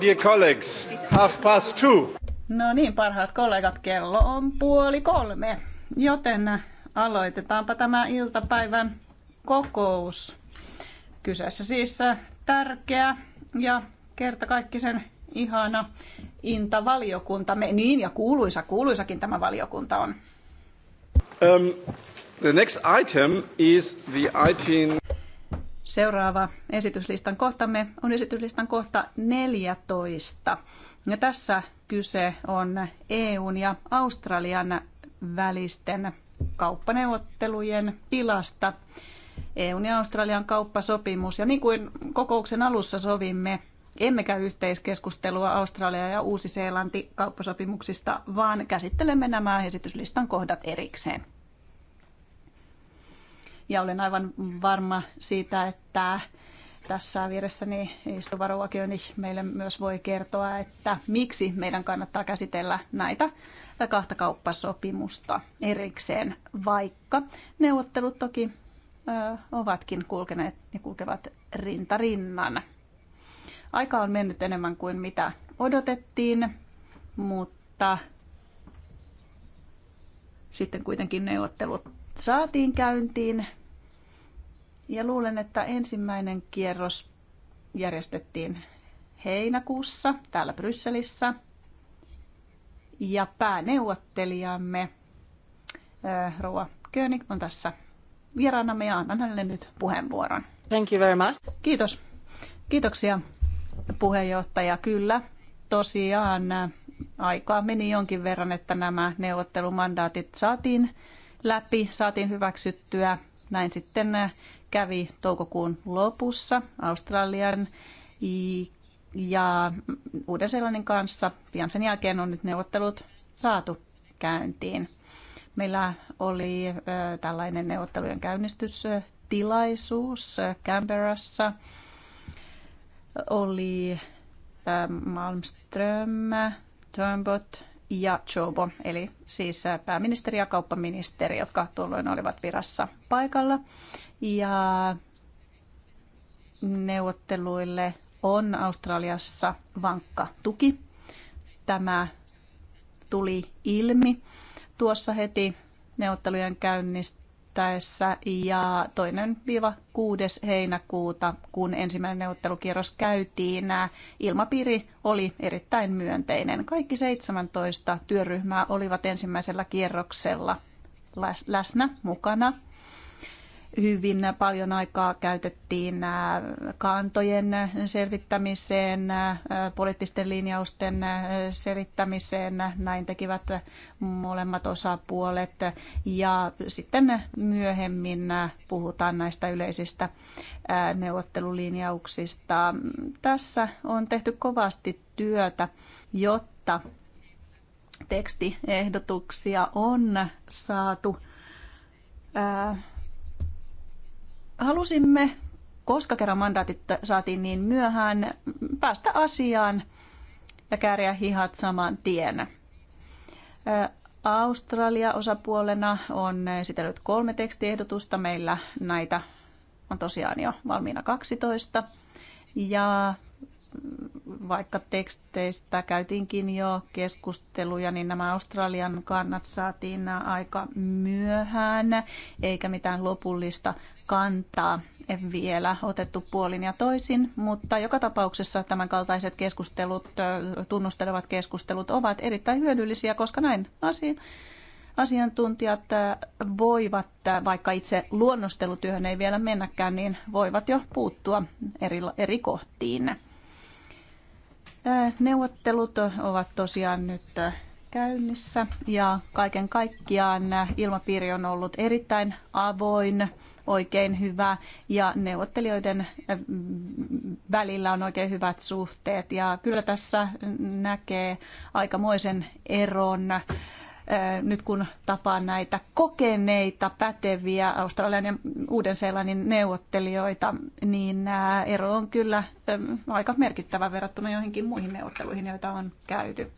dear colleagues, half past two. No niin, parhaat kollegat, kello on puoli kolme. Joten aloitetaanpa tämä iltapäivän kokous. Kyseessä siis tärkeä ja kertakaikkisen ihana inta me Niin, ja kuuluisa, kuuluisakin tämä valiokunta on. Um, the next item is the item... Seuraava esityslistan kohtamme on esityslistan kohta 14. Ja tässä kyse on EUn ja Australian välisten kauppaneuvottelujen tilasta. EUn ja Australian kauppasopimus. Ja niin kuin kokouksen alussa sovimme, emme käy yhteiskeskustelua Australia ja Uusi-Seelanti kauppasopimuksista, vaan käsittelemme nämä esityslistan kohdat erikseen. Ja olen aivan varma siitä, että tässä vieressäni istuva ruokioni meille myös voi kertoa, että miksi meidän kannattaa käsitellä näitä kahta kauppasopimusta erikseen, vaikka neuvottelut toki ovatkin kulkeneet ja kulkevat rinta rinnan. Aika on mennyt enemmän kuin mitä odotettiin, mutta sitten kuitenkin neuvottelut saatiin käyntiin ja luulen, että ensimmäinen kierros järjestettiin heinäkuussa täällä Brysselissä. Ja pääneuvottelijamme Roa König on tässä vieraanamme ja annan hänelle nyt puheenvuoron. Thank you very much. Kiitos. Kiitoksia puheenjohtaja. Kyllä, tosiaan aikaa meni jonkin verran, että nämä neuvottelumandaatit saatiin läpi, saatiin hyväksyttyä. Näin sitten kävi toukokuun lopussa Australian ja Uuden-Seelannin kanssa. Pian sen jälkeen on nyt neuvottelut saatu käyntiin. Meillä oli tällainen neuvottelujen käynnistystilaisuus Canberrassa. Oli Malmström, Turnbot ja Chobo, eli siis äh, pääministeri ja kauppaministeri, jotka tuolloin olivat virassa paikalla. Ja neuvotteluille on Australiassa vankka tuki. Tämä tuli ilmi tuossa heti neuvottelujen käynnistä päätettäessä ja toinen viiva kuudes heinäkuuta, kun ensimmäinen neuvottelukierros käytiin, ilmapiiri oli erittäin myönteinen. Kaikki 17 työryhmää olivat ensimmäisellä kierroksella läsnä mukana hyvin paljon aikaa käytettiin äh, kantojen selvittämiseen, äh, poliittisten linjausten äh, selittämiseen. Näin tekivät molemmat osapuolet. Ja sitten myöhemmin puhutaan näistä yleisistä neuvottelulinjauksista. Tässä on tehty kovasti työtä, jotta tekstiehdotuksia on saatu halusimme, koska kerran mandaatit saatiin niin myöhään, päästä asiaan ja kääriä hihat saman tien. Australia osapuolena on esitellyt kolme tekstiehdotusta. Meillä näitä on tosiaan jo valmiina 12. Ja vaikka teksteistä käytiinkin jo keskusteluja, niin nämä Australian kannat saatiin aika myöhään, eikä mitään lopullista kantaa vielä otettu puolin ja toisin, mutta joka tapauksessa tämän kaltaiset keskustelut, tunnustelevat keskustelut ovat erittäin hyödyllisiä, koska näin asiin asiantuntijat voivat, vaikka itse luonnostelutyöhön ei vielä mennäkään, niin voivat jo puuttua eri, eri kohtiin. Neuvottelut ovat tosiaan nyt käynnissä ja kaiken kaikkiaan ilmapiiri on ollut erittäin avoin, oikein hyvä ja neuvottelijoiden äh, välillä on oikein hyvät suhteet ja kyllä tässä näkee aikamoisen eron äh, nyt kun tapaan näitä kokeneita, päteviä Australian ja Uuden-Seelannin neuvottelijoita, niin äh, ero on kyllä aika merkittävä verrattuna joihinkin muihin neuvotteluihin, joita on käyty.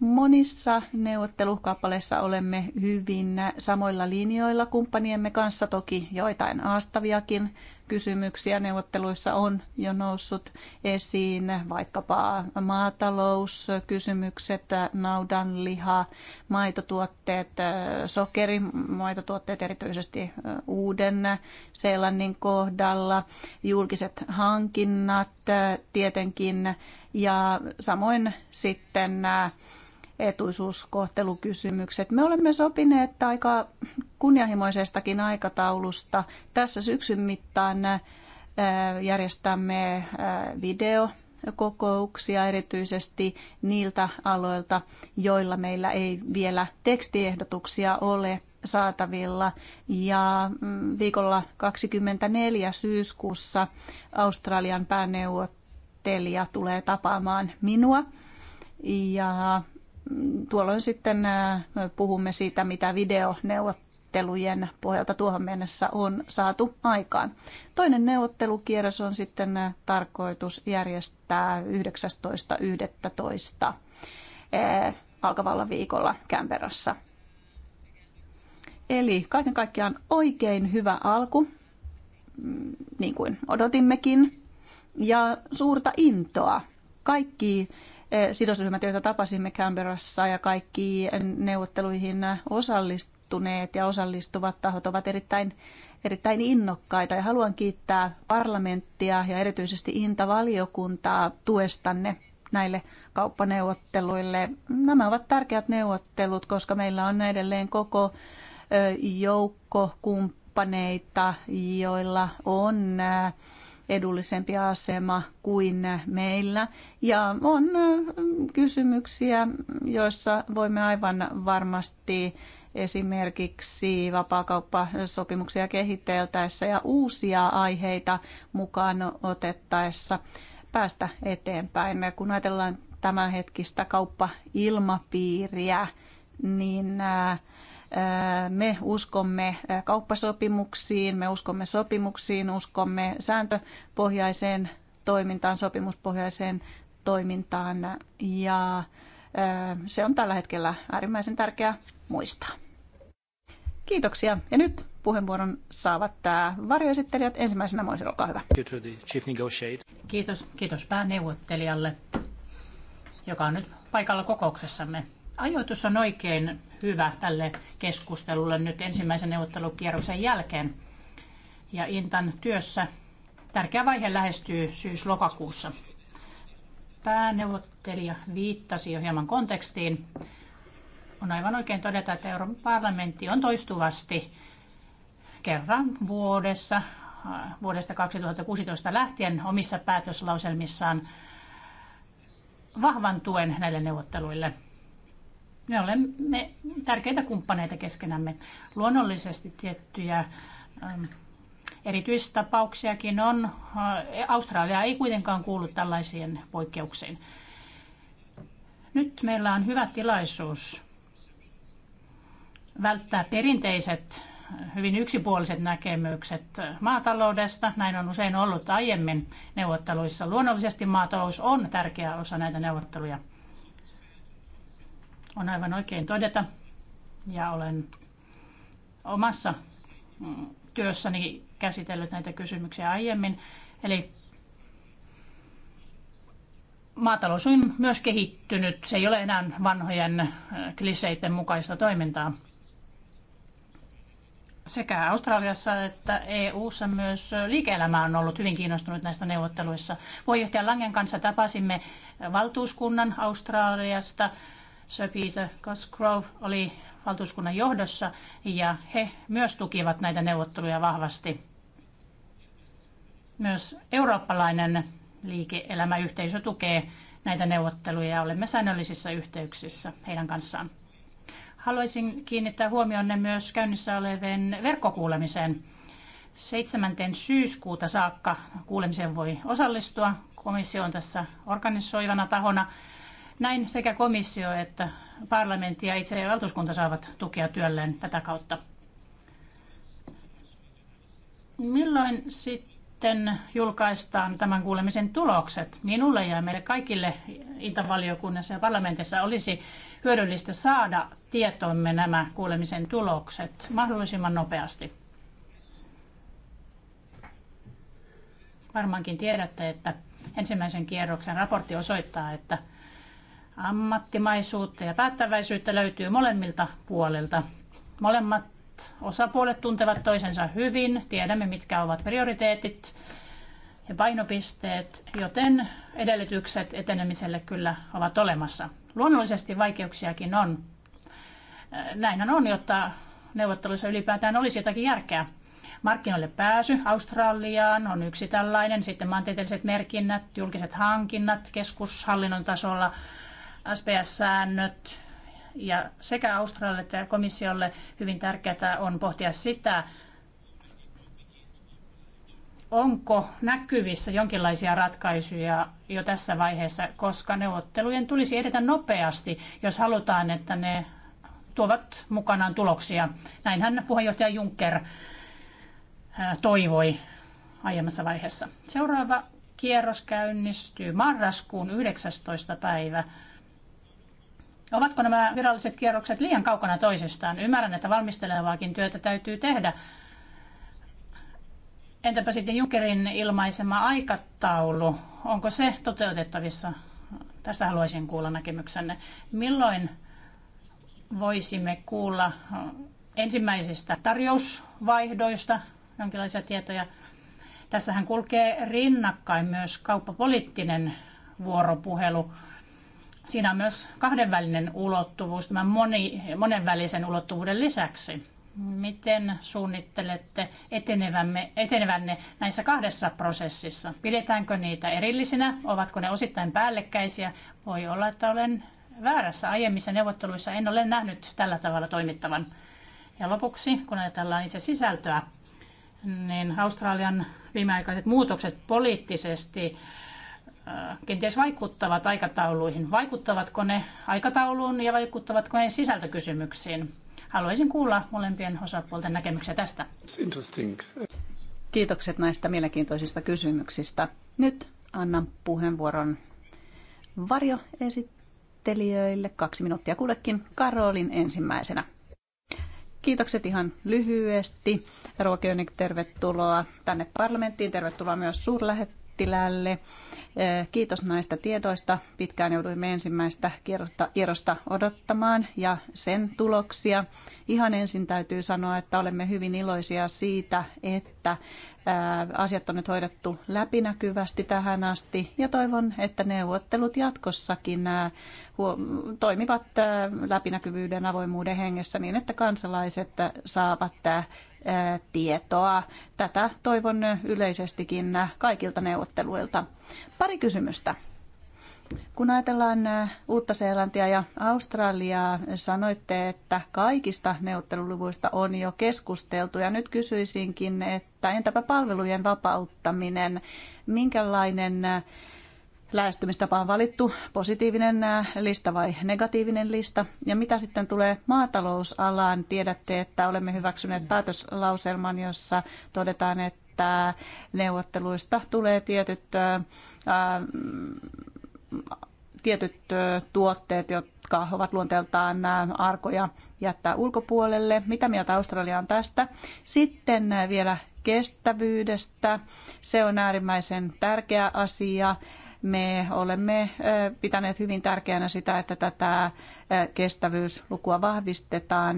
Monissa neuvottelukappaleissa olemme hyvin samoilla linjoilla kumppaniemme kanssa. Toki joitain aastaviakin kysymyksiä neuvotteluissa on jo noussut esiin, vaikkapa maatalouskysymykset, naudanliha, maitotuotteet, sokeri, maitotuotteet erityisesti uuden Seelannin kohdalla, julkiset hankinnat tietenkin ja samoin sitten etuisuuskohtelukysymykset. Me olemme sopineet aika kunnianhimoisestakin aikataulusta. Tässä syksyn mittaan äh, järjestämme äh, video kokouksia erityisesti niiltä aloilta, joilla meillä ei vielä tekstiehdotuksia ole saatavilla. Ja mm, viikolla 24. syyskuussa Australian pääneuvottelija tulee tapaamaan minua. Ja tuolloin sitten puhumme siitä, mitä videoneuvottelujen pohjalta tuohon mennessä on saatu aikaan. Toinen neuvottelukierros on sitten tarkoitus järjestää 19.11. alkavalla viikolla Kämperässä. Eli kaiken kaikkiaan oikein hyvä alku, mm, niin kuin odotimmekin, ja suurta intoa. Kaikki Eh, sidosryhmät, joita tapasimme Canberrassa ja kaikki neuvotteluihin osallistuneet ja osallistuvat tahot ovat erittäin, erittäin innokkaita. Ja haluan kiittää parlamenttia ja erityisesti Inta-valiokuntaa tuestanne näille kauppaneuvotteluille. Nämä ovat tärkeät neuvottelut, koska meillä on edelleen koko eh, joukko kumppaneita, joilla on eh, edullisempi asema kuin meillä. Ja on kysymyksiä, joissa voimme aivan varmasti esimerkiksi vapaakauppasopimuksia kehitteltäessä ja uusia aiheita mukaan otettaessa päästä eteenpäin. Kun ajatellaan tämänhetkistä kauppailmapiiriä, niin me uskomme kauppasopimuksiin, me uskomme sopimuksiin, uskomme sääntöpohjaiseen toimintaan, sopimuspohjaiseen toimintaan ja se on tällä hetkellä äärimmäisen tärkeää muistaa. Kiitoksia. Ja nyt puheenvuoron saavat tämä varjoesittelijät. Ensimmäisenä Moisi, olkaa hyvä. Kiitos, kiitos pääneuvottelijalle, joka on nyt paikalla kokouksessamme. Ajoitus on oikein hyvä tälle keskustelulle nyt ensimmäisen neuvottelukierroksen jälkeen. Ja Intan työssä tärkeä vaihe lähestyy syys-lokakuussa. Pääneuvottelija viittasi jo hieman kontekstiin. On aivan oikein todeta, että Euroopan parlamentti on toistuvasti kerran vuodessa vuodesta 2016 lähtien omissa päätöslauselmissaan vahvan tuen näille neuvotteluille – me olemme tärkeitä kumppaneita keskenämme. Luonnollisesti tiettyjä ähm, erityistapauksiakin on. Äh, Australia ei kuitenkaan kuulu tällaisiin poikkeuksiin. Nyt meillä on hyvä tilaisuus välttää perinteiset, hyvin yksipuoliset näkemykset maataloudesta. Näin on usein ollut aiemmin neuvotteluissa. Luonnollisesti maatalous on tärkeä osa näitä neuvotteluja on aivan oikein todeta. Ja olen omassa mm, työssäni käsitellyt näitä kysymyksiä aiemmin. Eli maatalous on myös kehittynyt. Se ei ole enää vanhojen äh, kliseiden mukaista toimintaa. Sekä Australiassa että EU:ssa myös liike-elämä on ollut hyvin kiinnostunut näistä neuvotteluissa. Puheenjohtaja Langen kanssa tapasimme valtuuskunnan Australiasta Sir Peter Cosgrove oli valtuuskunnan johdossa ja he myös tukivat näitä neuvotteluja vahvasti. Myös eurooppalainen liike-elämäyhteisö tukee näitä neuvotteluja ja olemme säännöllisissä yhteyksissä heidän kanssaan. Haluaisin kiinnittää huomionne myös käynnissä oleveen verkkokuulemiseen. 7. syyskuuta saakka kuulemiseen voi osallistua. Komissio on tässä organisoivana tahona näin sekä komissio että parlamentti ja itse valtuuskunta saavat tukea työlleen tätä kautta. Milloin sitten julkaistaan tämän kuulemisen tulokset? Minulle ja meille kaikille Itävaliokunnassa ja parlamentissa olisi hyödyllistä saada tietoimme nämä kuulemisen tulokset mahdollisimman nopeasti. Varmaankin tiedätte, että ensimmäisen kierroksen raportti osoittaa, että Ammattimaisuutta ja päättäväisyyttä löytyy molemmilta puolilta. Molemmat osapuolet tuntevat toisensa hyvin, tiedämme mitkä ovat prioriteetit ja painopisteet, joten edellytykset etenemiselle kyllä ovat olemassa. Luonnollisesti vaikeuksiakin on. Näinhän on, jotta neuvotteluissa ylipäätään olisi jotakin järkeä. Markkinoille pääsy Australiaan on yksi tällainen, sitten maantieteelliset merkinnät, julkiset hankinnat keskushallinnon tasolla SPS-säännöt ja sekä Australialle että komissiolle hyvin tärkeää on pohtia sitä, onko näkyvissä jonkinlaisia ratkaisuja jo tässä vaiheessa, koska neuvottelujen tulisi edetä nopeasti, jos halutaan, että ne tuovat mukanaan tuloksia. Näinhän puheenjohtaja Juncker äh, toivoi aiemmassa vaiheessa. Seuraava kierros käynnistyy marraskuun 19. päivä Ovatko nämä viralliset kierrokset liian kaukana toisistaan? Ymmärrän, että valmistelevaakin työtä täytyy tehdä. Entäpä sitten Junckerin ilmaisema aikataulu? Onko se toteutettavissa? Tästä haluaisin kuulla näkemyksenne. Milloin voisimme kuulla ensimmäisistä tarjousvaihdoista jonkinlaisia tietoja? Tässähän kulkee rinnakkain myös kauppapoliittinen vuoropuhelu. Siinä on myös kahdenvälinen ulottuvuus tämän moni, monenvälisen ulottuvuuden lisäksi. Miten suunnittelette etenevämme, etenevänne näissä kahdessa prosessissa? Pidetäänkö niitä erillisinä? Ovatko ne osittain päällekkäisiä? Voi olla, että olen väärässä. Aiemmissa neuvotteluissa en ole nähnyt tällä tavalla toimittavan. Ja lopuksi, kun ajatellaan itse sisältöä, niin Australian viimeaikaiset muutokset poliittisesti Äh, kenties vaikuttavat aikatauluihin? Vaikuttavatko ne aikatauluun ja vaikuttavatko ne sisältökysymyksiin? Haluaisin kuulla molempien osapuolten näkemyksiä tästä. Kiitokset näistä mielenkiintoisista kysymyksistä. Nyt annan puheenvuoron varjoesittelijöille. Kaksi minuuttia kullekin. Karolin ensimmäisenä. Kiitokset ihan lyhyesti. Ruokionik, tervetuloa tänne parlamenttiin. Tervetuloa myös suurlähet Kittilälle. Eh, kiitos näistä tiedoista. Pitkään jouduimme ensimmäistä kierrosta odottamaan ja sen tuloksia. Ihan ensin täytyy sanoa, että olemme hyvin iloisia siitä, että eh, asiat on nyt hoidettu läpinäkyvästi tähän asti ja toivon, että neuvottelut jatkossakin eh, toimivat läpinäkyvyyden avoimuuden hengessä niin, että kansalaiset saavat tietoa. Tätä toivon yleisestikin kaikilta neuvotteluilta. Pari kysymystä. Kun ajatellaan Uutta-Seelantia ja Australiaa, sanoitte, että kaikista neuvotteluluvuista on jo keskusteltu. Ja nyt kysyisinkin, että entäpä palvelujen vapauttaminen? Minkälainen lähestymistapa on valittu, positiivinen lista vai negatiivinen lista. Ja mitä sitten tulee maatalousalaan, tiedätte, että olemme hyväksyneet päätöslauselman, jossa todetaan, että neuvotteluista tulee tietyt, ää, tietyt tuotteet, jotka ovat luonteeltaan arkoja jättää ulkopuolelle. Mitä mieltä Australia on tästä? Sitten vielä kestävyydestä. Se on äärimmäisen tärkeä asia. Me olemme pitäneet hyvin tärkeänä sitä, että tätä kestävyyslukua vahvistetaan.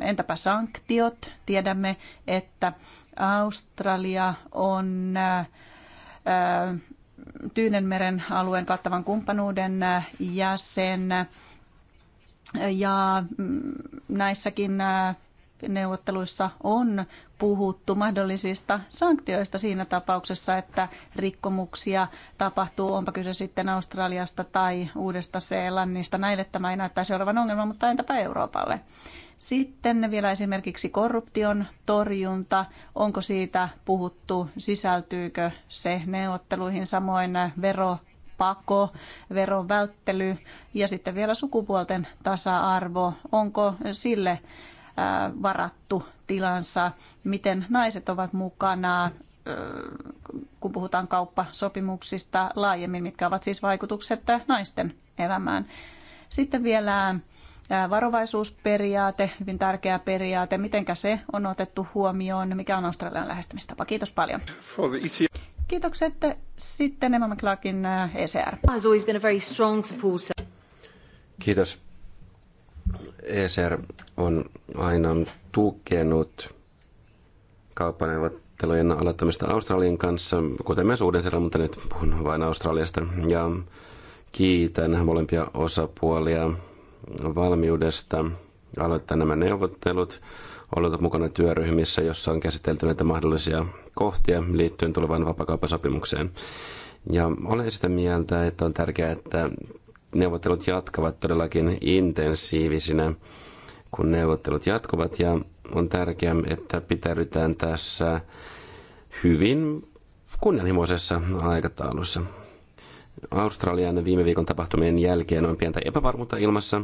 Entäpä sanktiot? Tiedämme, että Australia on Tyynenmeren alueen kattavan kumppanuuden jäsen. Ja mm, näissäkin neuvotteluissa on puhuttu mahdollisista sanktioista siinä tapauksessa, että rikkomuksia tapahtuu, onpa kyse sitten Australiasta tai Uudesta Seelannista. Näille tämä ei näyttäisi olevan ongelma, mutta entäpä Euroopalle? Sitten vielä esimerkiksi korruption torjunta, onko siitä puhuttu, sisältyykö se neuvotteluihin, samoin vero pako, veron välttely ja sitten vielä sukupuolten tasa-arvo. Onko sille varattu tilansa, miten naiset ovat mukana, kun puhutaan kauppasopimuksista laajemmin, mitkä ovat siis vaikutukset naisten elämään. Sitten vielä varovaisuusperiaate, hyvin tärkeä periaate, mitenkä se on otettu huomioon, mikä on Australian lähestymistapa. Kiitos paljon. E Kiitokset. Sitten Emma McClarkin ECR. Kiitos. ESR on aina tukenut kauppaneuvottelujen aloittamista Australian kanssa, kuten myös uuden serran, mutta nyt puhun vain Australiasta. Ja kiitän molempia osapuolia valmiudesta aloittaa nämä neuvottelut. Olet mukana työryhmissä, jossa on käsitelty näitä mahdollisia kohtia liittyen tulevaan vapakauppasopimukseen. Ja olen sitä mieltä, että on tärkeää, että neuvottelut jatkavat todellakin intensiivisinä, kun neuvottelut jatkuvat ja on tärkeää, että pitäydytään tässä hyvin kunnianhimoisessa aikataulussa. Australian viime viikon tapahtumien jälkeen on pientä epävarmuutta ilmassa,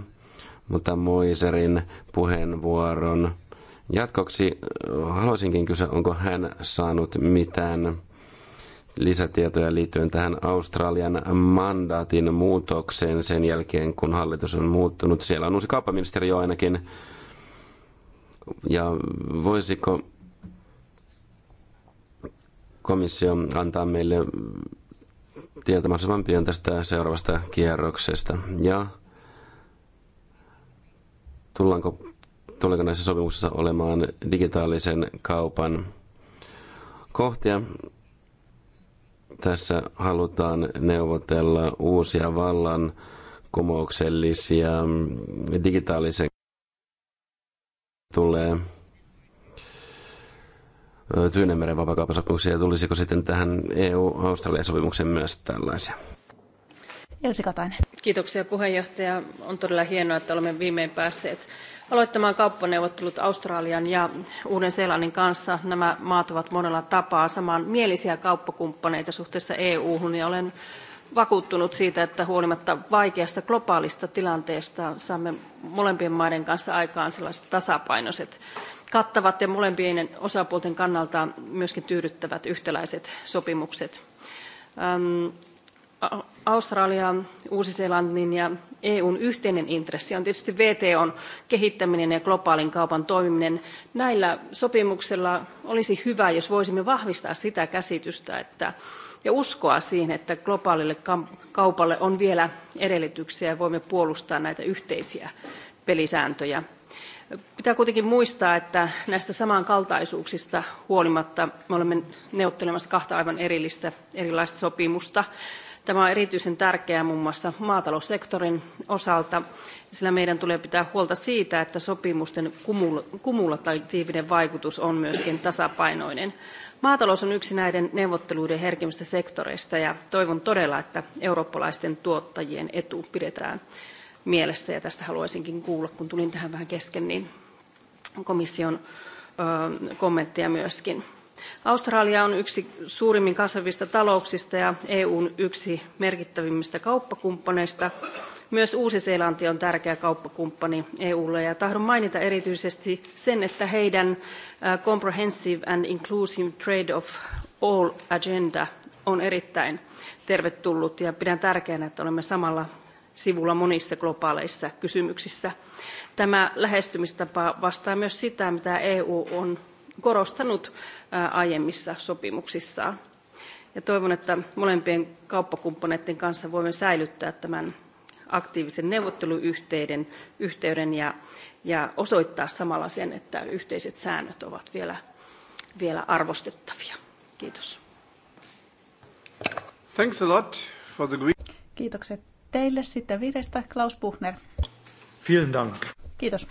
mutta Moiserin puheenvuoron jatkoksi haluaisinkin kysyä, onko hän saanut mitään lisätietoja liittyen tähän Australian mandaatin muutokseen sen jälkeen, kun hallitus on muuttunut. Siellä on uusi kauppaministeri jo ainakin. Ja voisiko komissio antaa meille tietä mahdollisimman pian tästä seuraavasta kierroksesta? Ja tullaanko, tuleeko näissä sopimuksissa olemaan digitaalisen kaupan kohtia? Tässä halutaan neuvotella uusia vallan kumouksellisia digitaalisen tulee Tyynemeren vapakaupasopimuksia tulisiko sitten tähän eu australia sopimuksen myös tällaisia? Elsi Katainen. Kiitoksia puheenjohtaja. On todella hienoa, että olemme viimein päässeet aloittamaan kauppaneuvottelut Australian ja Uuden-Seelannin kanssa. Nämä maat ovat monella tapaa samanmielisiä kauppakumppaneita suhteessa EU-hun ja olen vakuuttunut siitä, että huolimatta vaikeasta globaalista tilanteesta saamme molempien maiden kanssa aikaan sellaiset tasapainoiset, kattavat ja molempien osapuolten kannalta myöskin tyydyttävät yhtäläiset sopimukset. Australian, Uusi-Seelannin ja EUn yhteinen intressi on tietysti VTOn kehittäminen ja globaalin kaupan toimiminen. Näillä sopimuksilla olisi hyvä, jos voisimme vahvistaa sitä käsitystä että, ja uskoa siihen, että globaalille kaupalle on vielä edellytyksiä ja voimme puolustaa näitä yhteisiä pelisääntöjä. Pitää kuitenkin muistaa, että näistä samankaltaisuuksista huolimatta me olemme neuvottelemassa kahta aivan erillistä, erilaista sopimusta. Tämä on erityisen tärkeää muun mm. muassa maataloussektorin osalta, sillä meidän tulee pitää huolta siitä, että sopimusten kumulatiivinen vaikutus on myöskin tasapainoinen. Maatalous on yksi näiden neuvotteluiden herkimmistä sektoreista ja toivon todella, että eurooppalaisten tuottajien etu pidetään mielessä. Ja tästä haluaisinkin kuulla, kun tulin tähän vähän kesken, niin komission kommentteja myöskin. Australia on yksi suurimmin kasvavista talouksista ja EUn yksi merkittävimmistä kauppakumppaneista. Myös Uusi-Seelanti on tärkeä kauppakumppani EUlle ja tahdon mainita erityisesti sen, että heidän Comprehensive and Inclusive Trade of All Agenda on erittäin tervetullut ja pidän tärkeänä, että olemme samalla sivulla monissa globaaleissa kysymyksissä. Tämä lähestymistapa vastaa myös sitä, mitä EU on korostanut aiemmissa sopimuksissaan. Ja toivon, että molempien kauppakumppaneiden kanssa voimme säilyttää tämän aktiivisen neuvotteluyhteyden yhteyden ja, ja osoittaa samalla sen, että yhteiset säännöt ovat vielä, vielä arvostettavia. Kiitos. Thanks a lot for the green. Kiitokset teille. Sitten viidestä Klaus Buchner. Vielen Dank. Kiitos.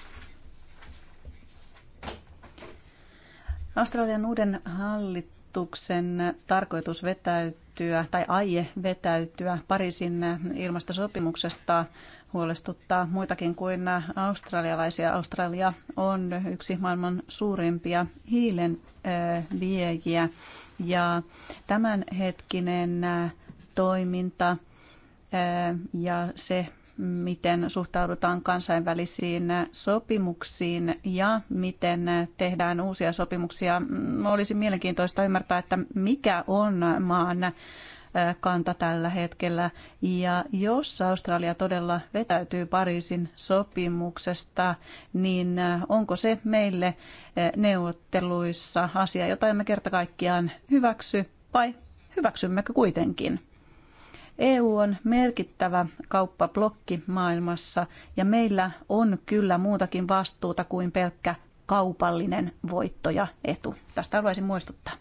Australian uuden hallituksen tarkoitus vetäytyä tai aie vetäytyä Pariisin ilmastosopimuksesta huolestuttaa muitakin kuin australialaisia. Australia on yksi maailman suurimpia hiilen viejiä ja tämänhetkinen toiminta ja se, miten suhtaudutaan kansainvälisiin sopimuksiin ja miten tehdään uusia sopimuksia. Mm, olisi mielenkiintoista ymmärtää, että mikä on maan äh, kanta tällä hetkellä. Ja jos Australia todella vetäytyy Pariisin sopimuksesta, niin äh, onko se meille äh, neuvotteluissa asia, jota emme kerta kaikkiaan hyväksy vai hyväksymmekö kuitenkin? EU on merkittävä kauppablokki maailmassa ja meillä on kyllä muutakin vastuuta kuin pelkkä kaupallinen voitto ja etu. Tästä haluaisin muistuttaa.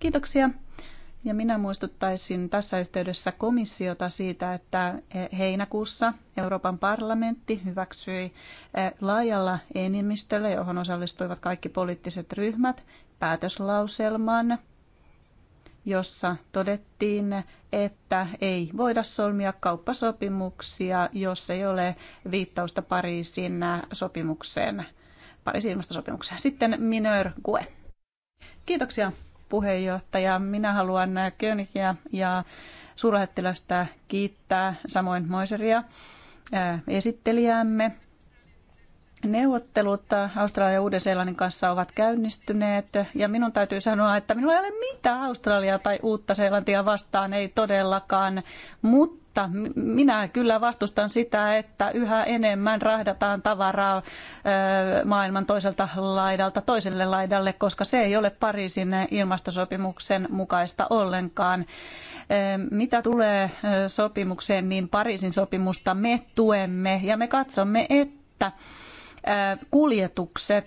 Kiitoksia. Ja minä muistuttaisin tässä yhteydessä komissiota siitä, että heinäkuussa Euroopan parlamentti hyväksyi eh, laajalla enemmistöllä, johon osallistuivat kaikki poliittiset ryhmät, päätöslauselman jossa todettiin, että ei voida solmia kauppasopimuksia, jos ei ole viittausta Pariisin sopimukseen, Pariisin ilmastosopimukseen. Sitten Minör Gue. Kiitoksia puheenjohtaja. Minä haluan Königia ja suurlähettilästä kiittää, samoin Moiseria esittelijäämme Neuvottelut Australian ja Uuden-Seelannin kanssa ovat käynnistyneet ja minun täytyy sanoa, että minulla ei ole mitään Australiaa tai Uutta-Seelantia vastaan, ei todellakaan, mutta minä kyllä vastustan sitä, että yhä enemmän rahdataan tavaraa maailman toiselta laidalta toiselle laidalle, koska se ei ole Pariisin ilmastosopimuksen mukaista ollenkaan. Mitä tulee sopimukseen, niin Pariisin sopimusta me tuemme ja me katsomme, että että kuljetukset,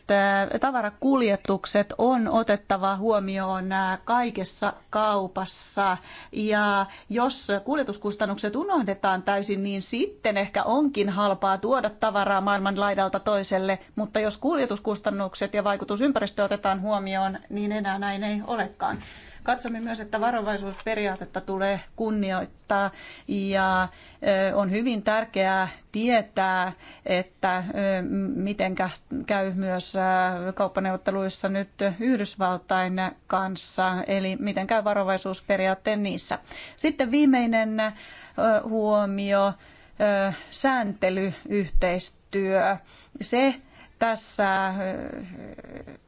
tavarakuljetukset on otettava huomioon kaikessa kaupassa. Ja jos kuljetuskustannukset unohdetaan täysin, niin sitten ehkä onkin halpaa tuoda tavaraa maailman laidalta toiselle, mutta jos kuljetuskustannukset ja vaikutusympäristö otetaan huomioon, niin enää näin ei olekaan. Katsomme myös, että varovaisuusperiaatetta tulee kunnioittaa ja on hyvin tärkeää tietää, että miten käy myös kauppaneuvotteluissa nyt Yhdysvaltain kanssa, eli miten käy varovaisuusperiaatteen niissä. Sitten viimeinen huomio, sääntelyyhteistyö. Se tässä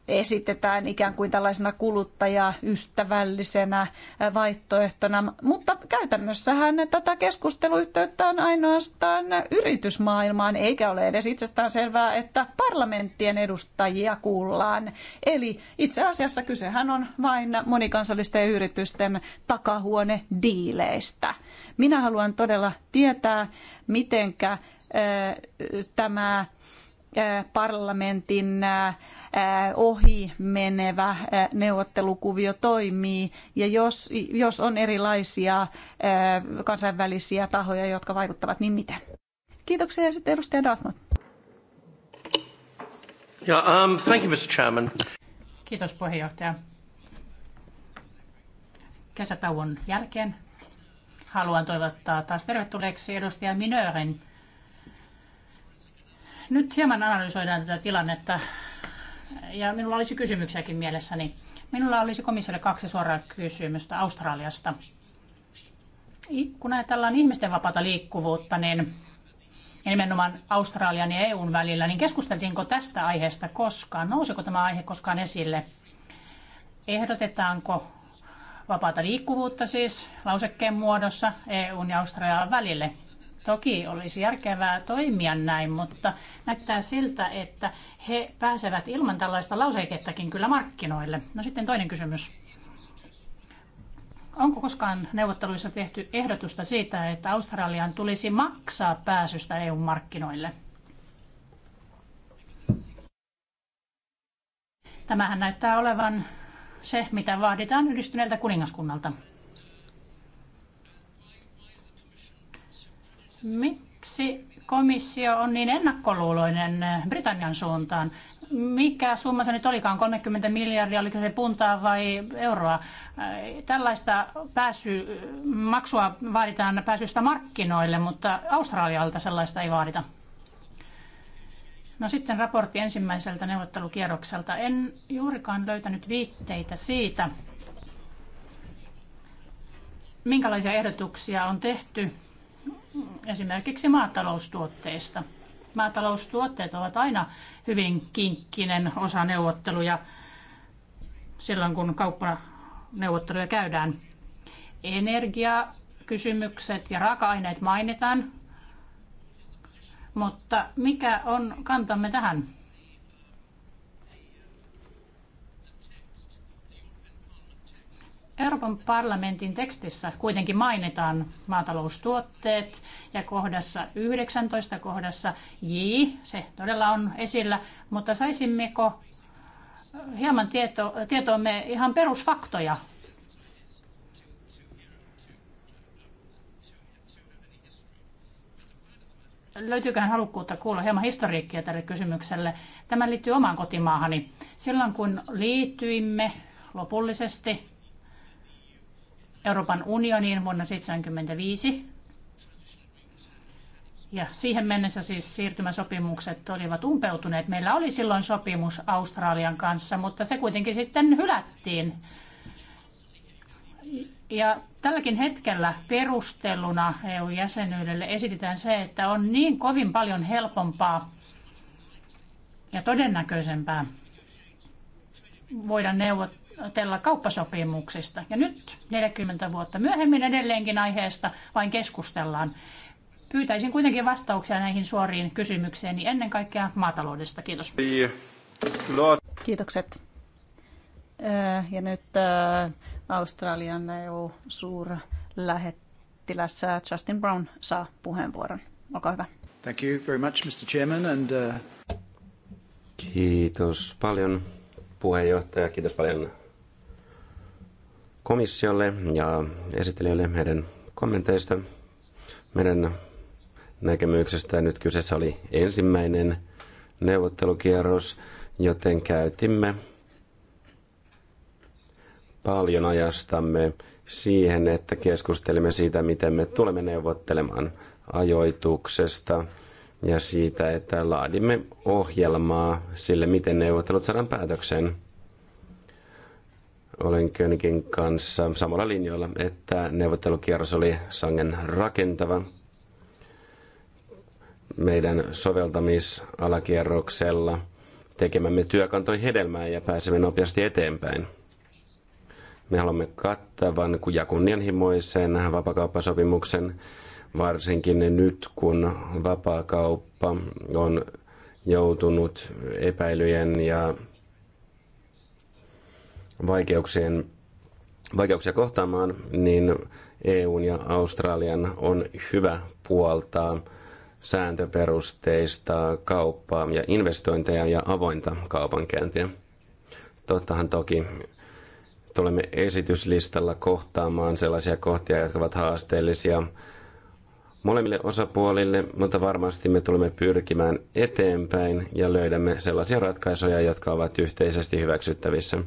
esitetään ikään kuin tällaisena kuluttajaystävällisenä vaihtoehtona, mutta käytännössähän tätä keskusteluyhteyttä on ainoastaan yritysmaailmaan, eikä ole edes itsestään selvää, että parlamenttien edustajia kuullaan. Eli itse asiassa kysehän on vain monikansallisten yritysten takahuone diileistä. Minä haluan todella tietää, mitenkä tämä parlamentin ohi menevä neuvottelukuvio toimii. Ja jos, jos on erilaisia kansainvälisiä tahoja, jotka vaikuttavat, niin miten? Kiitoksia ja sitten edustaja Dartmouth. Yeah, um, thank you, Mr. Chairman. Kiitos puheenjohtaja. Kesätauon jälkeen haluan toivottaa taas tervetulleeksi edustaja Minöörin nyt hieman analysoidaan tätä tilannetta ja minulla olisi kysymyksiäkin mielessäni. Minulla olisi komissiolle kaksi suoraa kysymystä Australiasta. Kun ajatellaan ihmisten vapaata liikkuvuutta, niin ja nimenomaan Australian ja EUn välillä, niin keskusteltiinko tästä aiheesta koskaan? Nousiko tämä aihe koskaan esille? Ehdotetaanko vapaata liikkuvuutta siis lausekkeen muodossa EUn ja Australian välille? Toki olisi järkevää toimia näin, mutta näyttää siltä, että he pääsevät ilman tällaista lauseikettakin kyllä markkinoille. No sitten toinen kysymys. Onko koskaan neuvotteluissa tehty ehdotusta siitä, että Australian tulisi maksaa pääsystä EU-markkinoille? Tämähän näyttää olevan se, mitä vaaditaan yhdistyneeltä kuningaskunnalta. Miksi komissio on niin ennakkoluuloinen Britannian suuntaan? Mikä summa se nyt olikaan, 30 miljardia, oliko se puntaa vai euroa? Äh, tällaista pääsy, maksua vaaditaan pääsystä markkinoille, mutta Australialta sellaista ei vaadita. No sitten raportti ensimmäiseltä neuvottelukierrokselta. En juurikaan löytänyt viitteitä siitä, minkälaisia ehdotuksia on tehty esimerkiksi maataloustuotteista. Maataloustuotteet ovat aina hyvin kinkkinen osa neuvotteluja silloin, kun kauppaneuvotteluja käydään. Energiakysymykset ja raaka-aineet mainitaan, mutta mikä on kantamme tähän? Euroopan parlamentin tekstissä kuitenkin mainitaan maataloustuotteet ja kohdassa 19 kohdassa J, se todella on esillä, mutta saisimmeko hieman tieto, tietoomme ihan perusfaktoja löytyyköhän halukkuutta kuulla hieman historiikkia tälle kysymykselle. Tämä liittyy omaan kotimaahani. Silloin kun liityimme lopullisesti Euroopan unioniin vuonna 1975. Ja siihen mennessä siis siirtymäsopimukset olivat umpeutuneet. Meillä oli silloin sopimus Australian kanssa, mutta se kuitenkin sitten hylättiin. Ja tälläkin hetkellä perusteluna EU-jäsenyydelle esitetään se, että on niin kovin paljon helpompaa ja todennäköisempää voida neuvot neuvotella kauppasopimuksista. Ja nyt 40 vuotta myöhemmin edelleenkin aiheesta vain keskustellaan. Pyytäisin kuitenkin vastauksia näihin suoriin kysymyksiin, niin ennen kaikkea maataloudesta. Kiitos. Kiitokset. Ja nyt Australian EU-suurlähettiläs Justin Brown saa puheenvuoron. Olkaa hyvä. Thank you very much, Mr. Chairman, and, uh... Kiitos paljon puheenjohtaja, kiitos paljon komissiolle ja esittelijöille heidän kommenteista, meidän näkemyksestä. Nyt kyseessä oli ensimmäinen neuvottelukierros, joten käytimme paljon ajastamme siihen, että keskustelimme siitä, miten me tulemme neuvottelemaan ajoituksesta ja siitä, että laadimme ohjelmaa sille, miten neuvottelut saadaan päätökseen olen Königin kanssa samalla linjoilla, että neuvottelukierros oli sangen rakentava. Meidän soveltamisalakierroksella tekemämme työ kantoi hedelmää ja pääsemme nopeasti eteenpäin. Me haluamme kattavan ja kunnianhimoisen vapakauppasopimuksen, varsinkin nyt kun vapaakauppa on joutunut epäilyjen ja vaikeuksien, vaikeuksia kohtaamaan, niin EUn ja Australian on hyvä puoltaa sääntöperusteista kauppaa ja investointeja ja avointa kaupankäyntiä. Tottahan toki tulemme esityslistalla kohtaamaan sellaisia kohtia, jotka ovat haasteellisia molemmille osapuolille, mutta varmasti me tulemme pyrkimään eteenpäin ja löydämme sellaisia ratkaisuja, jotka ovat yhteisesti hyväksyttävissä.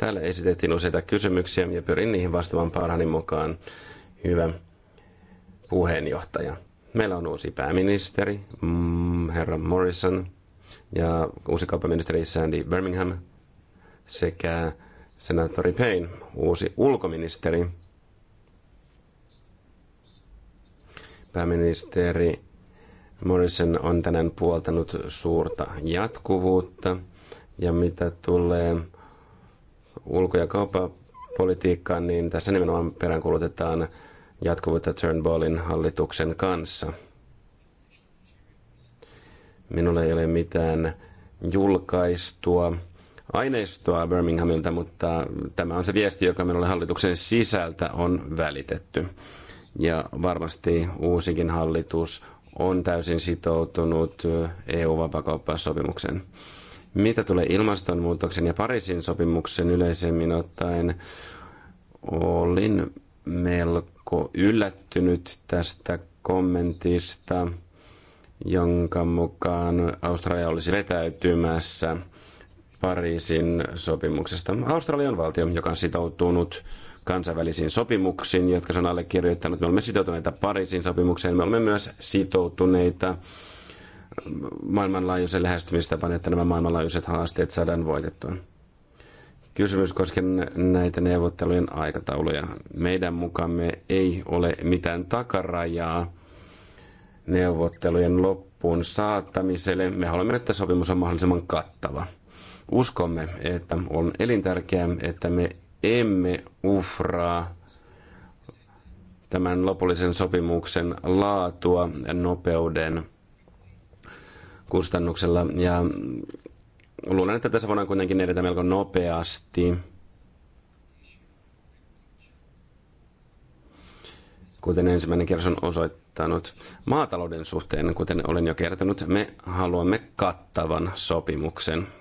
Täällä esitettiin useita kysymyksiä ja pyrin niihin vastaamaan parhaani mukaan. Hyvä puheenjohtaja. Meillä on uusi pääministeri, mm, herra Morrison, ja uusi kauppaministeri Sandy Birmingham sekä senaattori Payne, uusi ulkoministeri. Pääministeri Morrison on tänään puoltanut suurta jatkuvuutta. Ja mitä tulee ulko- ja kauppapolitiikkaan, niin tässä nimenomaan peräänkuulutetaan jatkuvuutta Turnbullin hallituksen kanssa. Minulla ei ole mitään julkaistua aineistoa Birminghamilta, mutta tämä on se viesti, joka minulle hallituksen sisältä on välitetty. Ja varmasti uusikin hallitus on täysin sitoutunut EU-vapakauppasopimukseen. Mitä tulee ilmastonmuutoksen ja Pariisin sopimuksen yleisemmin ottaen, olin melko yllättynyt tästä kommentista, jonka mukaan Australia olisi vetäytymässä Pariisin sopimuksesta. Australian valtio, joka on sitoutunut kansainvälisiin sopimuksiin, jotka se on allekirjoittanut. Me olemme sitoutuneita Pariisin sopimukseen, me olemme myös sitoutuneita maailmanlaajuisen lähestymistapan, että nämä maailmanlaajuiset haasteet saadaan voitettua. Kysymys koskien näitä neuvottelujen aikatauluja. Meidän mukamme ei ole mitään takarajaa neuvottelujen loppuun saattamiselle. Me haluamme, että sopimus on mahdollisimman kattava. Uskomme, että on elintärkeää, että me emme uhraa tämän lopullisen sopimuksen laatua nopeuden kustannuksella. Ja luulen, että tässä voidaan kuitenkin edetä melko nopeasti. kuten ensimmäinen kerros on osoittanut. Maatalouden suhteen, kuten olen jo kertonut, me haluamme kattavan sopimuksen –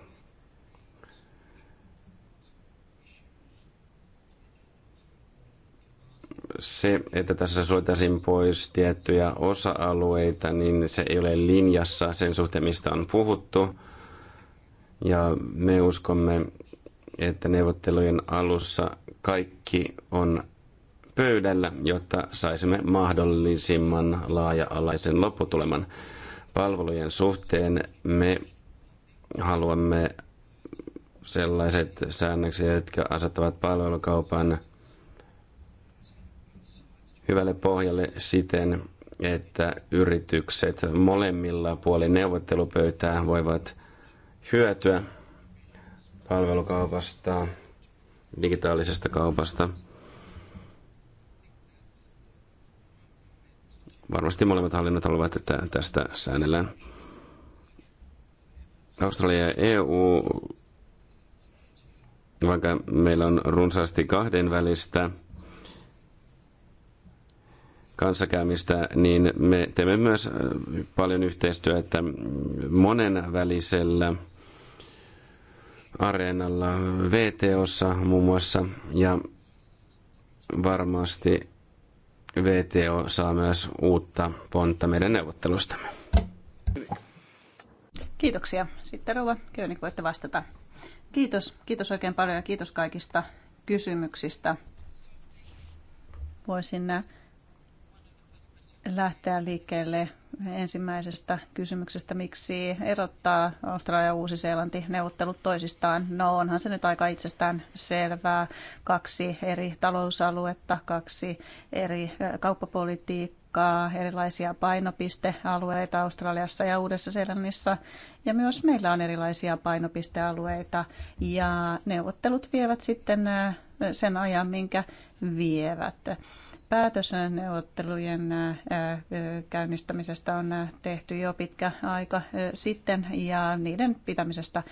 se, että tässä suotaisiin pois tiettyjä osa-alueita, niin se ei ole linjassa sen suhteen, mistä on puhuttu. Ja me uskomme, että neuvottelujen alussa kaikki on pöydällä, jotta saisimme mahdollisimman laaja-alaisen lopputuleman. Palvelujen suhteen me haluamme sellaiset säännökset, jotka asettavat palvelukaupan – hyvälle pohjalle siten, että yritykset molemmilla puolin neuvottelupöytää voivat hyötyä palvelukaupasta, digitaalisesta kaupasta. Varmasti molemmat hallinnot haluavat, että tästä säännellään. Australia ja EU, vaikka meillä on runsaasti kahdenvälistä välistä kanssakäymistä, niin me teemme myös äh, paljon yhteistyötä monenvälisellä areenalla, VTOssa muun muassa, ja varmasti VTO saa myös uutta pontta meidän neuvottelustamme. Kiitoksia. Sitten rova, Köönik, voitte vastata. Kiitos. Kiitos oikein paljon ja kiitos kaikista kysymyksistä. Voisin äh, lähteä liikkeelle ensimmäisestä kysymyksestä, miksi erottaa Australia ja Uusi-Seelanti neuvottelut toisistaan. No onhan se nyt aika itsestään selvää. Kaksi eri talousaluetta, kaksi eri kauppapolitiikkaa, erilaisia painopistealueita Australiassa ja Uudessa-Seelannissa. Ja myös meillä on erilaisia painopistealueita ja neuvottelut vievät sitten sen ajan, minkä vievät päätös neuvottelujen käynnistämisestä on tehty jo pitkä aika sitten ja niiden pitämisestä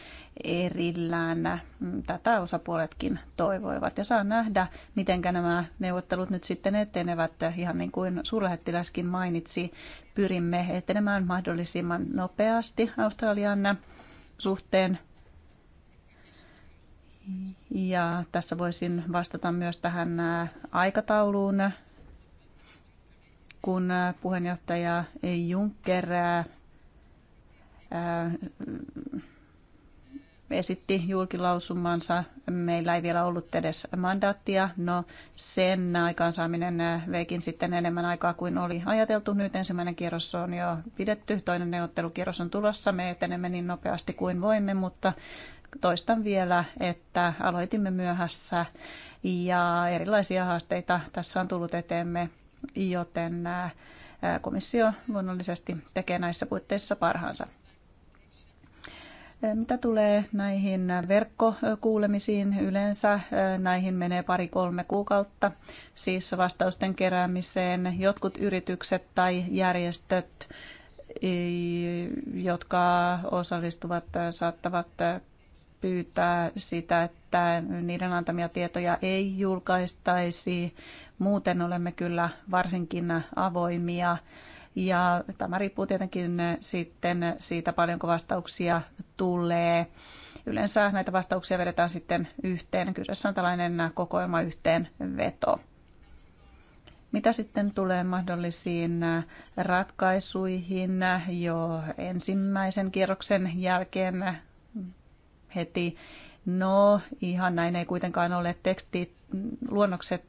erillään. Mm, tätä osapuoletkin toivoivat ja saa nähdä, miten nämä neuvottelut nyt sitten etenevät. Ihan niin kuin suurlähettiläskin mainitsi, pyrimme etenemään mahdollisimman nopeasti Australian suhteen ja tässä voisin vastata myös tähän aikatauluun kun puheenjohtaja Juncker esitti julkilausumansa. Meillä ei vielä ollut edes mandaattia. No sen aikaansaaminen veikin sitten enemmän aikaa kuin oli ajateltu. Nyt ensimmäinen kierros on jo pidetty, toinen neuvottelukierros on tulossa. Me etenemme niin nopeasti kuin voimme, mutta toistan vielä, että aloitimme myöhässä ja erilaisia haasteita tässä on tullut eteemme joten äh, äh, komissio luonnollisesti tekee näissä puitteissa parhaansa. Äh, mitä tulee näihin verkkokuulemisiin, yleensä näihin menee pari-kolme kuukautta, siis vastausten keräämiseen. Jotkut yritykset tai järjestöt, jotka osallistuvat, saattavat pyytää sitä, että niiden antamia tietoja ei julkaistaisi Muuten olemme kyllä varsinkin avoimia ja tämä riippuu tietenkin sitten siitä, paljonko vastauksia tulee. Yleensä näitä vastauksia vedetään sitten yhteen. Kyseessä on tällainen kokoelma yhteenveto. Mitä sitten tulee mahdollisiin ratkaisuihin jo ensimmäisen kierroksen jälkeen heti? No, ihan näin ei kuitenkaan ole. teksti luonnokset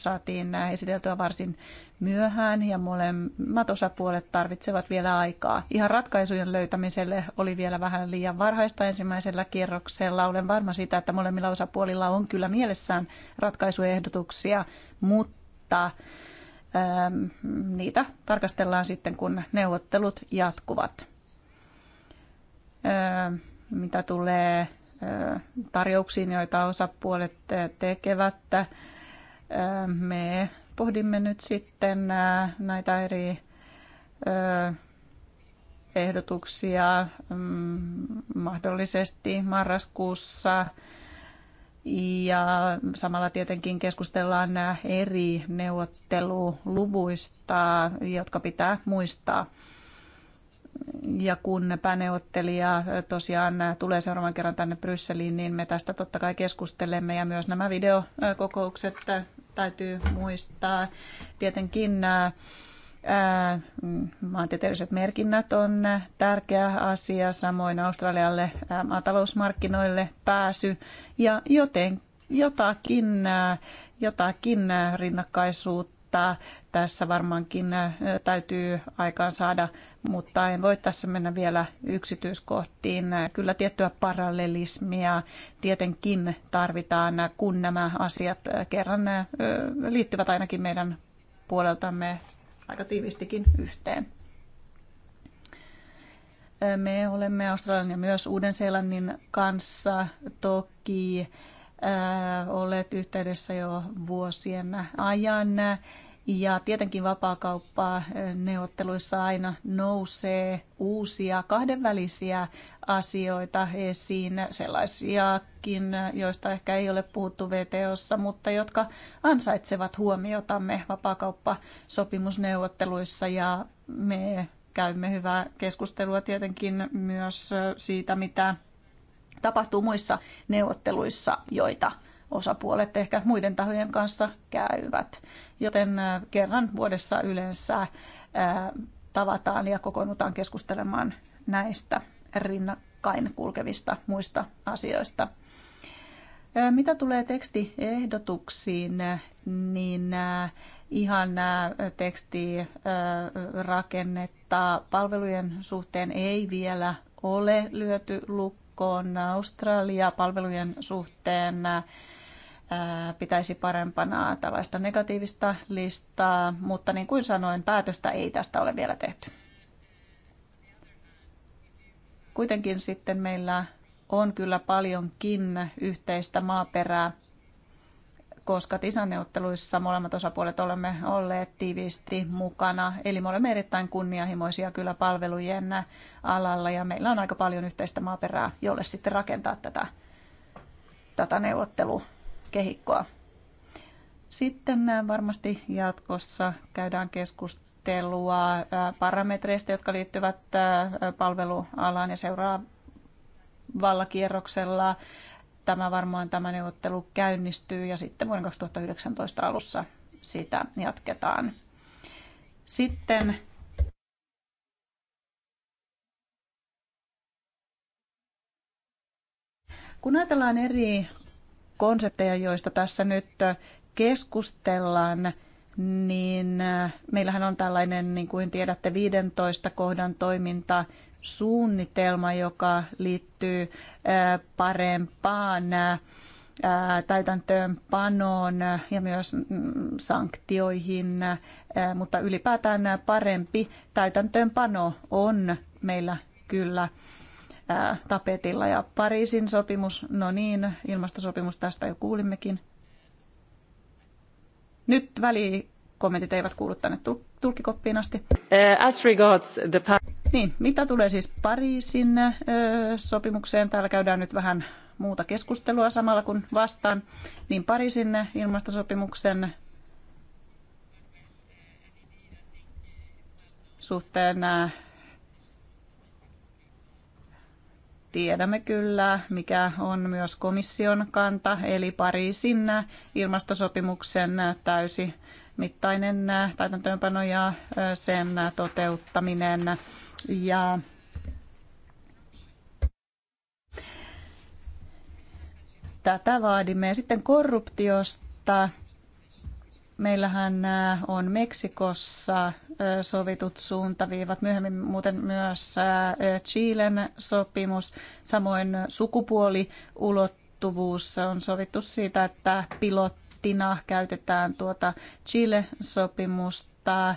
saatiin esiteltyä varsin myöhään ja molemmat osapuolet tarvitsevat vielä aikaa. Ihan ratkaisujen löytämiselle oli vielä vähän liian varhaista ensimmäisellä kierroksella. Olen varma siitä, että molemmilla osapuolilla on kyllä mielessään ratkaisuehdotuksia, mutta ähm, niitä tarkastellaan sitten, kun neuvottelut jatkuvat. Ähm, mitä tulee äh, tarjouksiin, joita osapuolet äh, tekevät, me pohdimme nyt sitten näitä eri ehdotuksia mm, mahdollisesti marraskuussa. Ja samalla tietenkin keskustellaan nämä eri neuvotteluluvuista, jotka pitää muistaa. Ja kun pääneuvottelija tosiaan tulee seuraavan kerran tänne Brysseliin, niin me tästä totta kai keskustelemme ja myös nämä videokokoukset täytyy muistaa. Tietenkin nämä äh, äh, maantieteelliset merkinnät on tärkeä asia, samoin Australialle äh, maatalousmarkkinoille pääsy ja joten jotakin, jotakin rinnakkaisuutta tässä varmaankin täytyy aikaan saada, mutta en voi tässä mennä vielä yksityiskohtiin. Kyllä tiettyä parallelismia tietenkin tarvitaan, kun nämä asiat kerran liittyvät ainakin meidän puoleltamme aika tiivistikin yhteen. Me olemme Australian ja myös Uuden-Seelannin kanssa toki olleet yhteydessä jo vuosien ajan ja tietenkin vapaakauppaa neuvotteluissa aina nousee uusia kahdenvälisiä asioita esiin, sellaisiakin, joista ehkä ei ole puhuttu VTOssa, mutta jotka ansaitsevat huomiotamme vapaakauppasopimusneuvotteluissa ja me käymme hyvää keskustelua tietenkin myös siitä, mitä tapahtuu muissa neuvotteluissa, joita osapuolet ehkä muiden tahojen kanssa käyvät. Joten kerran vuodessa yleensä tavataan ja kokoonnutaan keskustelemaan näistä rinnakkain kulkevista muista asioista. Mitä tulee tekstiehdotuksiin, niin ihan tekstirakennetta palvelujen suhteen ei vielä ole lyöty lukkoon. Australia palvelujen suhteen pitäisi parempana tällaista negatiivista listaa, mutta niin kuin sanoin, päätöstä ei tästä ole vielä tehty. Kuitenkin sitten meillä on kyllä paljonkin yhteistä maaperää, koska tisaneuvotteluissa molemmat osapuolet olemme olleet tiiviisti mukana. Eli me olemme erittäin kunnianhimoisia kyllä palvelujen alalla ja meillä on aika paljon yhteistä maaperää, jolle sitten rakentaa tätä, tätä neuvottelua kehikkoa. Sitten äh, varmasti jatkossa käydään keskustelua äh, parametreista, jotka liittyvät äh, palvelualaan ja seuraavalla kierroksella tämä varmaan tämä neuvottelu käynnistyy ja sitten vuoden 2019 alussa sitä jatketaan. Sitten kun ajatellaan eri konsepteja, joista tässä nyt äh, keskustellaan, niin äh, meillähän on tällainen, niin kuin tiedätte, 15 kohdan toiminta suunnitelma, joka liittyy äh, parempaan täytäntöönpanoon ja myös mm, sanktioihin, mutta ylipäätään parempi täytäntöönpano on meillä kyllä tapetilla. Ja Pariisin sopimus, no niin, ilmastosopimus tästä jo kuulimmekin. Nyt välikommentit eivät kuulu tänne tulkikoppiin asti. Eh, as regards the niin, mitä tulee siis Pariisin sopimukseen, täällä käydään nyt vähän muuta keskustelua samalla kun vastaan, niin Pariisin ilmastosopimuksen suhteen Tiedämme kyllä, mikä on myös komission kanta, eli Pariisin ilmastosopimuksen täysi mittainen täytäntöönpano ja sen toteuttaminen. Ja tätä vaadimme. Sitten korruptiosta Meillähän äh, on Meksikossa äh, sovitut suuntaviivat, myöhemmin muuten myös äh, Chilen sopimus, samoin sukupuoliulottuvuus on sovittu siitä, että pilottina käytetään tuota Chile-sopimusta.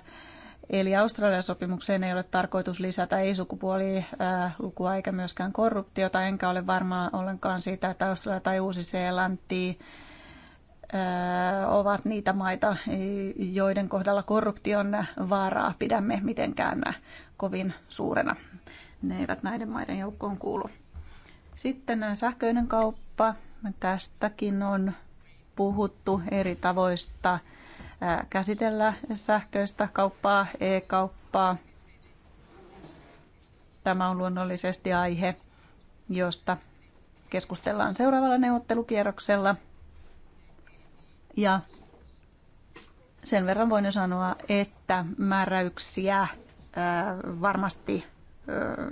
Eli Australian sopimukseen ei ole tarkoitus lisätä ei sukupuolilukua eikä myöskään korruptiota, enkä ole varma ollenkaan siitä, että Australia tai Uusi-Seelanti ovat niitä maita, joiden kohdalla korruption vaaraa pidämme mitenkään kovin suurena. Ne eivät näiden maiden joukkoon kuulu. Sitten sähköinen kauppa. Tästäkin on puhuttu eri tavoista käsitellä sähköistä kauppaa, e-kauppaa. Tämä on luonnollisesti aihe, josta keskustellaan seuraavalla neuvottelukierroksella – ja sen verran voin jo sanoa, että määräyksiä varmasti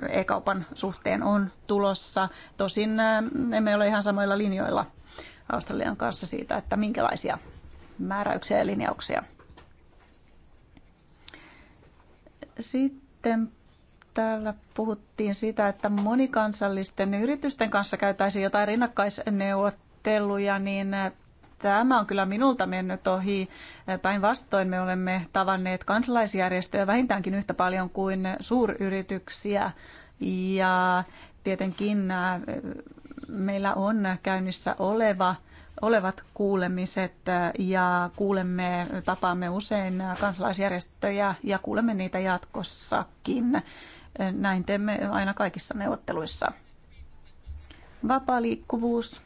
e-kaupan suhteen on tulossa. Tosin emme ole ihan samoilla linjoilla Australian kanssa siitä, että minkälaisia määräyksiä ja linjauksia. Sitten täällä puhuttiin sitä, että monikansallisten yritysten kanssa käytäisiin jotain rinnakkaisneuvotteluja, niin Tämä on kyllä minulta mennyt ohi. Päinvastoin me olemme tavanneet kansalaisjärjestöjä vähintäänkin yhtä paljon kuin suuryrityksiä. Ja tietenkin äh, meillä on käynnissä oleva olevat kuulemiset ja kuulemme, tapaamme usein kansalaisjärjestöjä ja kuulemme niitä jatkossakin. Näin teemme aina kaikissa neuvotteluissa. Vapaa liikkuvuus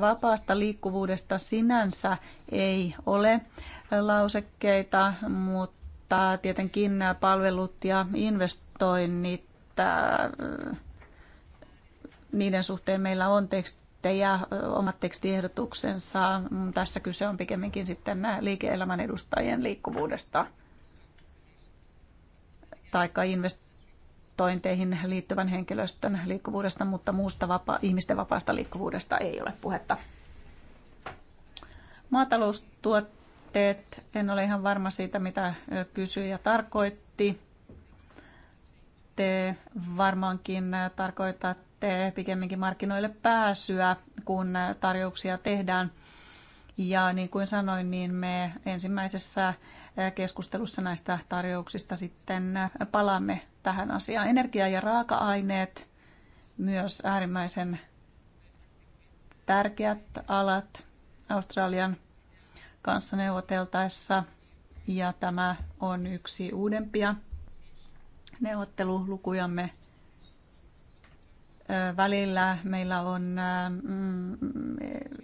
vapaasta liikkuvuudesta sinänsä ei ole lausekkeita, mutta tietenkin nämä palvelut ja investoinnit, äh, niiden suhteen meillä on ja omat tekstiehdotuksensa. Tässä kyse on pikemminkin sitten liike-elämän edustajien liikkuvuudesta taikka invest- investointeihin liittyvän henkilöstön liikkuvuudesta, mutta muusta vapa- ihmisten vapaasta liikkuvuudesta ei ole puhetta. Maataloustuotteet, en ole ihan varma siitä, mitä kysyjä tarkoitti. Te varmaankin tarkoitatte pikemminkin markkinoille pääsyä, kun tarjouksia tehdään. Ja niin kuin sanoin, niin me ensimmäisessä keskustelussa näistä tarjouksista sitten palaamme tähän asiaan. Energia ja raaka-aineet, myös äärimmäisen tärkeät alat Australian kanssa neuvoteltaessa. Ja tämä on yksi uudempia neuvottelulukujamme välillä meillä on mm,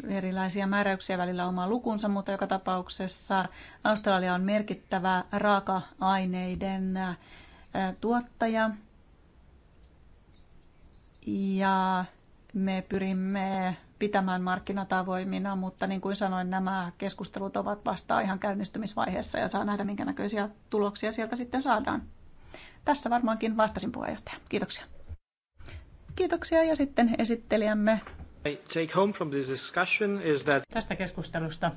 erilaisia määräyksiä välillä oma lukunsa, mutta joka tapauksessa Australia on merkittävä raaka-aineiden tuottaja. Ja me pyrimme pitämään markkinat avoimina, mutta niin kuin sanoin, nämä keskustelut ovat vasta ihan käynnistymisvaiheessa ja saa nähdä, minkä näköisiä tuloksia sieltä sitten saadaan. Tässä varmaankin vastasin puheenjohtaja. Kiitoksia. Kiitoksia ja sitten esittelijämme. Take home from this discussion is that... Tästä keskustelusta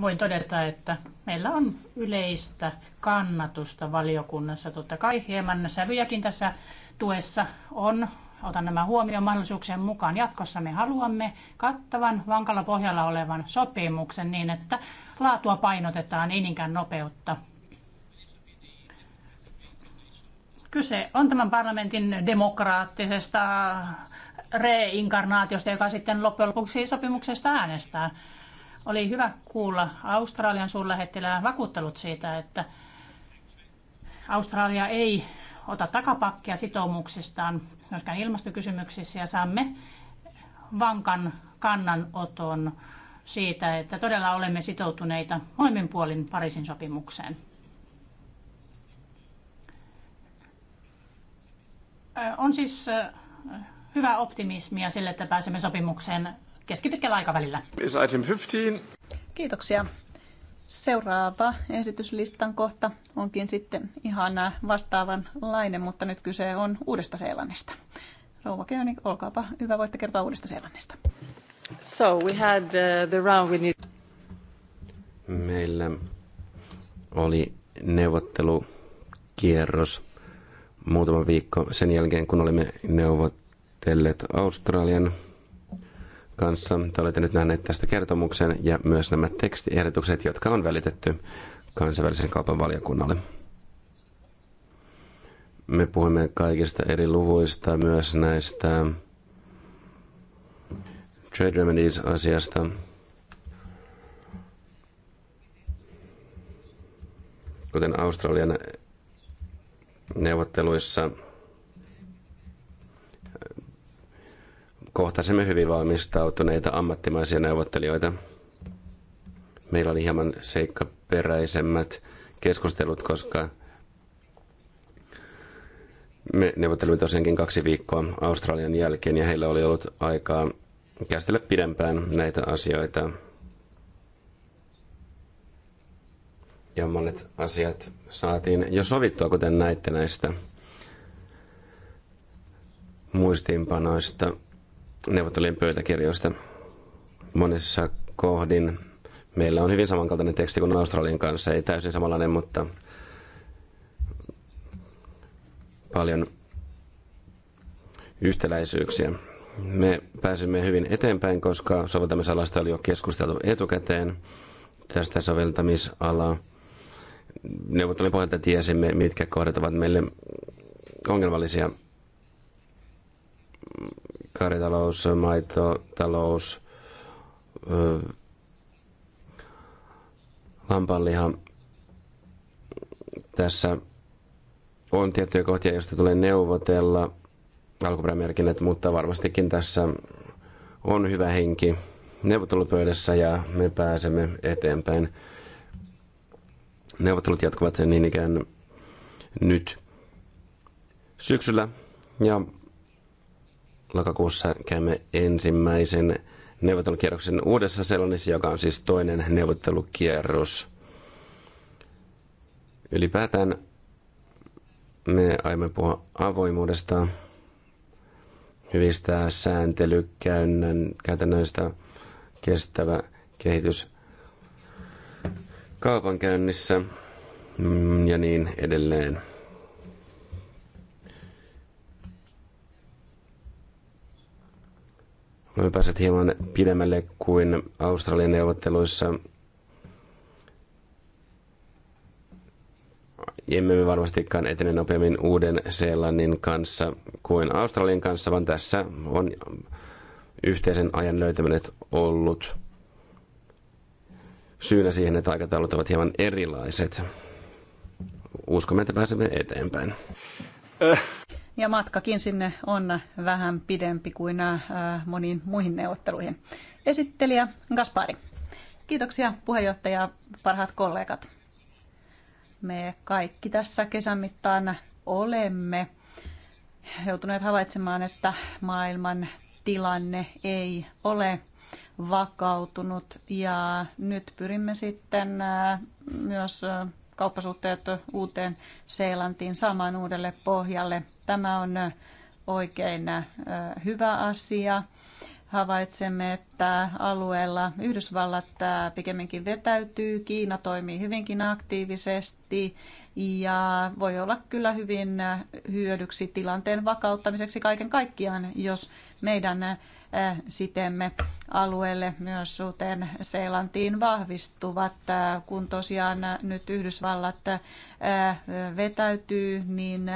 voin todeta, että meillä on yleistä kannatusta valiokunnassa. Totta kai hieman sävyjäkin tässä tuessa on. Otan nämä huomioon mahdollisuuksien mukaan. Jatkossa me haluamme kattavan, vankalla pohjalla olevan sopimuksen niin, että laatua painotetaan, ei niinkään nopeutta. Kyse on tämän parlamentin demokraattisesta reinkarnaatiosta, joka sitten loppujen lopuksi sopimuksesta äänestää. Oli hyvä kuulla Australian suurlähettilään vakuuttelut siitä, että Australia ei ota takapakkia sitoumuksistaan myöskään ilmastokysymyksissä ja saamme vankan kannanoton siitä, että todella olemme sitoutuneita molemmin puolin Pariisin sopimukseen. On siis hyvä optimismia sille, että pääsemme sopimukseen keskipitkällä aikavälillä. Item 15. Kiitoksia. Seuraava esityslistan kohta onkin sitten ihan vastaavanlainen, mutta nyt kyse on Uudesta Seelannista. Rouva Keoni, olkaapa hyvä, voitte kertoa Uudesta Seelannista. So we had uh, the round we need... Meillä oli neuvottelukierros muutama viikko sen jälkeen, kun olimme neuvotelleet Australian kanssa. Te olette nyt nähneet tästä kertomuksen ja myös nämä tekstiehdotukset, jotka on välitetty kansainvälisen kaupan valiokunnalle. Me puhumme kaikista eri luvuista, myös näistä Trade Remedies-asiasta. Kuten Australian neuvotteluissa – kohtasimme hyvin valmistautuneita ammattimaisia neuvottelijoita. Meillä oli hieman seikkaperäisemmät keskustelut, koska me neuvottelimme tosiaankin kaksi viikkoa Australian jälkeen ja heillä oli ollut aikaa käsitellä pidempään näitä asioita. Ja monet asiat saatiin jo sovittua, kuten näitte näistä muistiinpanoista neuvottelujen pöytäkirjoista. Monessa kohdin meillä on hyvin samankaltainen teksti kuin Australian kanssa, ei täysin samanlainen, mutta paljon yhtäläisyyksiä. Me pääsimme hyvin eteenpäin, koska soveltamisalasta oli jo keskusteltu etukäteen tästä soveltamisalaa. Neuvottelujen pohjalta tiesimme, mitkä kohdat ovat meille ongelmallisia karitalous, maitotalous, lampanliha. Tässä on tiettyjä kohtia, joista tulee neuvotella alkuperämerkinnät, mutta varmastikin tässä on hyvä henki neuvottelupöydässä ja me pääsemme eteenpäin. Neuvottelut jatkuvat niin ikään nyt syksyllä ja lokakuussa käymme ensimmäisen neuvottelukierroksen uudessa Selonissa, joka on siis toinen neuvottelukierros. Ylipäätään me aiemme puhua avoimuudesta, hyvistä sääntelykäynnän käytännöistä, kestävä kehitys kaupankäynnissä mm, ja niin edelleen. olemme päässeet hieman pidemmälle kuin Australian neuvotteluissa. Emme me varmastikaan etene nopeammin uuden Seelannin kanssa kuin Australian kanssa, vaan tässä on yhteisen ajan löytäminen ollut syynä siihen, että aikataulut ovat hieman erilaiset. Uskomme, että pääsemme eteenpäin. Äh ja matkakin sinne on vähän pidempi kuin äh, moniin muihin neuvotteluihin. Esittelijä Gaspari. Kiitoksia puheenjohtaja ja parhaat kollegat. Me kaikki tässä kesän mittaan olemme joutuneet havaitsemaan, että maailman tilanne ei ole vakautunut ja nyt pyrimme sitten äh, myös äh, kauppasuhteet uuteen Seelantiin saamaan uudelle pohjalle. Tämä on oikein hyvä asia. Havaitsemme, että alueella Yhdysvallat pikemminkin vetäytyy, Kiina toimii hyvinkin aktiivisesti ja voi olla kyllä hyvin hyödyksi tilanteen vakauttamiseksi kaiken kaikkiaan, jos meidän sitemme alueelle myös uuteen Seelantiin vahvistuvat. Kun tosiaan nyt Yhdysvallat vetäytyy, niin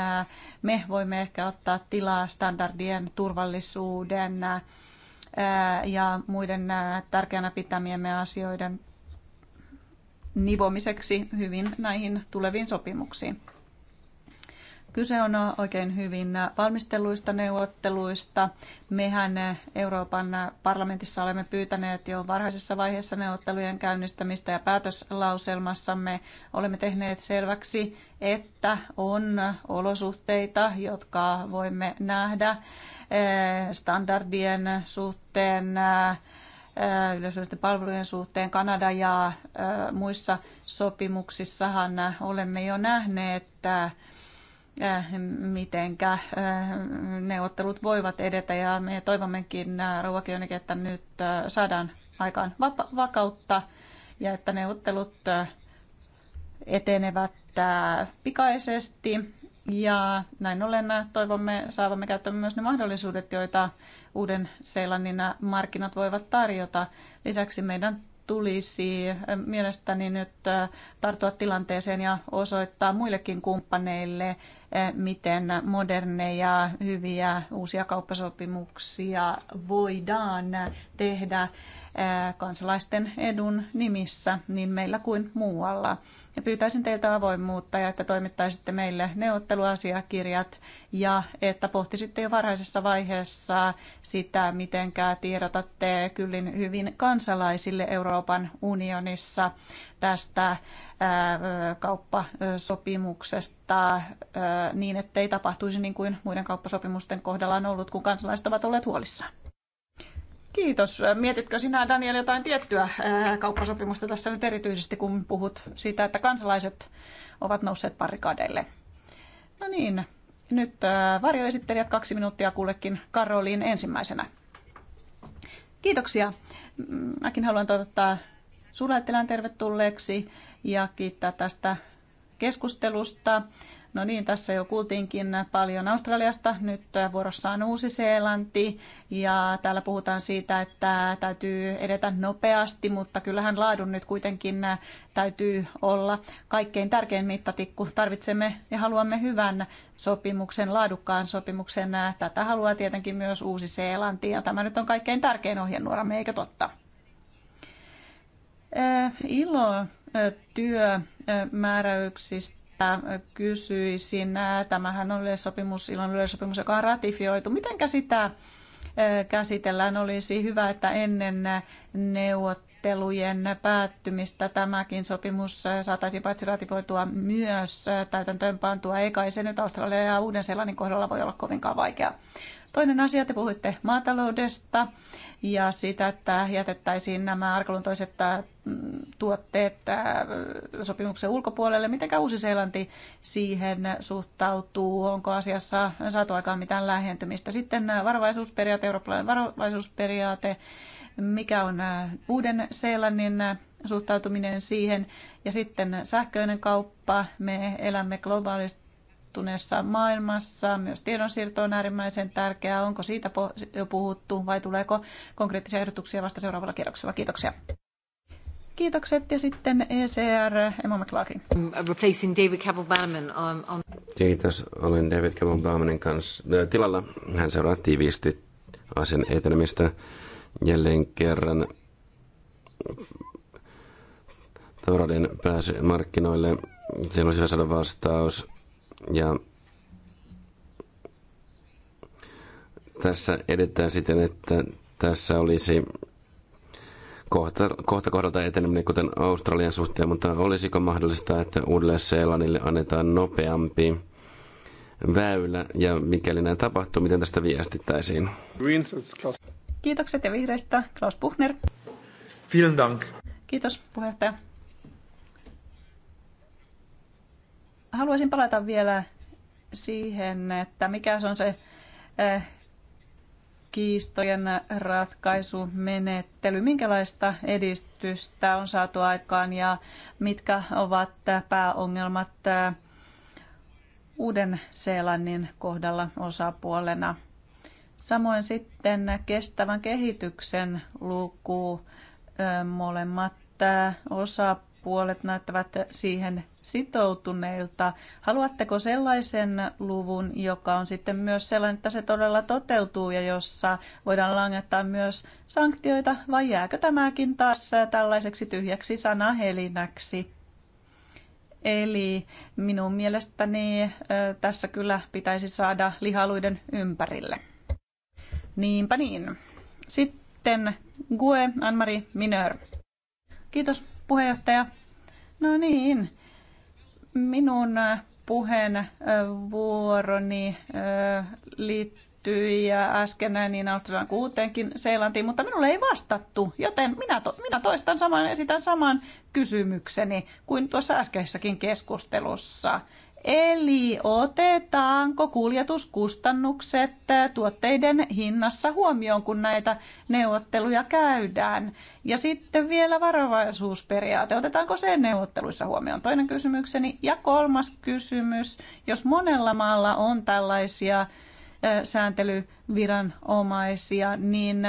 me voimme ehkä ottaa tilaa standardien turvallisuuden ja muiden tärkeänä pitämiemme asioiden nivomiseksi hyvin näihin tuleviin sopimuksiin. Kyse on oikein hyvin valmisteluista neuvotteluista. Mehän Euroopan parlamentissa olemme pyytäneet jo varhaisessa vaiheessa neuvottelujen käynnistämistä ja päätöslauselmassamme olemme tehneet selväksi, että on olosuhteita, jotka voimme nähdä eh, standardien suhteen, eh, yleisöllisten palvelujen suhteen Kanada ja eh, muissa sopimuksissahan olemme jo nähneet, että Äh, mitenkä äh, neuvottelut voivat edetä ja me toivommekin äh, ruokionikin, että nyt saadaan aikaan vakautta ja että neuvottelut etenevät pikaisesti ja näin ollen toivomme saavamme käyttöön myös ne mahdollisuudet, joita uuden Seelannin markkinat voivat tarjota. Lisäksi meidän tulisi mielestäni nyt tarttua tilanteeseen ja osoittaa muillekin kumppaneille, miten moderneja, hyviä uusia kauppasopimuksia voidaan tehdä kansalaisten edun nimissä niin meillä kuin muualla. Ja pyytäisin teiltä avoimuutta ja että toimittaisitte meille neuvotteluasiakirjat ja että pohtisitte jo varhaisessa vaiheessa sitä, miten tiedotatte kyllin hyvin kansalaisille Euroopan unionissa tästä kauppasopimuksesta niin, ettei tapahtuisi niin kuin muiden kauppasopimusten kohdalla on ollut, kun kansalaiset ovat olleet huolissaan. Kiitos. Mietitkö sinä, Daniel, jotain tiettyä kauppasopimusta tässä nyt erityisesti, kun puhut siitä, että kansalaiset ovat nousseet parikadeille? No niin, nyt varjoesittelijät kaksi minuuttia kullekin Karoliin ensimmäisenä. Kiitoksia. Mäkin haluan toivottaa suurlähettilään tervetulleeksi ja kiittää tästä keskustelusta. No niin, tässä jo kuultiinkin paljon Australiasta. Nyt vuorossa on Uusi-Seelanti ja täällä puhutaan siitä, että täytyy edetä nopeasti, mutta kyllähän laadun nyt kuitenkin täytyy olla kaikkein tärkein mittatikku. Tarvitsemme ja haluamme hyvän sopimuksen, laadukkaan sopimuksen. Tätä haluaa tietenkin myös Uusi-Seelanti ja tämä nyt on kaikkein tärkein ohjenuoramme, eikö totta? Ilo työmääräyksistä että kysyisin, tämähän on yleissopimus, ilon yleissopimus, joka on ratifioitu. Miten sitä käsitellään? Olisi hyvä, että ennen neuvottelujen päättymistä tämäkin sopimus saataisiin paitsi ratifioitua myös täytäntöönpantua. Eikä se nyt Australia ja Uuden-Seelannin kohdalla voi olla kovinkaan vaikea. Toinen asia, te puhuitte maataloudesta ja sitä, että jätettäisiin nämä arkaluontoiset äh, tuotteet äh, sopimuksen ulkopuolelle. Mitenkä Uusi-Seelanti siihen suhtautuu? Onko asiassa saatu aikaan mitään lähentymistä? Sitten äh, varovaisuusperiaate, eurooppalainen varovaisuusperiaate. Mikä on Uuden-Seelannin suhtautuminen siihen? Ja sitten sähköinen kauppa. Me elämme globaalisti muuttuneessa maailmassa. Myös tiedonsiirto on äärimmäisen tärkeää. Onko siitä jo puhuttu vai tuleeko konkreettisia ehdotuksia vasta seuraavalla kierroksella? Kiitoksia. Kiitokset ja sitten ECR Emma McLaughlin. Replacing David on, on... Kiitos. Olen David campbell kanssa äh, tilalla. Hän seuraa tiiviisti asian etenemistä jälleen kerran tavaroiden pääsy markkinoille. Siinä olisi hyvä saada vastaus ja tässä edetään siten, että tässä olisi kohta, kohta kohdalta eteneminen, kuten Australian suhteen, mutta olisiko mahdollista, että Uudelle Seelannille annetaan nopeampi väylä, ja mikäli näin tapahtuu, miten tästä viestittäisiin? Kiitokset ja vihreistä, Klaus Puchner. Vielen Dank. Kiitos puheenjohtaja. haluaisin palata vielä siihen, että mikä se on se eh, kiistojen ratkaisumenettely, minkälaista edistystä on saatu aikaan ja mitkä ovat pääongelmat eh, uuden Seelannin kohdalla osapuolena. Samoin sitten kestävän kehityksen luku eh, molemmat osapuolet näyttävät siihen sitoutuneilta. Haluatteko sellaisen luvun, joka on sitten myös sellainen, että se todella toteutuu ja jossa voidaan langettaa myös sanktioita, vai jääkö tämäkin taas tällaiseksi tyhjäksi sanahelinäksi? Eli minun mielestäni tässä kyllä pitäisi saada lihaluiden ympärille. Niinpä niin. Sitten Gue Anmari Minör. Kiitos puheenjohtaja. No niin, Minun äh, puheen äh, vuoroni äh, liittyi äsken niin Australian kuuteenkin Seilantiin, mutta minulle ei vastattu, joten minä, to, minä toistan saman, esitän saman kysymykseni kuin tuossa äskeisessäkin keskustelussa. Eli otetaanko kuljetuskustannukset tuotteiden hinnassa huomioon, kun näitä neuvotteluja käydään? Ja sitten vielä varovaisuusperiaate, otetaanko se neuvotteluissa huomioon? Toinen kysymykseni. Ja kolmas kysymys, jos monella maalla on tällaisia sääntelyviranomaisia, niin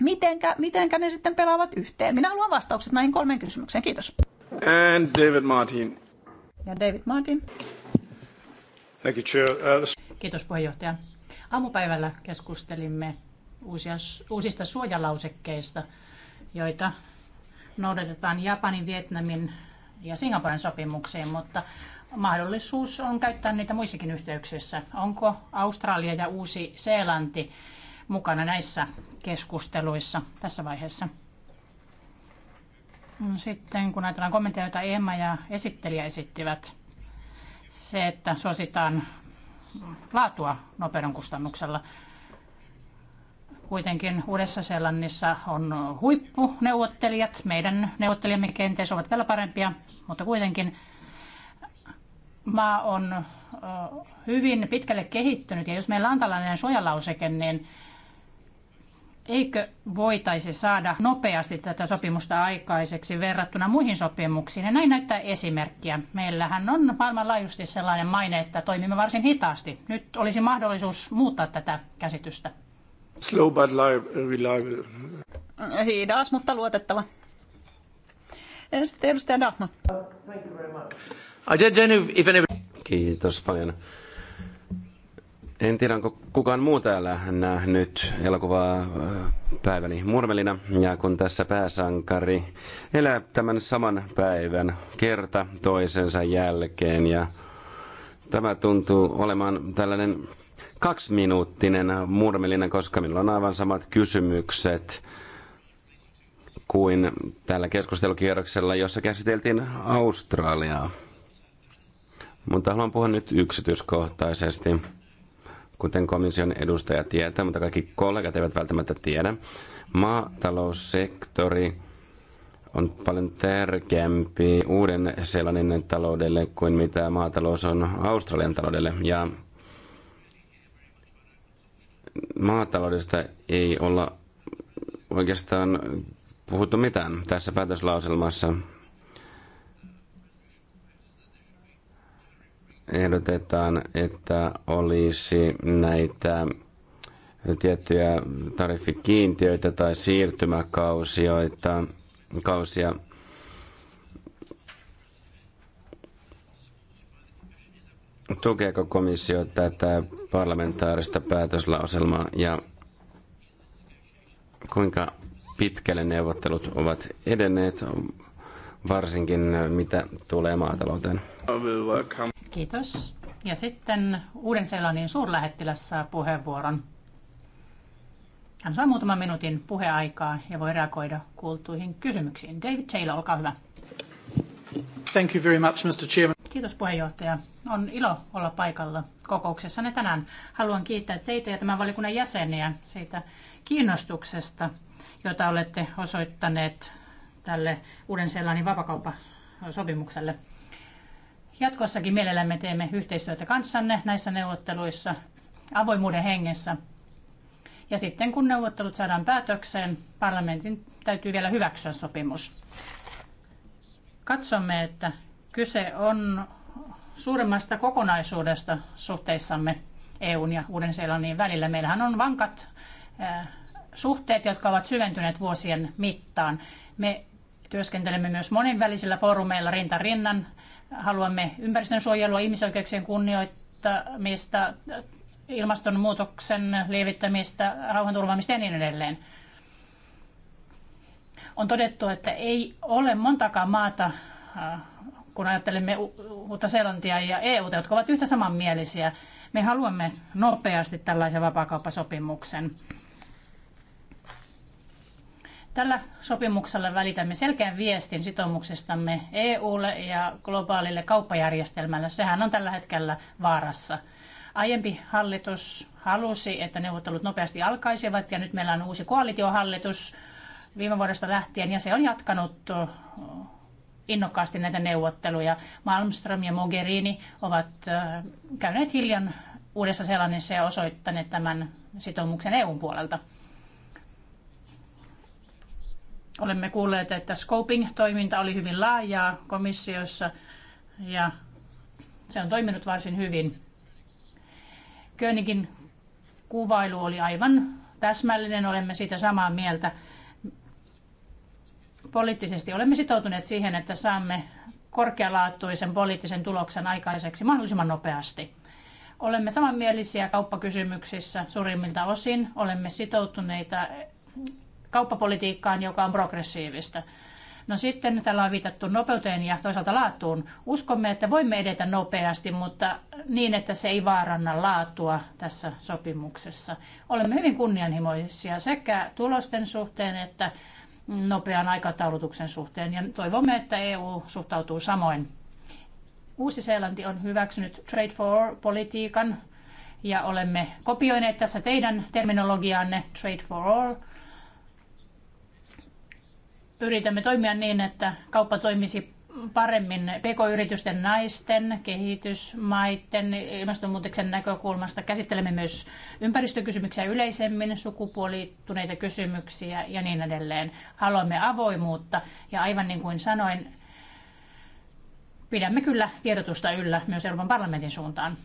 mitenkä, mitenkä ne sitten pelaavat yhteen? Minä haluan vastaukset näihin kolmeen kysymykseen. Kiitos. And David Martin. Ja David Martin. Thank you, Chair. Uh, Kiitos puheenjohtaja. Aamupäivällä keskustelimme uusia, uusista suojalausekkeista, joita noudatetaan Japanin, Vietnamin ja Singaporen sopimukseen, mutta mahdollisuus on käyttää niitä muissakin yhteyksissä. Onko Australia ja Uusi-Seelanti mukana näissä keskusteluissa tässä vaiheessa? Sitten kun ajatellaan kommentteja, joita Emma ja esittelijä esittivät, se, että suositaan laatua nopeuden kustannuksella. Kuitenkin Uudessa-Seelannissa on huippuneuvottelijat. Meidän neuvottelijamme kenties ovat vielä parempia, mutta kuitenkin maa on hyvin pitkälle kehittynyt. Ja jos meillä on tällainen suojalauseke, niin eikö voitaisi saada nopeasti tätä sopimusta aikaiseksi verrattuna muihin sopimuksiin? Ja näin näyttää esimerkkiä. Meillähän on maailmanlaajuisesti sellainen maine, että toimimme varsin hitaasti. Nyt olisi mahdollisuus muuttaa tätä käsitystä. Slow but reliable. Hidas, mutta luotettava. Sitten edustaja Dahma. Kiitos paljon en tiedä, onko kukaan muu täällä nähnyt elokuvaa äh, päiväni murmelina. Ja kun tässä pääsankari elää tämän saman päivän kerta toisensa jälkeen. Ja tämä tuntuu olemaan tällainen kaksiminuuttinen murmelina, koska minulla on aivan samat kysymykset kuin tällä keskustelukierroksella, jossa käsiteltiin Australiaa. Mutta haluan puhua nyt yksityiskohtaisesti. Kuten komission edustaja tietää, mutta kaikki kollegat eivät välttämättä tiedä, maataloussektori on paljon tärkeämpi uuden sellainen taloudelle kuin mitä maatalous on Australian taloudelle. Ja maataloudesta ei olla oikeastaan puhuttu mitään tässä päätöslauselmassa. ehdotetaan, että olisi näitä tiettyjä tariffikiintiöitä tai siirtymäkausioita, kausia. Tukeeko komissio tätä parlamentaarista päätöslauselmaa ja kuinka pitkälle neuvottelut ovat edenneet, varsinkin mitä tulee maatalouteen? Kiitos. Ja sitten Uuden-Seelannin suurlähettiläs saa puheenvuoron. Hän saa muutaman minuutin puheaikaa ja voi reagoida kuultuihin kysymyksiin. David Taylor, olkaa hyvä. Thank you very much, Mr. Chairman. Kiitos puheenjohtaja. On ilo olla paikalla kokouksessanne tänään. Haluan kiittää teitä ja tämän valikunnan jäseniä siitä kiinnostuksesta, jota olette osoittaneet tälle Uuden-Seelannin vapakauppasopimukselle. Jatkossakin mielellämme teemme yhteistyötä kanssanne näissä neuvotteluissa avoimuuden hengessä. Ja sitten kun neuvottelut saadaan päätökseen, parlamentin täytyy vielä hyväksyä sopimus. Katsomme, että kyse on suuremmasta kokonaisuudesta suhteissamme EUn ja Uuden-Seelannin välillä. Meillähän on vankat suhteet, jotka ovat syventyneet vuosien mittaan. Me työskentelemme myös monenvälisillä foorumeilla rinta rinnan Haluamme ympäristön suojelua, ihmisoikeuksien kunnioittamista, ilmastonmuutoksen lievittämistä, rauhanturvaamista ja niin edelleen. On todettu, että ei ole montakaan maata, äh, kun ajattelemme uutta Seelantia ja EU, jotka ovat yhtä samanmielisiä. Me haluamme nopeasti tällaisen vapaakauppasopimuksen. Tällä sopimuksella välitämme selkeän viestin sitoumuksestamme EUlle ja globaalille kauppajärjestelmälle. Sehän on tällä hetkellä vaarassa. Aiempi hallitus halusi, että neuvottelut nopeasti alkaisivat ja nyt meillä on uusi koalitiohallitus viime vuodesta lähtien ja se on jatkanut innokkaasti näitä neuvotteluja. Malmström ja Mogherini ovat käyneet hiljan Uudessa Seelannissa ja osoittaneet tämän sitoumuksen EUn puolelta. Olemme kuulleet, että scoping-toiminta oli hyvin laajaa komissiossa ja se on toiminut varsin hyvin. Königin kuvailu oli aivan täsmällinen, olemme siitä samaa mieltä. Poliittisesti olemme sitoutuneet siihen, että saamme korkealaatuisen poliittisen tuloksen aikaiseksi mahdollisimman nopeasti. Olemme samanmielisiä kauppakysymyksissä suurimmilta osin. Olemme sitoutuneita kauppapolitiikkaan, joka on progressiivista. No sitten tällä on viitattu nopeuteen ja toisaalta laatuun. Uskomme, että voimme edetä nopeasti, mutta niin, että se ei vaaranna laatua tässä sopimuksessa. Olemme hyvin kunnianhimoisia sekä tulosten suhteen että nopean aikataulutuksen suhteen ja toivomme, että EU suhtautuu samoin. Uusi-Seelanti on hyväksynyt Trade for-politiikan ja olemme kopioineet tässä teidän terminologiaanne Trade for All – yritämme toimia niin, että kauppa toimisi paremmin pk-yritysten naisten, kehitysmaiden, ilmastonmuutoksen näkökulmasta. Käsittelemme myös ympäristökysymyksiä yleisemmin, sukupuolittuneita kysymyksiä ja niin edelleen. Haluamme avoimuutta ja aivan niin kuin sanoin, pidämme kyllä tiedotusta yllä myös Euroopan parlamentin suuntaan.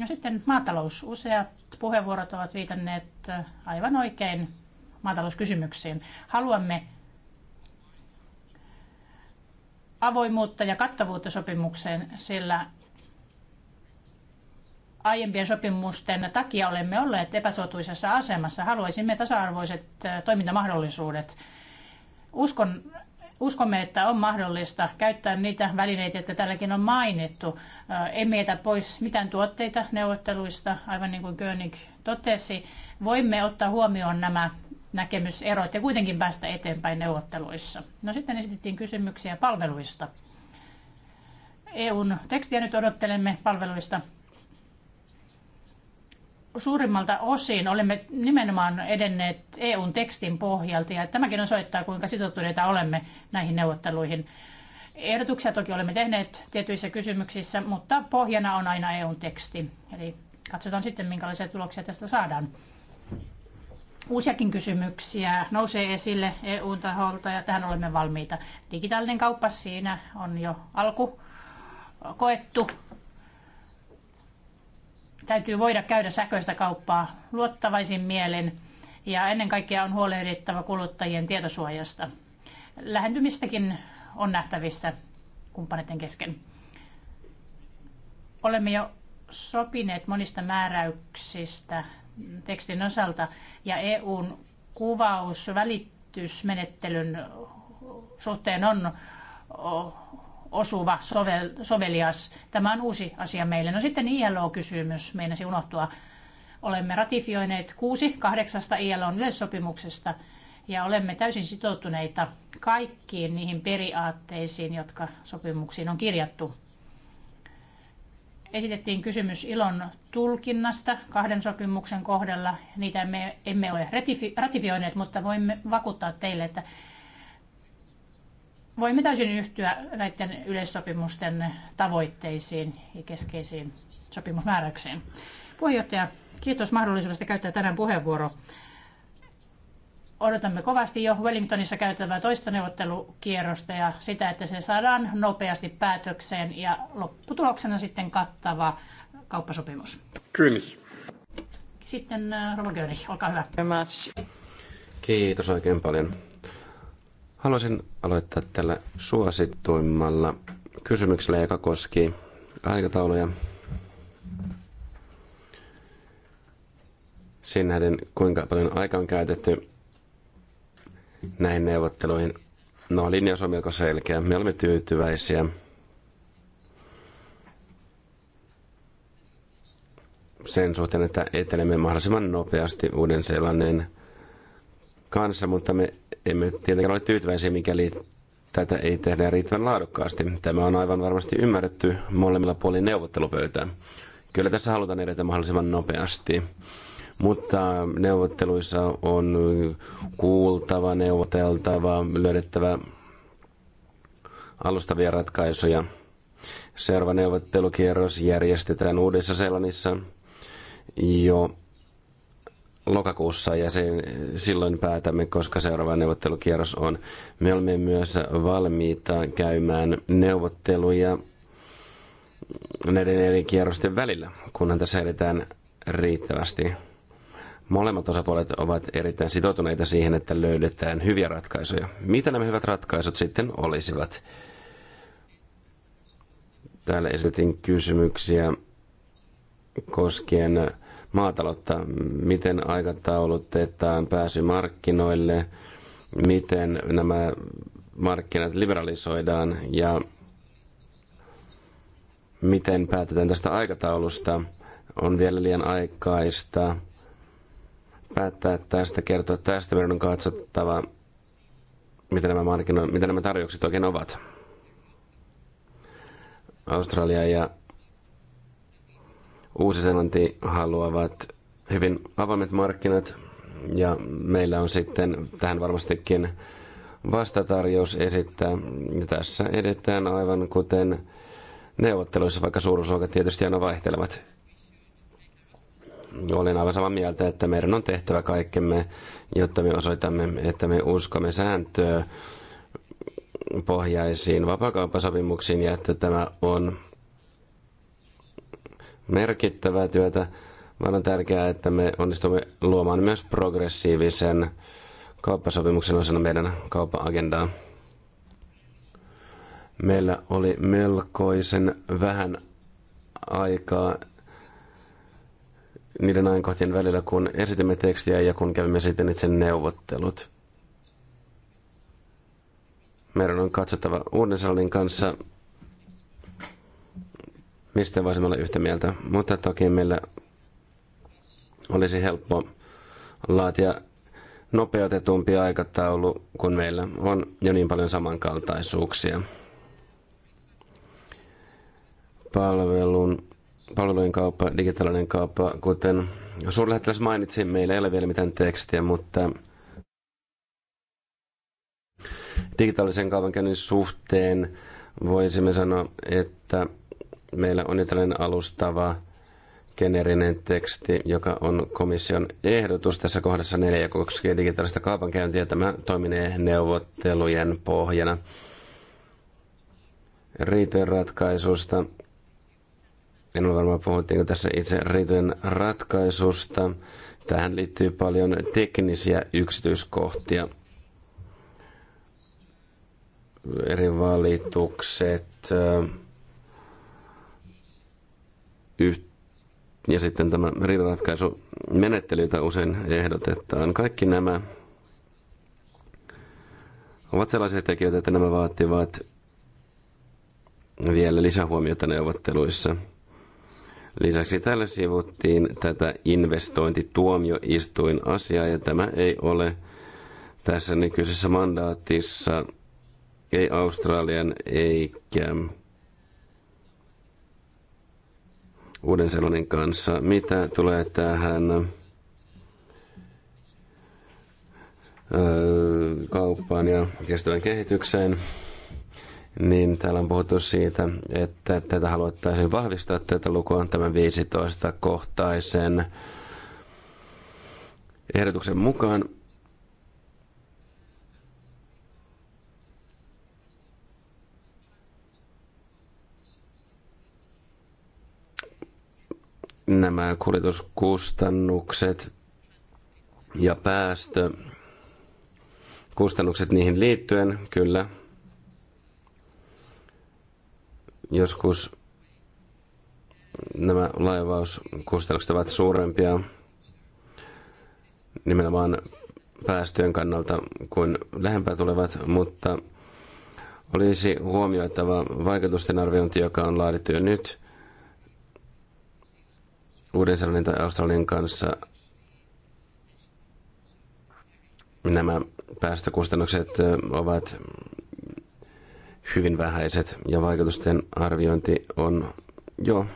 No sitten maatalous. Useat puheenvuorot ovat viitanneet aivan oikein maatalouskysymyksiin. Haluamme avoimuutta ja kattavuutta sopimukseen, sillä aiempien sopimusten takia olemme olleet epäsuotuisessa asemassa. Haluaisimme tasa-arvoiset toimintamahdollisuudet. Uskon, uskomme, että on mahdollista käyttää niitä välineitä, jotka tälläkin on mainittu. Emme jätä pois mitään tuotteita neuvotteluista, aivan niin kuin König totesi. Voimme ottaa huomioon nämä näkemyserot ja kuitenkin päästä eteenpäin neuvotteluissa. No sitten esitettiin kysymyksiä palveluista. EUn tekstiä nyt odottelemme palveluista. Suurimmalta osin olemme nimenomaan edenneet EUn tekstin pohjalta ja tämäkin osoittaa, kuinka sitoutuneita olemme näihin neuvotteluihin. Ehdotuksia toki olemme tehneet tietyissä kysymyksissä, mutta pohjana on aina EUn teksti. Eli katsotaan sitten, minkälaisia tuloksia tästä saadaan. Uusiakin kysymyksiä nousee esille EU-taholta ja tähän olemme valmiita. Digitaalinen kauppa siinä on jo alku koettu. Täytyy voida käydä sähköistä kauppaa luottavaisin mielen ja ennen kaikkea on huolehdittava kuluttajien tietosuojasta. Lähentymistäkin on nähtävissä kumppaneiden kesken. Olemme jo sopineet monista määräyksistä tekstin osalta ja EUn kuvaus välitysmenettelyn suhteen on osuva, sovel, sovelias. Tämä on uusi asia meille. No sitten ILO-kysymys, meinasi unohtua. Olemme ratifioineet kuusi kahdeksasta ILOn yleissopimuksesta ja olemme täysin sitoutuneita kaikkiin niihin periaatteisiin, jotka sopimuksiin on kirjattu. Esitettiin kysymys ilon tulkinnasta kahden sopimuksen kohdalla. Niitä me emme ole ratifioineet, mutta voimme vakuuttaa teille, että voimme täysin yhtyä näiden yleissopimusten tavoitteisiin ja keskeisiin sopimusmääräyksiin. Puheenjohtaja, kiitos mahdollisuudesta käyttää tänään puheenvuoro odotamme kovasti jo Wellingtonissa käytävää toista neuvottelukierrosta ja sitä, että se saadaan nopeasti päätökseen ja lopputuloksena sitten kattava kauppasopimus. Kyllä. Sitten äh, Rova Göring, olkaa hyvä. Kiitos oikein paljon. Haluaisin aloittaa tällä suosittuimmalla kysymyksellä, joka koski aikatauluja sen nähden, kuinka paljon aikaa on käytetty näihin neuvotteluihin. No, linjaus on melko selkeä. Me olemme tyytyväisiä. sen suhteen, että etenemme mahdollisimman nopeasti uuden sellainen kanssa, mutta me emme tietenkään ole tyytyväisiä, mikäli tätä ei tehdä riittävän laadukkaasti. Tämä on aivan varmasti ymmärretty molemmilla puolin neuvottelupöytään. Kyllä tässä halutaan edetä mahdollisimman nopeasti. Mutta neuvotteluissa on kuultava, neuvoteltava, löydettävä alustavia ratkaisuja. Seuraava neuvottelukierros järjestetään Uudessa Seelannissa jo lokakuussa ja sen, silloin päätämme, koska seuraava neuvottelukierros on. Me olemme myös valmiita käymään neuvotteluja näiden eri kierrosten välillä, kunhan tässä edetään riittävästi. Molemmat osapuolet ovat erittäin sitoutuneita siihen, että löydetään hyviä ratkaisuja. Mitä nämä hyvät ratkaisut sitten olisivat? Täällä esitin kysymyksiä koskien maataloutta. Miten aikataulutetaan pääsy markkinoille? Miten nämä markkinat liberalisoidaan? Ja miten päätetään tästä aikataulusta? On vielä liian aikaista päättää tästä, kertoa tästä. Meidän on katsottava, mitä nämä, markkino, mitä nämä tarjoukset oikein ovat. Australia ja Uusi-Seelanti haluavat hyvin avoimet markkinat ja meillä on sitten tähän varmastikin vastatarjous esittää. Ja tässä edetään aivan kuten neuvotteluissa, vaikka suuruusluokat tietysti aina vaihtelevat olen aivan samaa mieltä, että meidän on tehtävä kaikkemme, jotta me osoitamme, että me uskomme sääntöä pohjaisiin vapakauppasopimuksiin ja että tämä on merkittävää työtä, vaan on tärkeää, että me onnistumme luomaan myös progressiivisen kauppasopimuksen osana meidän kauppa-agendaa. Meillä oli melkoisen vähän aikaa niiden ajankohtien välillä, kun esitimme tekstiä ja kun kävimme sitten itse neuvottelut. Meidän on katsottava Uudensallin kanssa, mistä voisimme olla yhtä mieltä. Mutta toki meillä olisi helppo laatia nopeutetumpi aikataulu, kun meillä on jo niin paljon samankaltaisuuksia. Palvelun Palvelujen kauppa, digitaalinen kauppa, kuten suurlähettiläs mainitsi, meillä ei ole vielä mitään tekstiä, mutta digitaalisen kaupankäynnin suhteen voisimme sanoa, että meillä on tällainen alustava geneerinen teksti, joka on komission ehdotus tässä kohdassa neljä, koskee digitaalista kaupankäyntiä. Tämä toiminee neuvottelujen pohjana riitojen ratkaisusta en ole varma puhuttiinko tässä itse riitojen ratkaisusta. Tähän liittyy paljon teknisiä yksityiskohtia. Eri valitukset ja sitten tämä riidanratkaisumenettely, jota usein ehdotetaan. Kaikki nämä ovat sellaisia tekijöitä, että nämä vaativat vielä lisähuomiota neuvotteluissa – Lisäksi täällä sivuttiin tätä asiaa ja tämä ei ole tässä nykyisessä mandaatissa ei Australian eikä uuden sellainen kanssa. Mitä tulee tähän öö, kauppaan ja kestävän kehitykseen? niin täällä on puhuttu siitä, että tätä haluttaisiin vahvistaa tätä lukua tämän 15-kohtaisen ehdotuksen mukaan. Nämä kuljetuskustannukset ja päästö kustannukset niihin liittyen, kyllä, Joskus nämä laivauskustannukset ovat suurempia nimenomaan päästöjen kannalta kuin lähempää tulevat, mutta olisi huomioitava vaikutusten arviointi, joka on laadittu jo nyt Uuden-Seelannin tai Australian kanssa. Nämä päästökustannukset ovat hyvin vähäiset ja vaikutusten arviointi on jo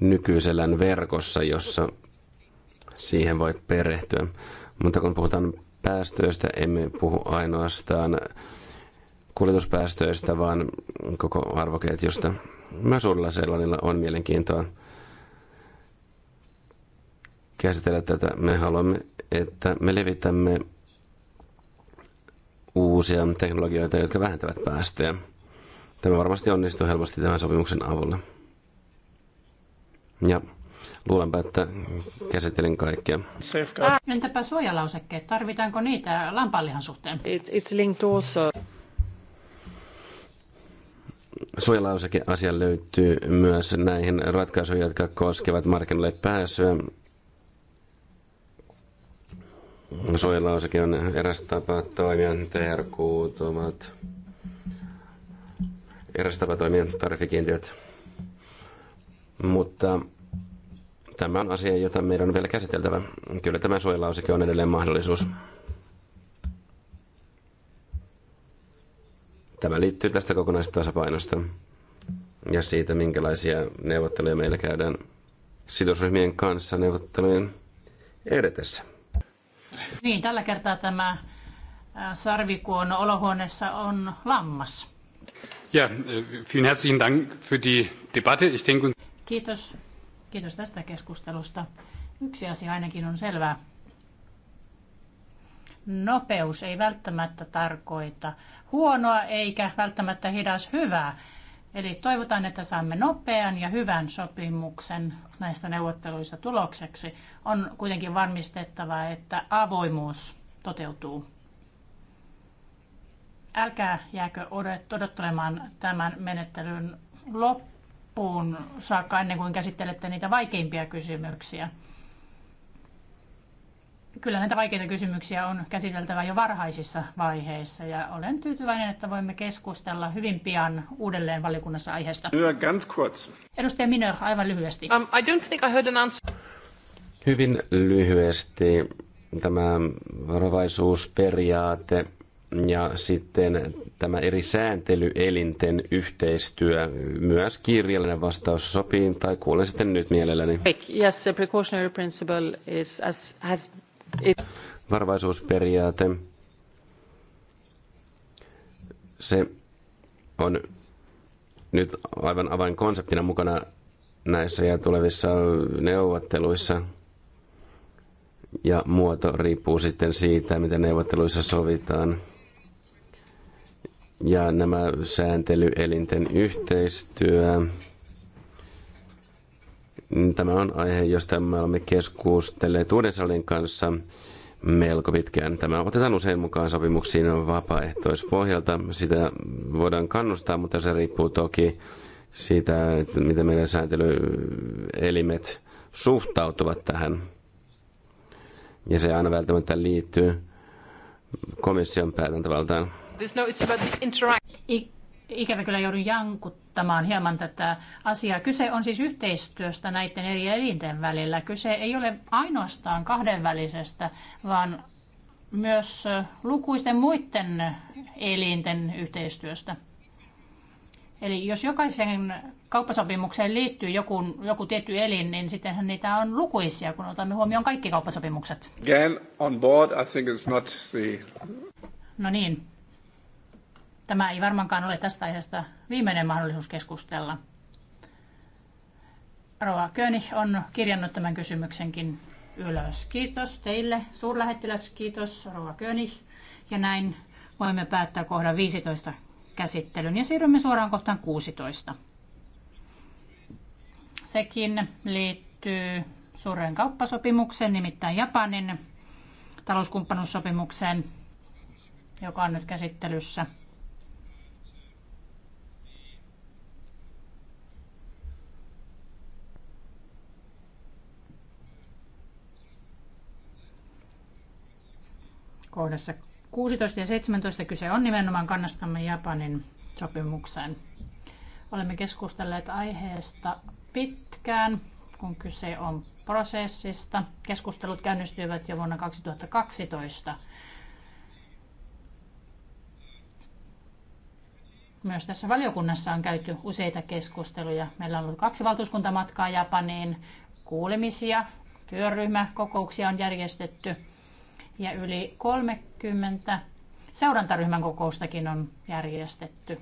nykyisellään verkossa, jossa siihen voi perehtyä. Mutta kun puhutaan päästöistä, emme puhu ainoastaan kuljetuspäästöistä, vaan koko arvoketjusta. Myös uudella sellaisella on mielenkiintoa käsitellä tätä. Me haluamme, että me levitämme uusia teknologioita, jotka vähentävät päästöjä. Tämä varmasti onnistuu helposti tämän sopimuksen avulla. Ja luulenpa, että käsittelin kaikkia. Entäpä suojalausekkeet? Tarvitaanko niitä lampaanlihan suhteen? It's linked also. Suojalausekeasia löytyy myös näihin ratkaisuihin, jotka koskevat markkinoille pääsyä suojelausakin on eräs tapa toimia. TRQ ovat eräs tapa toimia tarifikiintiöt. Mutta tämä on asia, jota meidän on vielä käsiteltävä. Kyllä tämä suojelauseke on edelleen mahdollisuus. Tämä liittyy tästä kokonaistasapainosta ja siitä, minkälaisia neuvotteluja meillä käydään sidosryhmien kanssa neuvottelujen edetessä. Niin, tällä kertaa tämä sarvikuono olohuoneessa on lammas. Ja, äh, vielen herzlichen Dank für die Debatte. Ich denke... Kiitos. Kiitos tästä keskustelusta. Yksi asia ainakin on selvää. Nopeus ei välttämättä tarkoita huonoa eikä välttämättä hidas hyvää. Eli toivotaan, että saamme nopean ja hyvän sopimuksen näistä neuvotteluista tulokseksi. On kuitenkin varmistettava, että avoimuus toteutuu. Älkää jääkö odottelemaan tämän menettelyn loppuun saakka ennen kuin käsittelette niitä vaikeimpia kysymyksiä kyllä näitä vaikeita kysymyksiä on käsiteltävä jo varhaisissa vaiheissa ja olen tyytyväinen, että voimme keskustella hyvin pian uudelleen valiokunnassa aiheesta. ganz kurz. Edustaja Minö, aivan lyhyesti. Um, I don't think I heard an answer. Hyvin lyhyesti tämä varovaisuusperiaate ja sitten tämä eri sääntelyelinten yhteistyö, myös kirjallinen vastaus sopii, tai kuulen sitten nyt mielelläni. Yes, the precautionary principle is as, has Varvaisuusperiaate. Se on nyt aivan avainkonseptina mukana näissä ja tulevissa neuvotteluissa. Ja muoto riippuu sitten siitä, miten neuvotteluissa sovitaan. Ja nämä sääntelyelinten yhteistyö, Mm, tämä on aihe, josta me olemme keskustelleet uuden salin kanssa melko pitkään. Tämä otetaan usein mukaan sopimuksiin vapaaehtoispohjalta. Sitä voidaan kannustaa, mutta se riippuu toki siitä, että miten meidän sääntelyelimet suhtautuvat tähän. Ja se aina välttämättä liittyy komission päätäntävaltaan ikävä kyllä joudun jankuttamaan hieman tätä asiaa. Kyse on siis yhteistyöstä näiden eri elinten välillä. Kyse ei ole ainoastaan kahdenvälisestä, vaan myös lukuisten muiden elinten yhteistyöstä. Eli jos jokaisen kauppasopimukseen liittyy joku, joku tietty elin, niin sittenhän niitä on lukuisia, kun otamme huomioon kaikki kauppasopimukset. Again, on board, I think it's not the... No niin, Tämä ei varmaankaan ole tästä aiheesta viimeinen mahdollisuus keskustella. Rova König on kirjannut tämän kysymyksenkin ylös. Kiitos teille, suurlähettiläs, kiitos Rova König. Ja näin voimme päättää kohdan 15 käsittelyn ja siirrymme suoraan kohtaan 16. Sekin liittyy suureen kauppasopimukseen, nimittäin Japanin talouskumppanuussopimukseen, joka on nyt käsittelyssä – Kohdassa 16 ja 17 kyse on nimenomaan kannastamme Japanin sopimukseen. Olemme keskustelleet aiheesta pitkään, kun kyse on prosessista. Keskustelut käynnistyivät jo vuonna 2012. Myös tässä valiokunnassa on käyty useita keskusteluja. Meillä on ollut kaksi valtuuskuntamatkaa Japaniin, kuulemisia, työryhmäkokouksia on järjestetty – ja yli 30 seurantaryhmän kokoustakin on järjestetty.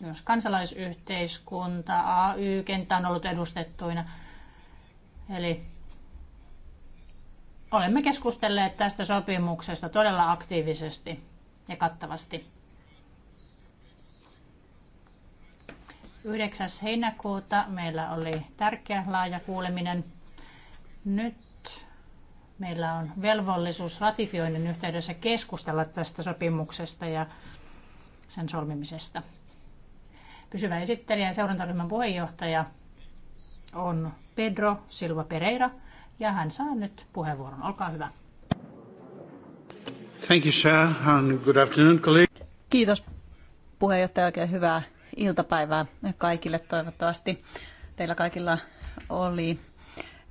Myös kansalaisyhteiskunta, AY-kenttä on ollut edustettuina. Eli olemme keskustelleet tästä sopimuksesta todella aktiivisesti ja kattavasti. 9. heinäkuuta meillä oli tärkeä laaja kuuleminen. Nyt meillä on velvollisuus ratifioinnin yhteydessä keskustella tästä sopimuksesta ja sen solmimisesta. Pysyvä esittelijä ja seurantaryhmän puheenjohtaja on Pedro Silva Pereira ja hän saa nyt puheenvuoron. Olkaa hyvä. Thank you, sir, and good afternoon, colleague. Kiitos puheenjohtaja. Oikein hyvää iltapäivää kaikille toivottavasti. Teillä kaikilla oli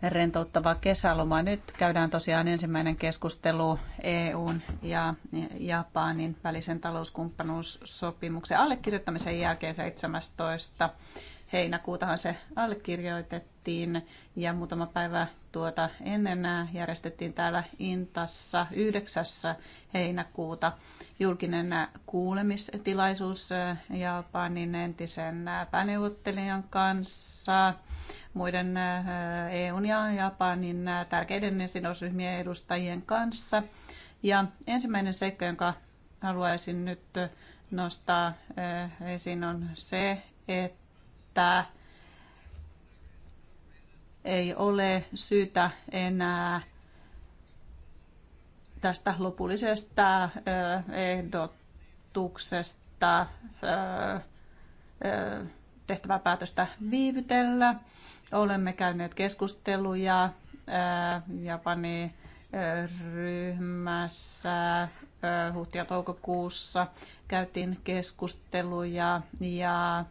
rentouttava kesälomaa. Nyt käydään tosiaan ensimmäinen keskustelu EUn ja Japanin välisen talouskumppanuussopimuksen allekirjoittamisen jälkeen 17. heinäkuutahan se allekirjoitettiin ja muutama päivä tuota ennen järjestettiin täällä Intassa 9. heinäkuuta julkinen kuulemistilaisuus Japanin entisen pääneuvottelijan kanssa muiden EUn eh, e ja Japanin eh, tärkeiden sidosryhmien edustajien kanssa. Ja ensimmäinen seikka, jonka haluaisin nyt nostaa eh, esiin, on se, että ei ole syytä enää tästä lopullisesta ehdotuksesta tehtävää päätöstä viivytellä. Olemme käyneet keskusteluja äh, Japani äh, ryhmässä äh, huhti- ja toukokuussa käytiin keskusteluja ja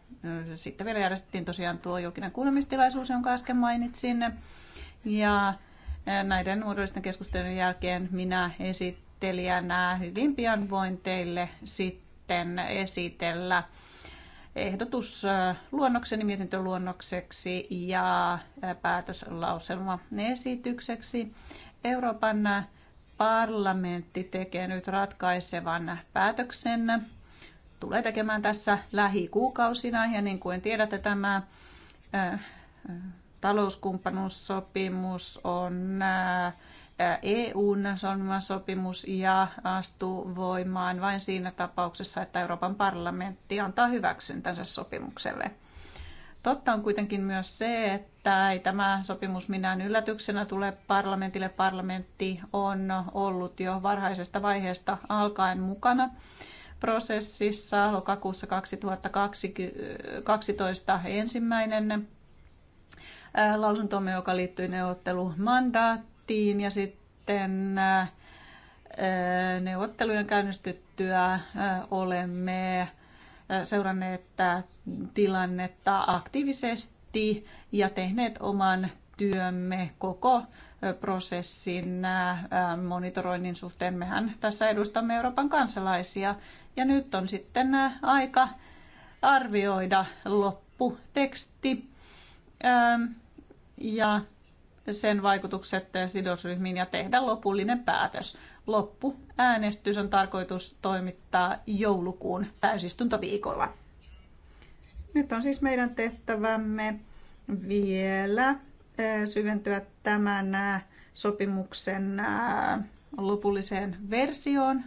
sitten vielä järjestettiin tosiaan tuo julkinen kuulemistilaisuus, jonka äsken mainitsin. Ja näiden muodollisten keskustelujen jälkeen minä esittelijänä hyvin pian voin teille sitten esitellä ehdotus äh, luonnokseni mietintöluonnokseksi ja äh, päätöslauselma esitykseksi. Euroopan äh, parlamentti tekee nyt ratkaisevan päätöksen. Tulee tekemään tässä lähikuukausina ja niin kuin tiedätte, tämä talouskumppanuussopimus on EUn solmima sopimus ja astuu voimaan vain siinä tapauksessa, että Euroopan parlamentti antaa hyväksyntänsä sopimukselle. Totta on kuitenkin myös se, että ei tämä sopimus minään yllätyksenä tule parlamentille. Parlamentti on ollut jo varhaisesta vaiheesta alkaen mukana prosessissa lokakuussa 2012 ensimmäinen lausuntomme, joka liittyy neuvottelumandaattiin tehtiin ja sitten äh, neuvottelujen käynnistyttyä äh, olemme äh, seuranneet tilannetta aktiivisesti ja tehneet oman työmme koko prosessin monitoroinnin suhteen. Mehän tässä edustamme Euroopan kansalaisia ja nyt on sitten aika arvioida lopputeksti. Ähm, ja sen vaikutukset sidosryhmiin ja tehdä lopullinen päätös. Loppu äänestys on tarkoitus toimittaa joulukuun täysistuntoviikolla. Nyt on siis meidän tehtävämme vielä eh, syventyä tämän eh, sopimuksen eh, lopulliseen versioon,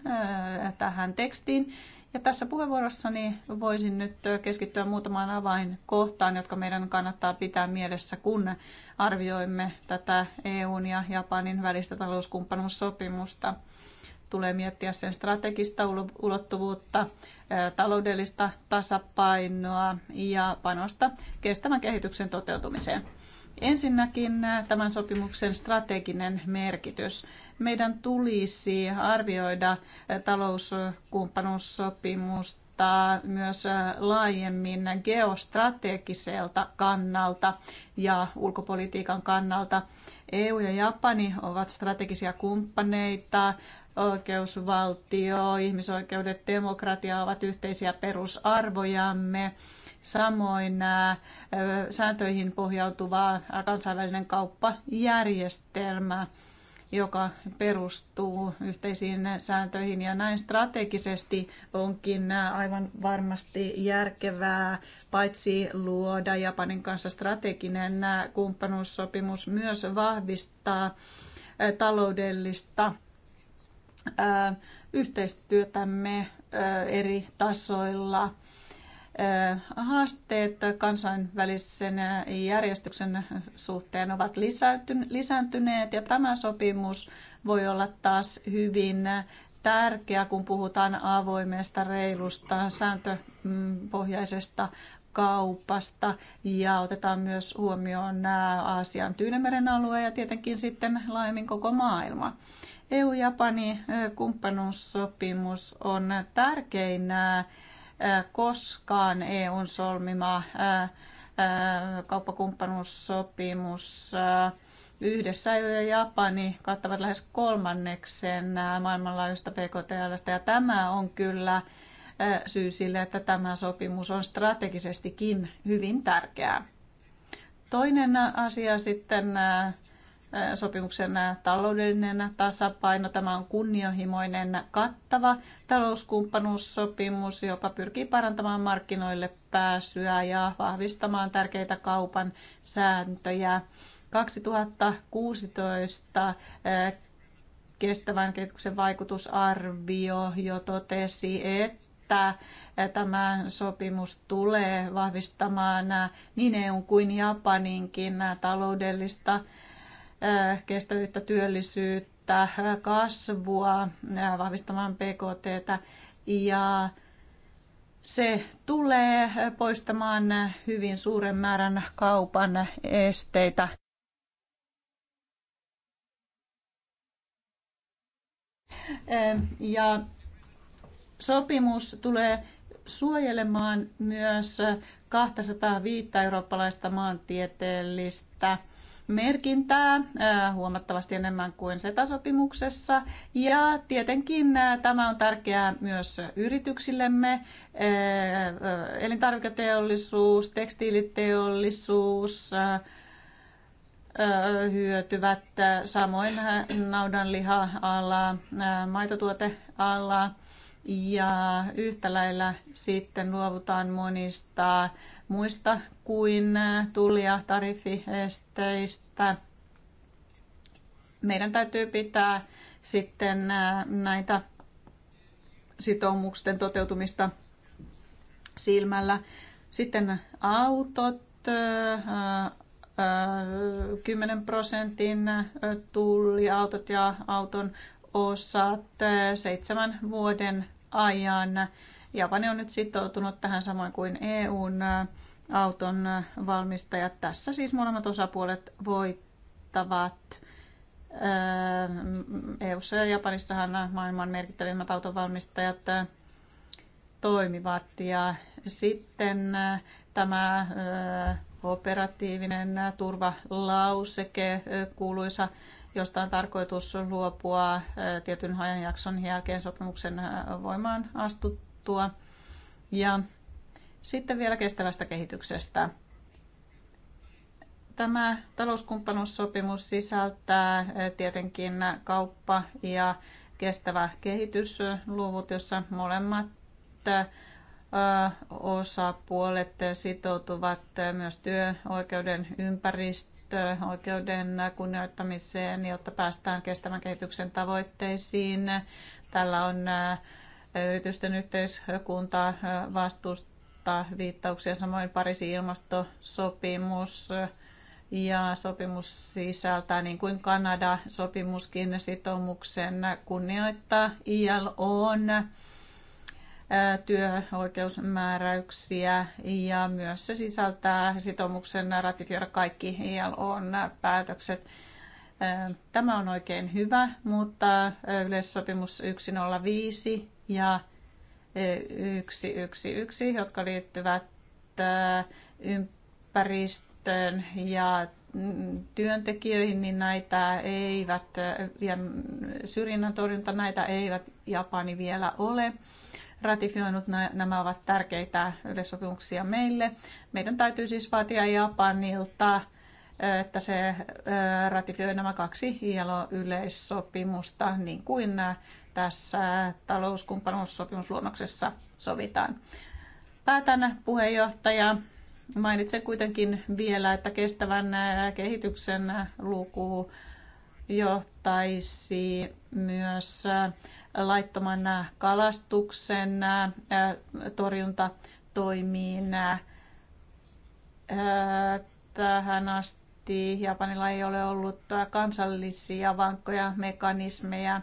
tähän tekstiin. Ja tässä puheenvuorossani voisin nyt keskittyä muutamaan avainkohtaan, jotka meidän kannattaa pitää mielessä, kun arvioimme tätä EUn ja Japanin välistä talouskumppanuussopimusta. Tulee miettiä sen strategista ulottuvuutta, taloudellista tasapainoa ja panosta kestävän kehityksen toteutumiseen. Ensinnäkin tämän sopimuksen strateginen merkitys meidän tulisi arvioida talouskumppanuussopimusta myös laajemmin geostrategiselta kannalta ja ulkopolitiikan kannalta. EU ja Japani ovat strategisia kumppaneita, oikeusvaltio, ihmisoikeudet, demokratia ovat yhteisiä perusarvojamme. Samoin nämä sääntöihin pohjautuva kansainvälinen kauppajärjestelmä joka perustuu yhteisiin sääntöihin ja näin strategisesti onkin aivan varmasti järkevää paitsi luoda Japanin kanssa strateginen kumppanuussopimus myös vahvistaa taloudellista yhteistyötämme eri tasoilla haasteet kansainvälisen järjestyksen suhteen ovat lisääntyneet ja tämä sopimus voi olla taas hyvin tärkeä, kun puhutaan avoimesta, reilusta, sääntöpohjaisesta kaupasta ja otetaan myös huomioon nämä Aasian Tyynemeren alue ja tietenkin sitten laajemmin koko maailma. EU-Japani kumppanuussopimus on tärkein Äh, koskaan EUn solmima äh, äh, kauppakumppanuussopimus yhdessä ja Japani kattavat lähes kolmanneksen maailmanlaajuista PKTLstä ja tämä on kyllä syy sille, että tämä sopimus on strategisestikin hyvin tärkeää. Toinen asia sitten sopimuksen taloudellinen tasapaino. Tämä on kunnianhimoinen kattava talouskumppanuussopimus, joka pyrkii parantamaan markkinoille pääsyä ja vahvistamaan tärkeitä kaupan sääntöjä. 2016 kestävän kehityksen vaikutusarvio jo totesi, että tämä sopimus tulee vahvistamaan niin EU kuin Japaninkin taloudellista Äh, kestävyyttä, työllisyyttä, äh, kasvua, äh, vahvistamaan PKTtä ja se tulee poistamaan hyvin suuren määrän kaupan esteitä. Ja sopimus tulee suojelemaan myös 205 eurooppalaista maantieteellistä merkintää äh, huomattavasti enemmän kuin SETA-sopimuksessa. Ja tietenkin äh, tämä on tärkeää myös yrityksillemme. Äh, elintarviketeollisuus, tekstiiliteollisuus hyötyvät, samoin naudanliha-ala, maitotuoteala ja yhtä lailla sitten luovutaan monista muista kuin äh, tulli- ja tariffiesteistä. Meidän täytyy pitää sitten äh, näitä sitoumusten toteutumista silmällä. Sitten autot, 10 äh, prosentin tulliautot ja auton osat seitsemän vuoden ajan Japani on nyt sitoutunut tähän samoin kuin EUn auton valmistajat. Tässä siis molemmat osapuolet voittavat. Mm, EUssa ja Japanissahan maailman merkittävimmät autonvalmistajat toimivat. Ja sitten tämä operatiivinen turvalauseke kuuluisa, josta on tarkoitus luopua tietyn ajanjakson jälkeen sopimuksen voimaan astuttua saavutettua. Ja sitten vielä kestävästä kehityksestä. Tämä talouskumppanuussopimus sisältää eh, tietenkin kauppa- ja kestävä kehitysluvut, jossa molemmat eh, osapuolet sitoutuvat eh, myös työoikeuden ympäristöoikeuden kunnioittamiseen, jotta päästään kestävän kehityksen tavoitteisiin. Tällä on yritysten yhteiskuntaa vastustaa viittauksia, samoin Pariisin ilmastosopimus ja sopimus sisältää, niin kuin Kanada, sopimuskin sitoumuksen kunnioittaa ILOn työoikeusmääräyksiä ja myös se sisältää sitoumuksen ratifioida kaikki ILOn päätökset. Tämä on oikein hyvä, mutta yleissopimus 105 ja 111, jotka liittyvät ympäristöön ja mm, työntekijöihin, niin näitä eivät, syrjinnän torjunta, näitä eivät Japani vielä ole ratifioinut. Nämä ovat tärkeitä yleissopimuksia meille. Meidän täytyy siis vaatia Japanilta, että se ratifioi nämä kaksi ILO-yleissopimusta, niin kuin tässä talouskumppanuussopimusluonnoksessa sovitaan. Päätän puheenjohtaja. Mainitsen kuitenkin vielä, että kestävän kehityksen luku johtaisi myös laittoman kalastuksen torjuntatoimiin. Tähän asti Japanilla ei ole ollut kansallisia vankkoja mekanismeja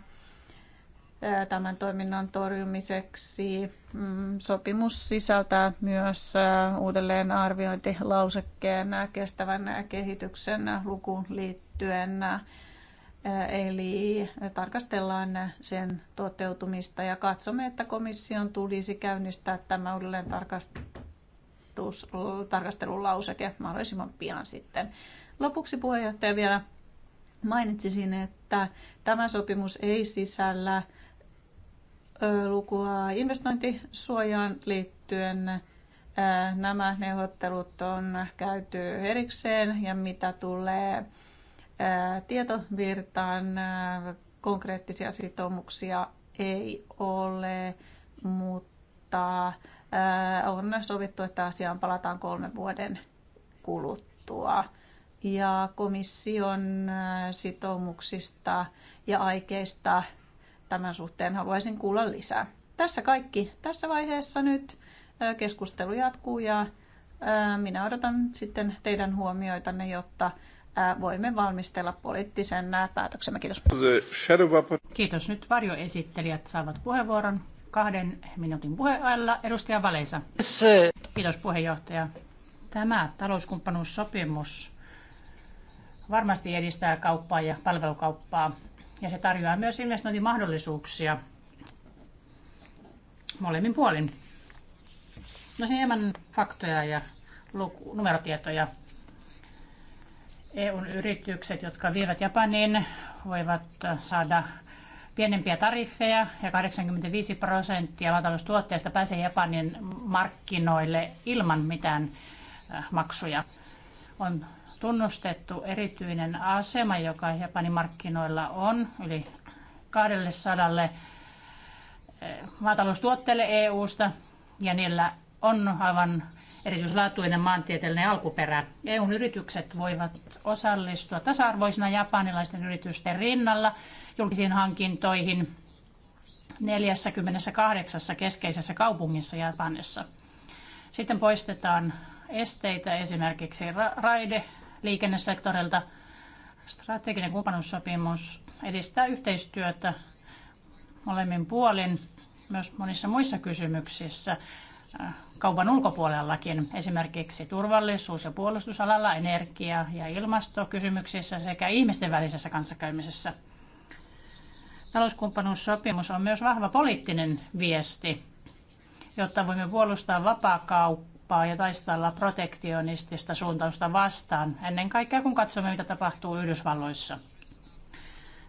tämän toiminnan torjumiseksi. Mm, sopimus sisältää myös uudelleen arviointilausekkeen kestävän kehityksen lukuun liittyen. Eli tarkastellaan sen toteutumista ja katsomme, että komission tulisi käynnistää tämä uudelleen tarkastelulauseke mahdollisimman pian sitten. Lopuksi puheenjohtaja vielä mainitsisin, että tämä sopimus ei sisällä lukua investointisuojaan liittyen. Nämä neuvottelut on käyty erikseen ja mitä tulee tietovirtaan, konkreettisia sitoumuksia ei ole, mutta on sovittu, että asiaan palataan kolmen vuoden kuluttua. Ja komission sitoumuksista ja aikeista tämän suhteen haluaisin kuulla lisää. Tässä kaikki tässä vaiheessa nyt. Keskustelu jatkuu ja minä odotan sitten teidän huomioitanne, jotta voimme valmistella poliittisen päätöksemme. Kiitos. Kiitos. Nyt varjoesittelijät saavat puheenvuoron kahden minuutin puheajalla. Edustaja Valeisa. Kiitos puheenjohtaja. Tämä talouskumppanuussopimus varmasti edistää kauppaa ja palvelukauppaa ja se tarjoaa myös investointimahdollisuuksia molemmin puolin. No hieman faktoja ja luku, numerotietoja. EUn yritykset, jotka vievät Japaniin, voivat saada pienempiä tariffeja ja 85 prosenttia maataloustuotteista pääsee Japanin markkinoille ilman mitään äh, maksuja. On tunnustettu erityinen asema, joka Japanin markkinoilla on, yli 200 eh, maataloustuotteelle EU-sta, ja niillä on aivan erityislaatuinen maantieteellinen alkuperä. EUn yritykset voivat osallistua tasa-arvoisina japanilaisten yritysten rinnalla julkisiin hankintoihin 48 keskeisessä kaupungissa Japanissa. Sitten poistetaan esteitä esimerkiksi raide liikennesektorilta. Strateginen kumppanuussopimus edistää yhteistyötä molemmin puolin myös monissa muissa kysymyksissä äh, kaupan ulkopuolellakin, esimerkiksi turvallisuus- ja puolustusalalla, energia- ja ilmastokysymyksissä sekä ihmisten välisessä kanssakäymisessä. Talouskumppanuussopimus on myös vahva poliittinen viesti, jotta voimme puolustaa vapaa kauppaa ja taistella protektionistista suuntausta vastaan, ennen kaikkea kun katsomme, mitä tapahtuu Yhdysvalloissa.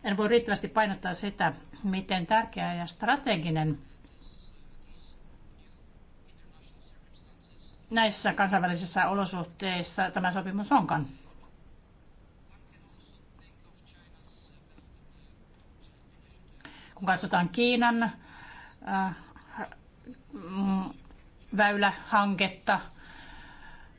En voi riittävästi painottaa sitä, miten tärkeä ja strateginen näissä kansainvälisissä olosuhteissa tämä sopimus onkaan. Kun katsotaan Kiinan äh, väylähanketta,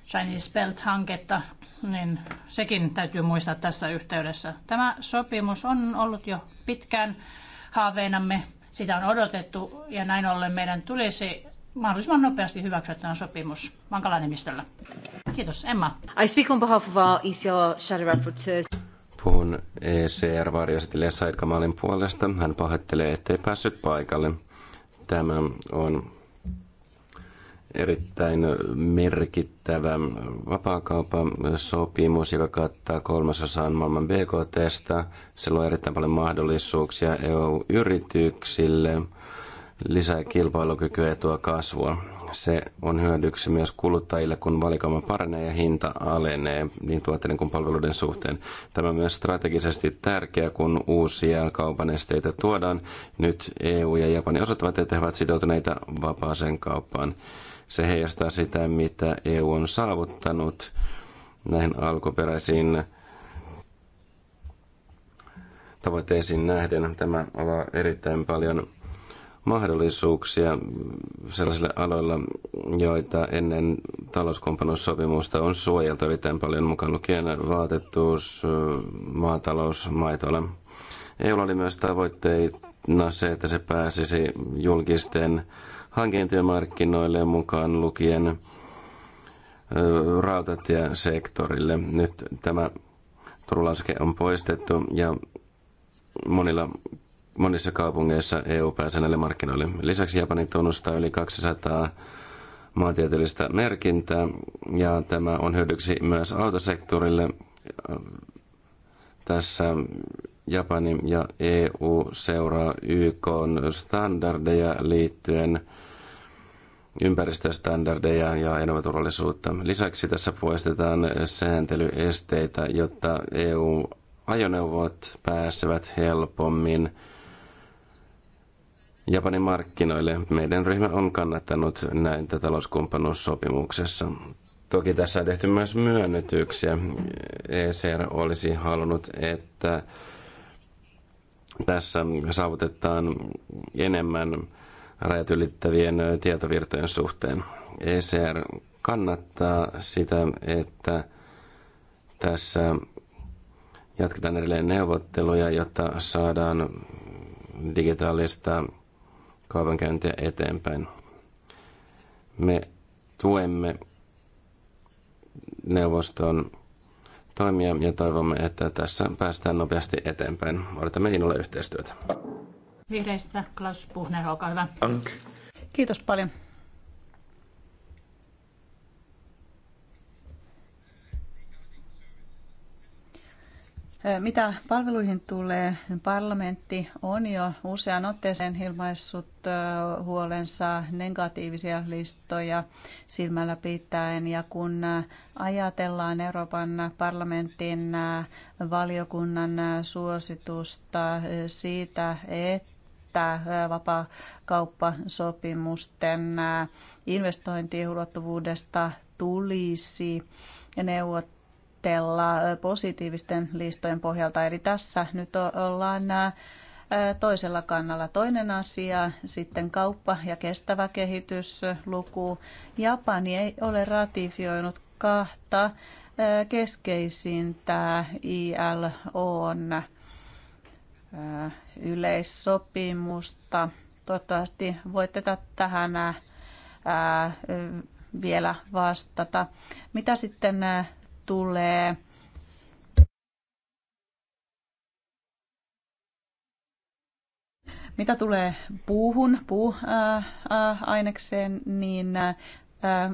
Chinese Belt-hanketta, niin sekin täytyy muistaa tässä yhteydessä. Tämä sopimus on ollut jo pitkään haaveenamme, sitä on odotettu ja näin ollen meidän tulisi mahdollisimman nopeasti hyväksyä tämä sopimus vankalla enemmistöllä. Kiitos, Emma. I speak on behalf of our ECR shadow rapporteurs. Puhun ECR-varjoesittelijä Said Kamalin puolesta. Hän pahoittelee, ettei päässyt paikalle. Tämä on erittäin merkittävä sopimus, joka kattaa kolmasosaan maailman BKTstä. Se luo erittäin paljon mahdollisuuksia EU-yrityksille, lisää kilpailukykyä ja tuo kasvua. Se on hyödyksi myös kuluttajille, kun valikoima paranee ja hinta alenee niin tuotteiden kuin palveluiden suhteen. Tämä on myös strategisesti tärkeää, kun uusia kaupan esteitä tuodaan. Nyt EU ja Japani osoittavat, että he ovat sitoutuneita vapaaseen kauppaan. Se heijastaa sitä, mitä EU on saavuttanut näihin alkuperäisiin tavoitteisiin nähden. Tämä avaa erittäin paljon mahdollisuuksia sellaisille aloilla, joita ennen talouskumppanuussopimusta on suojeltu erittäin paljon mukaan lukien vaatetus, maatalous, maitoala. EUlla oli myös tavoitteena se, että se pääsisi julkisten hankintamarkkinoille mukaan lukien rautatiesektorille. Nyt tämä turulauseke on poistettu ja monilla, monissa kaupungeissa EU pääsee näille markkinoille. Lisäksi Japani tunnustaa yli 200 maantieteellistä merkintää ja tämä on hyödyksi myös autosektorille. Tässä Japani ja EU seuraa YK standardeja liittyen ympäristöstandardeja ja elämäturvallisuutta. Lisäksi tässä poistetaan sääntelyesteitä, jotta EU-ajoneuvot pääsevät helpommin Japanin markkinoille. Meidän ryhmä on kannattanut näitä talouskumppanuussopimuksessa. Toki tässä on tehty myös myönnytyksiä. ECR olisi halunnut, että tässä saavutetaan enemmän rajat ylittävien tietovirtojen suhteen. ECR kannattaa sitä, että tässä jatketaan edelleen neuvotteluja, jotta saadaan digitaalista kaupankäyntiä eteenpäin. Me tuemme neuvoston toimia ja toivomme, että tässä päästään nopeasti eteenpäin. Odotamme innolla yhteistyötä. Vihreistä Klaus Puhner, olkaa hyvä. Kiitos paljon. Mitä palveluihin tulee, parlamentti on jo usean otteeseen ilmaissut huolensa negatiivisia listoja silmällä pitäen. Ja kun ajatellaan Euroopan parlamentin valiokunnan suositusta siitä, että että vapaakauppasopimusten investointiulottuvuudesta tulisi neuvottelua, luokitella positiivisten listojen pohjalta. Eli tässä nyt ollaan nämä toisella kannalla. Toinen asia, sitten kauppa ja kestävä kehitysluku. Japani ei ole ratifioinut kahta keskeisintä ILOn yleissopimusta. Toivottavasti voitte tähän vielä vastata. Mitä sitten tulee Mitä tulee puuhun, puuainekseen, niin äh,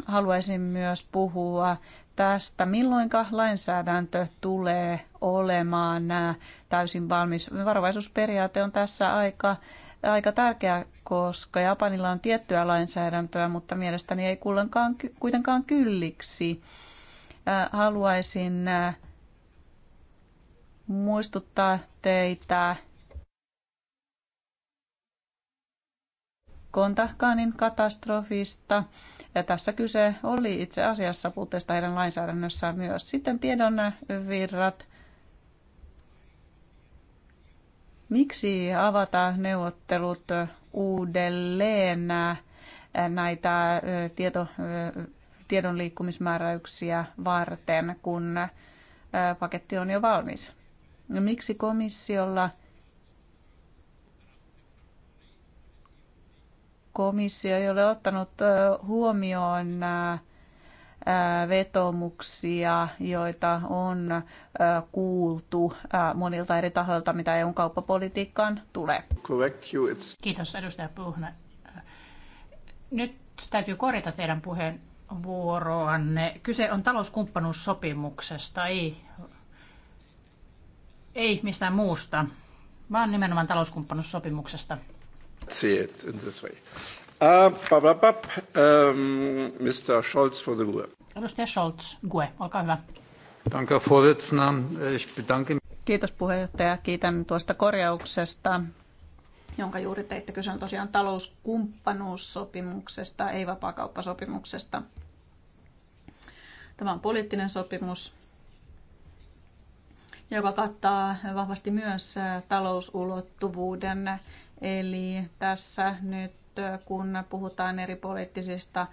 haluaisin myös puhua tästä, milloinka lainsäädäntö tulee olemaan äh, täysin valmis. Varovaisuusperiaate on tässä aika, aika tärkeä, koska Japanilla on tiettyä lainsäädäntöä, mutta mielestäni ei kuitenkaan kylliksi haluaisin muistuttaa teitä Kontahkanin katastrofista. Ja tässä kyse oli itse asiassa puutteesta heidän lainsäädännössään myös. Sitten tiedon virrat. Miksi avata neuvottelut uudelleen näitä tieto tiedon liikkumismääräyksiä varten, kun paketti on jo valmis. No, miksi komissiolla komissio ei ole ottanut huomioon vetomuksia, joita on kuultu monilta eri tahoilta, mitä EUn kauppapolitiikkaan tulee. Kiitos edustaja Puhne. Nyt täytyy korjata teidän puheen vuoroanne. Kyse on talouskumppanuussopimuksesta, ei, ei mistään muusta, vaan nimenomaan talouskumppanuussopimuksesta. See it in this way. Uh, pap, pap, pap. Um, Mr. Scholz for the GUE. Edustaja Scholz, GUE, olkaa hyvä. Danke, Vorsitzender. Ich bedanke Kiitos puheenjohtaja. Kiitän tuosta korjauksesta jonka juuri teitte. Kyse on tosiaan talouskumppanuussopimuksesta, ei vapaakauppasopimuksesta. Tämä on poliittinen sopimus, joka kattaa vahvasti myös talousulottuvuuden. Eli tässä nyt kun puhutaan eri poliittisista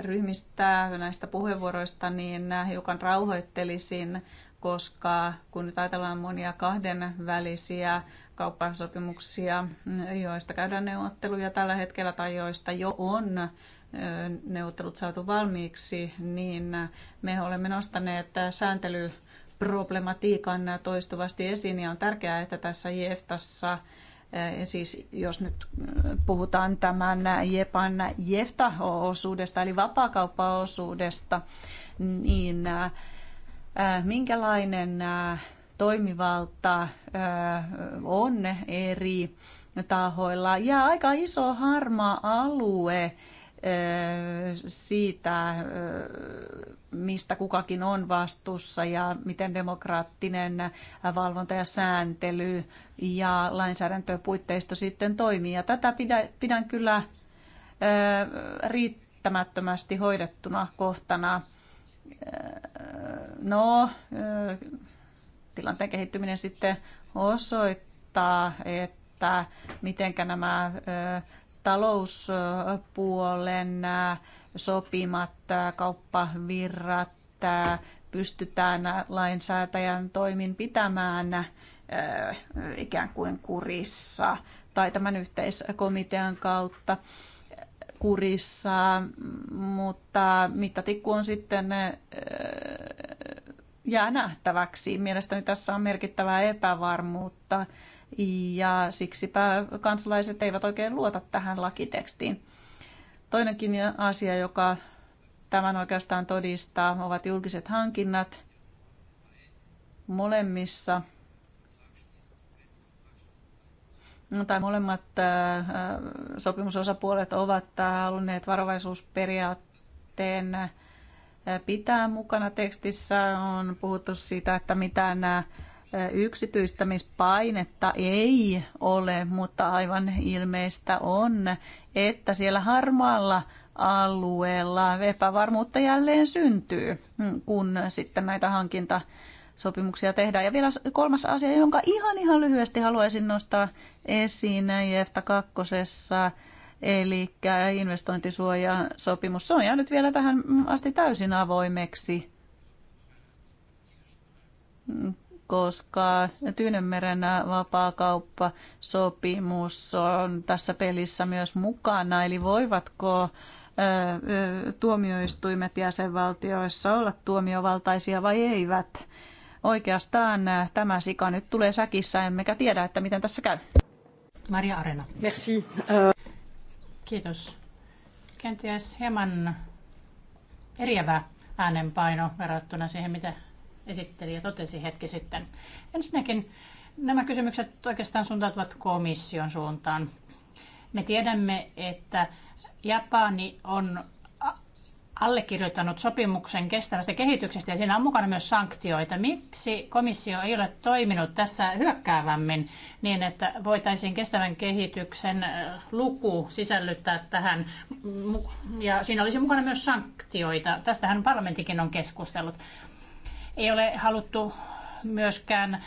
ryhmistä, näistä puheenvuoroista, niin hiukan rauhoittelisin koska kun nyt ajatellaan monia kahden välisiä kauppasopimuksia, joista käydään neuvotteluja tällä hetkellä tai joista jo on neuvottelut saatu valmiiksi, niin me olemme nostaneet sääntelyproblematiikan toistuvasti esiin ja on tärkeää, että tässä JEFTassa siis jos nyt puhutaan tämän JEPAN JEFTA-osuudesta eli vapaakauppaosuudesta, niin Äh, minkälainen äh, toimivalta äh, on eri tahoilla. Ja aika iso harma alue siitä, mistä kukakin on vastuussa ja miten demokraattinen valvonta ja sääntely ja lainsäädäntöpuitteisto sitten toimii. Ja tätä pidän kyllä riittämättömästi hoidettuna kohtana No, tilanteen kehittyminen sitten osoittaa, että mitenkä nämä talouspuolen sopimat kauppavirrat pystytään lainsäätäjän toimin pitämään ikään kuin kurissa tai tämän yhteiskomitean kautta kurissa, mutta mittatikku on sitten jää nähtäväksi. Mielestäni tässä on merkittävää epävarmuutta ja siksipä kansalaiset eivät oikein luota tähän lakitekstiin. Toinenkin asia, joka tämän oikeastaan todistaa, ovat julkiset hankinnat molemmissa – No, tai molemmat äh, äh, sopimusosapuolet ovat äh, halunneet varovaisuusperiaatteen pitää mukana tekstissä. On puhuttu siitä, että mitään yksityistämispainetta ei ole, mutta aivan ilmeistä on, että siellä harmaalla alueella epävarmuutta jälleen syntyy, mm, kun sitten näitä hankinta sopimuksia tehdään. Ja vielä kolmas asia, jonka ihan ihan lyhyesti haluaisin nostaa esiin EFTA kakkosessa, eli sopimus. Se on jäänyt vielä tähän asti täysin avoimeksi, koska Tyynemeren vapaakauppasopimus on tässä pelissä myös mukana, eli voivatko tuomioistuimet jäsenvaltioissa olla tuomiovaltaisia vai eivät. Oikeastaan äh, tämä sika nyt tulee säkissä, emmekä tiedä, että miten tässä käy. Maria Arena. Merci. Kiitos. Kenties hieman eriävä äänenpaino verrattuna siihen, mitä esitteli ja totesi hetki sitten. Ensinnäkin nämä kysymykset oikeastaan suuntautuvat komission suuntaan. Me tiedämme, että Japani on allekirjoittanut sopimuksen kestävästä kehityksestä ja siinä on mukana myös sanktioita. Miksi komissio ei ole toiminut tässä hyökkäävämmin niin, että voitaisiin kestävän kehityksen luku sisällyttää tähän ja siinä olisi mukana myös sanktioita. Tästähän parlamentikin on keskustellut. Ei ole haluttu myöskään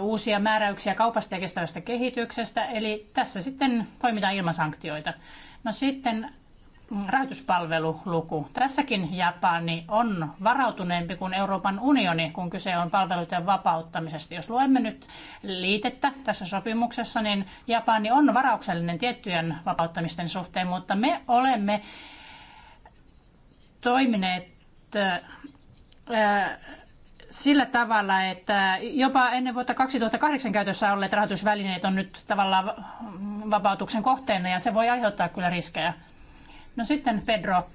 uusia määräyksiä kaupasta ja kestävästä kehityksestä, eli tässä sitten toimitaan ilman sanktioita. No sitten rahoituspalveluluku. Tässäkin Japani on varautuneempi kuin Euroopan unioni, kun kyse on palveluiden vapauttamisesta. Jos luemme nyt liitettä tässä sopimuksessa, niin Japani on varauksellinen tiettyjen vapauttamisten suhteen, mutta me olemme toimineet äh, sillä tavalla, että jopa ennen vuotta 2008 käytössä olleet rahoitusvälineet on nyt tavallaan vapautuksen kohteena ja se voi aiheuttaa kyllä riskejä. No sitten Pedro,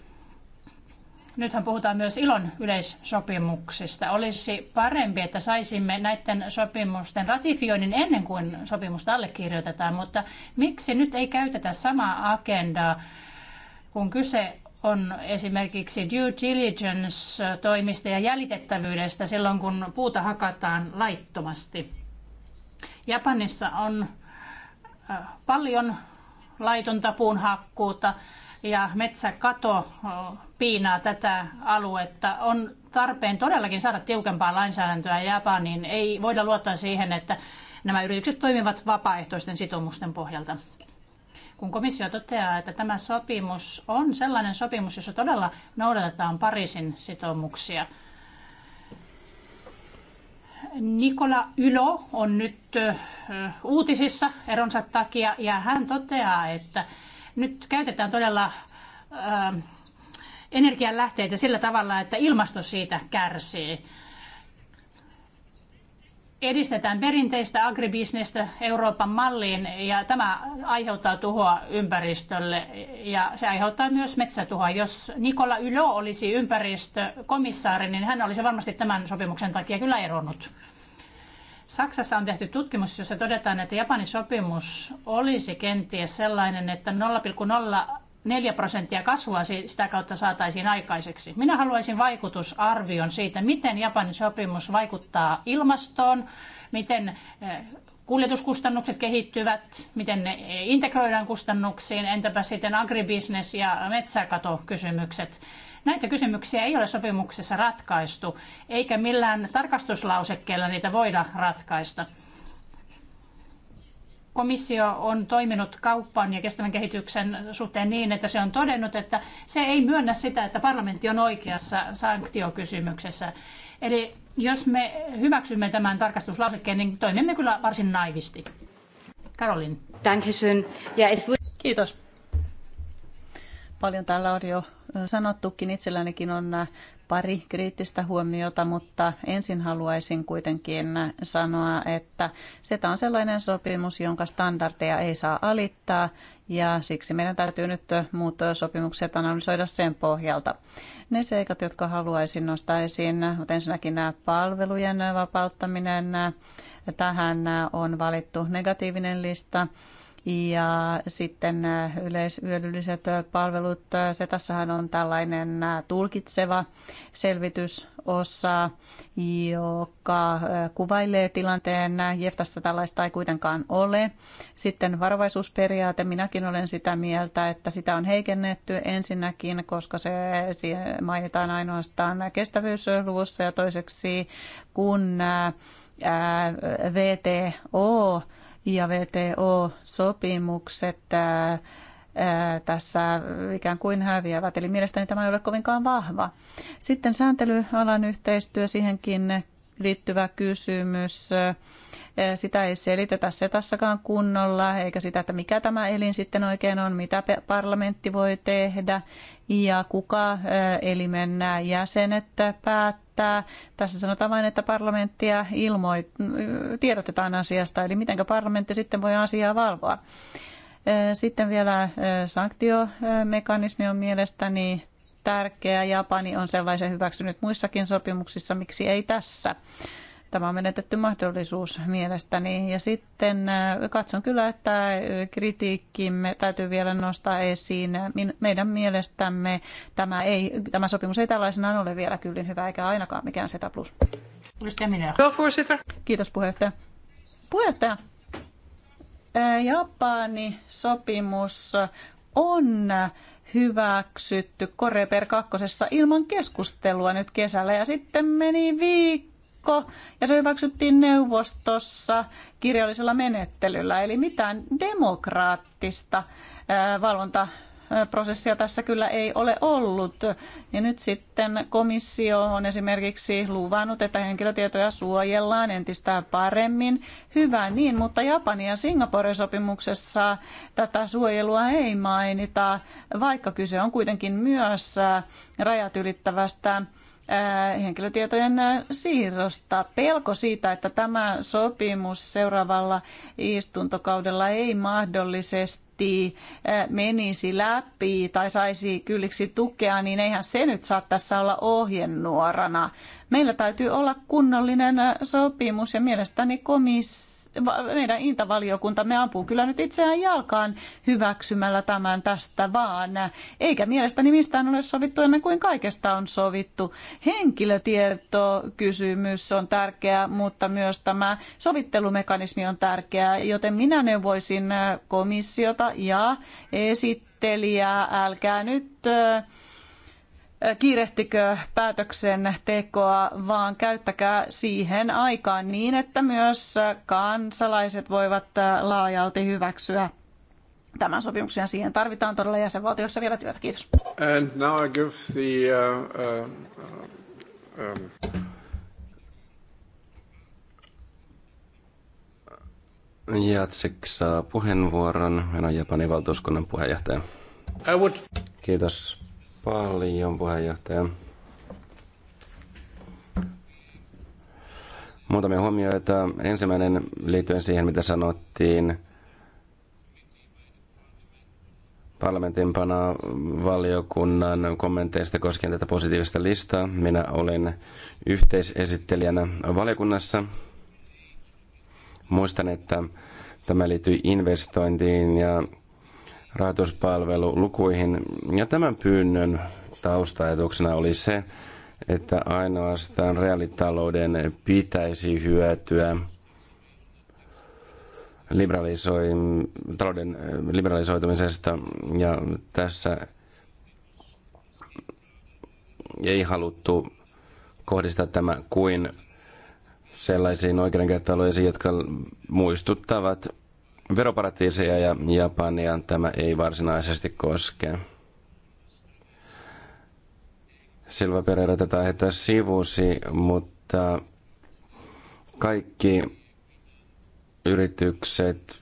nythän puhutaan myös ilon yleissopimuksista. Olisi parempi, että saisimme näiden sopimusten ratifioinnin ennen kuin sopimusta allekirjoitetaan, mutta miksi nyt ei käytetä samaa agendaa, kun kyse on esimerkiksi due diligence-toimista ja jäljitettävyydestä silloin, kun puuta hakataan laittomasti. Japanissa on äh, paljon laitonta puunhakkuuta. hakkuuta ja metsäkato piinaa tätä aluetta. On tarpeen todellakin saada tiukempaa lainsäädäntöä Japaniin. Ei voida luottaa siihen, että nämä yritykset toimivat vapaaehtoisten sitoumusten pohjalta. Kun komissio toteaa, että tämä sopimus on sellainen sopimus, jossa todella noudatetaan Pariisin sitoumuksia, Nikola Ylo on nyt uutisissa eronsa takia ja hän toteaa, että nyt käytetään todella energianlähteitä sillä tavalla, että ilmasto siitä kärsii. Edistetään perinteistä agribisnestä Euroopan malliin ja tämä aiheuttaa tuhoa ympäristölle ja se aiheuttaa myös metsätuhoa. Jos Nikola Ylö olisi ympäristökomissaari, niin hän olisi varmasti tämän sopimuksen takia kyllä eronnut. Saksassa on tehty tutkimus, jossa todetaan, että Japanin sopimus olisi kenties sellainen, että 0,04 prosenttia kasvua sitä kautta saataisiin aikaiseksi. Minä haluaisin vaikutusarvion siitä, miten Japanin sopimus vaikuttaa ilmastoon, miten eh, kuljetuskustannukset kehittyvät, miten ne integroidaan kustannuksiin, entäpä sitten agribisnes ja metsäkatokysymykset. Näitä kysymyksiä ei ole sopimuksessa ratkaistu, eikä millään tarkastuslausekkeella niitä voida ratkaista. Komissio on toiminut kauppan ja kestävän kehityksen suhteen niin, että se on todennut, että se ei myönnä sitä, että parlamentti on oikeassa sanktiokysymyksessä. Eli jos me hyväksymme tämän tarkastuslausekkeen, niin toimimme kyllä varsin naivisti. Karolin. Ja Kiitos. Paljon täällä on jo sanottukin, itsellänikin on äh, pari kriittistä huomiota, mutta ensin haluaisin kuitenkin äh, sanoa, että SETA on sellainen sopimus, jonka standardeja ei saa alittaa, ja siksi meidän täytyy nyt äh, muut sopimukset analysoida sen pohjalta. Ne seikat, jotka haluaisin nostaa esiin, ovat ensinnäkin nämä palvelujen vapauttaminen. Tähän on valittu negatiivinen lista ja sitten äh, yleishyödylliset äh, palvelut, äh, se on tällainen tulkitseva selvitysosa, joka kuvailee tilanteen. Jeftassa tällaista ei kuitenkaan ole. Sitten varovaisuusperiaate, minäkin olen sitä mieltä, että sitä on heikennetty ensinnäkin, koska se mainitaan ainoastaan kestävyysluvussa ja toiseksi kun VTO ja VTO-sopimukset tässä ikään kuin häviävät. Eli mielestäni tämä ei ole kovinkaan vahva. Sitten sääntelyalan yhteistyö, siihenkin liittyvä kysymys. Sitä ei selitetä se tässäkään kunnolla, eikä sitä, että mikä tämä elin sitten oikein on, mitä parlamentti voi tehdä ja kuka elimen jäsenet päättää että tässä sanotaan vain, että parlamenttia ilmoit, tiedotetaan asiasta, eli miten parlamentti sitten voi asiaa valvoa. Sitten vielä sanktiomekanismi on mielestäni tärkeä. Japani on sellaisen hyväksynyt muissakin sopimuksissa, miksi ei tässä? Tämä on menetetty mahdollisuus mielestäni. Ja sitten äh, katson kyllä, että äh, kritiikkimme täytyy vielä nostaa esiin. Meidän mielestämme tämä, ei, tämä sopimus ei tällaisenaan ole vielä kyllin hyvä, eikä ainakaan mikään seta plus. Kiitos puheenjohtaja. Puheenjohtaja. Äh, Japani sopimus on hyväksytty Koreper kakkosessa ilman keskustelua nyt kesällä ja sitten meni viikko viikko ja se hyväksyttiin neuvostossa kirjallisella menettelyllä. Eli mitään demokraattista valvonta prosessia tässä kyllä ei ole ollut. Ja nyt sitten komissio on esimerkiksi luvannut, että henkilötietoja suojellaan entistä paremmin. Hyvä niin, mutta Japanin ja Singaporen sopimuksessa tätä suojelua ei mainita, vaikka kyse on kuitenkin myös rajat ylittävästä Äh, henkilötietojen äh, siirrosta. Pelko siitä, että tämä sopimus seuraavalla istuntokaudella ei mahdollisesti äh, menisi läpi tai saisi kylliksi tukea, niin eihän se nyt saa tässä olla ohjenuorana. Meillä täytyy olla kunnollinen sopimus ja mielestäni komissio meidän me ampuu kyllä nyt itseään jalkaan hyväksymällä tämän tästä vaan. Eikä mielestäni mistään ole sovittu ennen kuin kaikesta on sovittu. Henkilötietokysymys on tärkeä, mutta myös tämä sovittelumekanismi on tärkeä, joten minä neuvoisin äh, komissiota ja esittelijää, älkää nyt äh, kiirehtikö päätöksen tekoa, vaan käyttäkää siihen aikaan niin, että myös kansalaiset voivat laajalti hyväksyä tämän sopimuksen ja siihen tarvitaan todella jäsenvaltiossa vielä työtä. Kiitos. And now I give the, uh, uh, um. Jatsik saa puheenvuoron. Hän on Japanin valtuuskunnan puheenjohtaja. I would... Kiitos paljon, puheenjohtaja. Muutamia huomioita. Ensimmäinen liittyen siihen, mitä sanottiin parlamentin valiokunnan kommenteista koskien tätä positiivista listaa. Minä olin yhteisesittelijänä valiokunnassa. Muistan, että tämä liittyy investointiin ja rahoituspalvelulukuihin. Ja tämän pyynnön taustaajatuksena oli se, että ainoastaan reaalitalouden pitäisi hyötyä liberalisoi, talouden eh, liberalisoitumisesta ja tässä ei haluttu kohdistaa tämä kuin sellaisiin oikeudenkäyttöalueisiin, jotka muistuttavat Veroparatiiseja ja Japania tämä ei varsinaisesti koske. Silva Pereira tätä aihetta sivusi, mutta kaikki yritykset,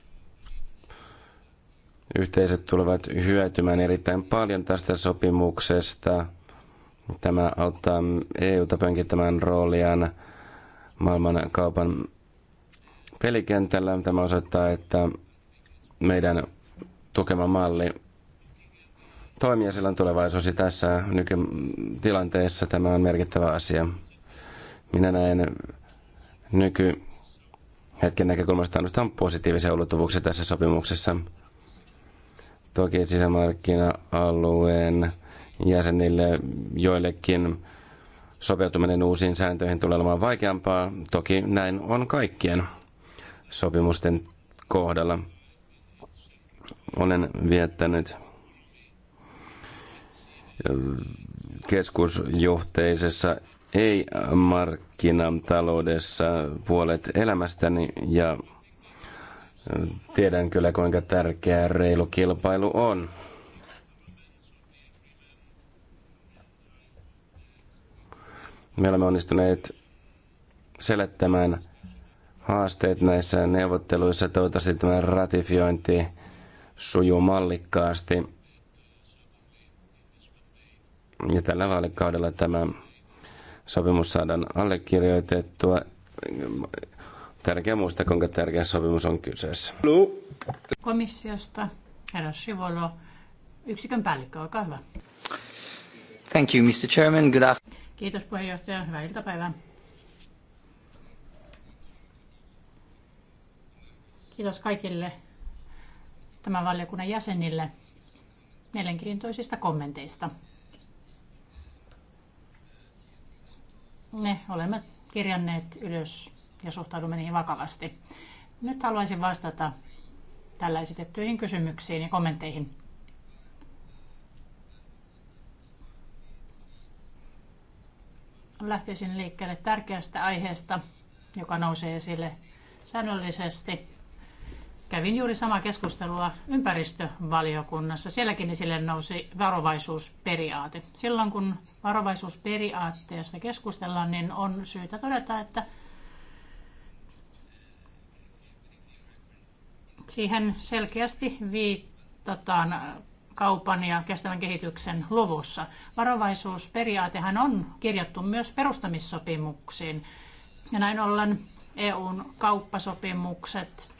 yhteiset tulevat hyötymään erittäin paljon tästä sopimuksesta. Tämä auttaa EUta pönkittämään rooliaan maailman kaupan pelikentällä. Tämä osoittaa, että meidän tukema malli toimii sillä on tulevaisuus. Tässä nykytilanteessa tämä on merkittävä asia. Minä näen nyky hetken näkökulmasta ainoastaan positiivisia ulottuvuuksia tässä sopimuksessa. Toki sisämarkkina-alueen jäsenille joillekin sopeutuminen uusiin sääntöihin tulee olemaan vaikeampaa. Toki näin on kaikkien sopimusten kohdalla. Olen viettänyt keskusjohteisessa ei-markkinataloudessa puolet elämästäni ja tiedän kyllä kuinka tärkeä reilu kilpailu on. Me olemme onnistuneet selättämään haasteet näissä neuvotteluissa. Toivottavasti tämä ratifiointi sujuu mallikkaasti. Ja tällä vaalikaudella tämä sopimus saadaan allekirjoitettua. Tärkeä muistaa, kuinka tärkeä sopimus on kyseessä. Komissiosta herra Sivolo, yksikön päällikkö, olkaa hyvä. Thank you, Mr. Chairman. Good afternoon. Kiitos puheenjohtaja. Hyvää iltapäivää. Kiitos kaikille tämän valiokunnan jäsenille mielenkiintoisista kommenteista. Ne olemme kirjanneet ylös ja suhtaudumme niihin vakavasti. Nyt haluaisin vastata tällä esitettyihin kysymyksiin ja kommentteihin. Lähtisin liikkeelle tärkeästä aiheesta, joka nousee esille säännöllisesti Kävin juuri samaa keskustelua ympäristövaliokunnassa. Sielläkin esille nousi varovaisuusperiaate. Silloin kun varovaisuusperiaatteesta keskustellaan, niin on syytä todeta, että siihen selkeästi viitataan kaupan ja kestävän kehityksen luvussa. Varovaisuusperiaatehan on kirjattu myös perustamissopimuksiin. Ja näin ollen EUn kauppasopimukset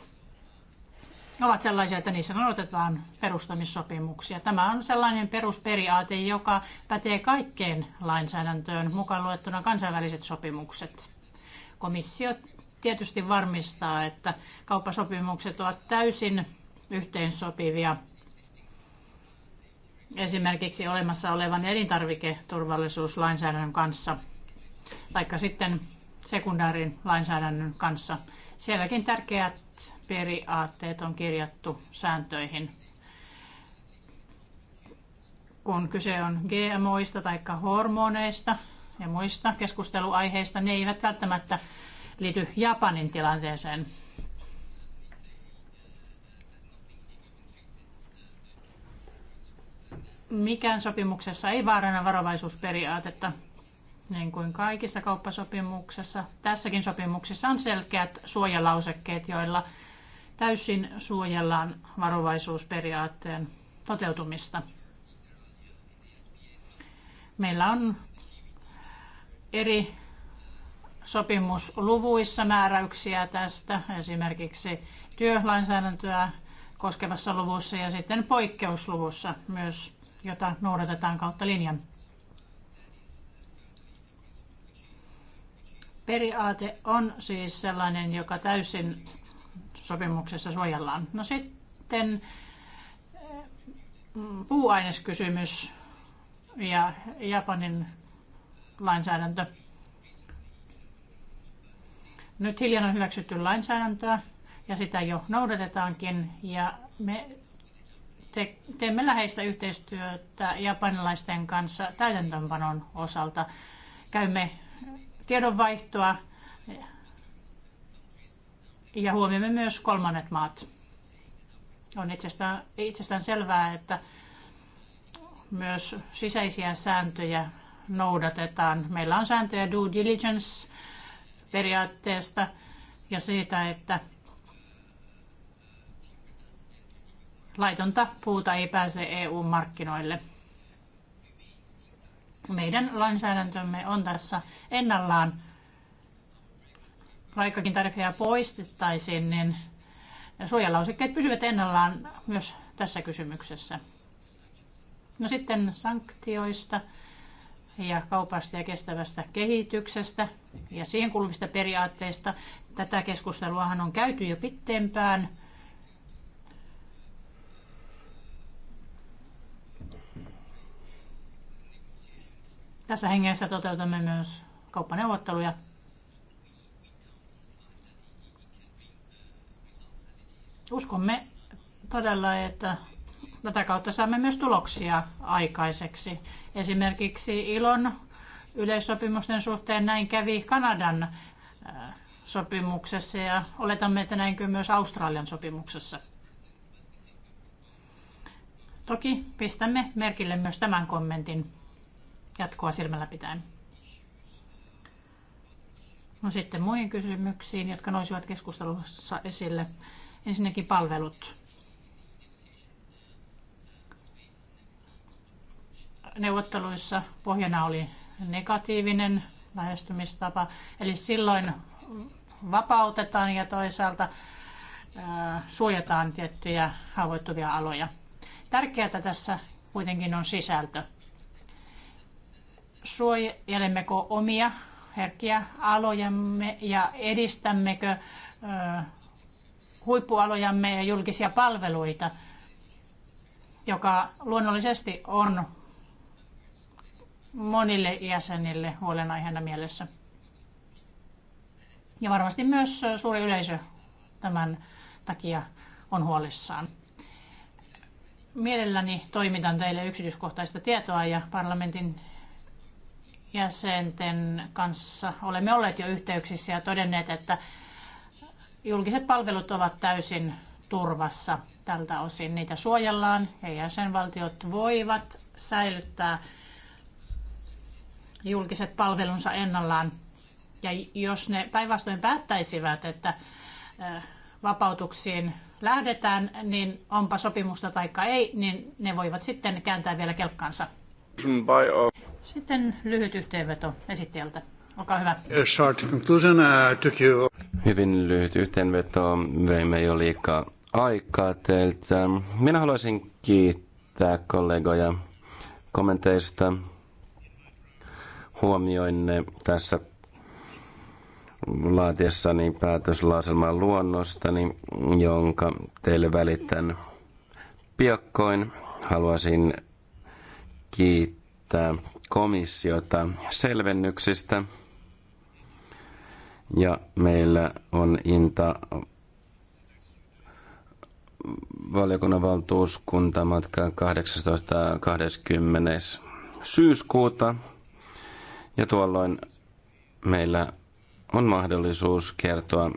ovat sellaisia, että niissä noudatetaan perustamissopimuksia. Tämä on sellainen perusperiaate, joka pätee kaikkeen lainsäädäntöön, mukaan luettuna kansainväliset sopimukset. Komissio tietysti varmistaa, että kauppasopimukset ovat täysin yhteensopivia esimerkiksi olemassa olevan elintarviketurvallisuuslainsäädännön kanssa, taikka sitten sekundaarin lainsäädännön kanssa. Sielläkin tärkeät periaatteet on kirjattu sääntöihin. Kun kyse on GMOista tai hormoneista ja muista keskusteluaiheista, ne eivät välttämättä liity Japanin tilanteeseen. Mikään sopimuksessa ei vaarana varovaisuusperiaatetta. Niin kuin kaikissa kauppasopimuksessa, tässäkin sopimuksessa on selkeät suojalausekkeet, joilla täysin suojellaan varovaisuusperiaatteen toteutumista. Meillä on eri sopimusluvuissa määräyksiä tästä, esimerkiksi työlainsäädäntöä koskevassa luvussa ja sitten poikkeusluvussa myös, jota noudatetaan kautta linjan. Periaate on siis sellainen, joka täysin sopimuksessa suojellaan. No sitten eh, puuaineskysymys ja Japanin lainsäädäntö. Nyt hiljan on hyväksytty lainsäädäntöä ja sitä jo noudatetaankin ja me te- teemme läheistä yhteistyötä japanilaisten kanssa täytäntöönpanon osalta. Käymme tiedonvaihtoa ja huomioimme myös kolmannet maat. On itsestään, itsestään selvää, että myös sisäisiä sääntöjä noudatetaan. Meillä on sääntöjä due diligence periaatteesta ja siitä, että laitonta puuta ei pääse EU-markkinoille – meidän lainsäädäntömme on tässä ennallaan. Vaikkakin tarifeja poistettaisiin, niin suojalausekkeet pysyvät ennallaan myös tässä kysymyksessä. No sitten sanktioista ja kaupasta ja kestävästä kehityksestä ja siihen kuuluvista periaatteista. Tätä keskusteluahan on käyty jo pitempään. Tässä hengessä toteutamme myös kauppaneuvotteluja. Uskomme todella, että tätä kautta saamme myös tuloksia aikaiseksi. Esimerkiksi ILON yleissopimusten suhteen näin kävi Kanadan äh, sopimuksessa ja oletamme, että näinkö myös Australian sopimuksessa. Toki pistämme merkille myös tämän kommentin jatkoa silmällä pitäen. No sitten muihin kysymyksiin, jotka nousivat keskustelussa esille. Ensinnäkin palvelut. Neuvotteluissa pohjana oli negatiivinen lähestymistapa, eli silloin vapautetaan ja toisaalta suojataan tiettyjä haavoittuvia aloja. Tärkeää tässä kuitenkin on sisältö. Suojelemmeko omia herkkiä alojamme ja edistämmekö huippualojamme ja julkisia palveluita, joka luonnollisesti on monille jäsenille huolenaiheena mielessä. Ja varmasti myös suuri yleisö tämän takia on huolissaan. Mielelläni toimitan teille yksityiskohtaista tietoa ja parlamentin jäsenten kanssa olemme olleet jo yhteyksissä ja todenneet, että julkiset palvelut ovat täysin turvassa tältä osin. Niitä suojellaan ja jäsenvaltiot voivat säilyttää julkiset palvelunsa ennallaan. Ja jos ne päinvastoin päättäisivät, että vapautuksiin lähdetään, niin onpa sopimusta tai ei, niin ne voivat sitten kääntää vielä kelkkansa. Sitten lyhyt yhteenveto esittäjältä. Olkaa hyvä. Short conclusion, uh, Hyvin lyhyt yhteenveto. Veimme jo liikaa aikaa teiltä. Minä haluaisin kiittää kollegoja kommenteista, huomioinne tässä laatiessani päätöslauselman luonnostani, jonka teille välitän piakkoin. Haluaisin kiittää komissiota selvennyksistä. Ja meillä on Inta valiokunnan matka 18.20. syyskuuta. Ja tuolloin meillä on mahdollisuus kertoa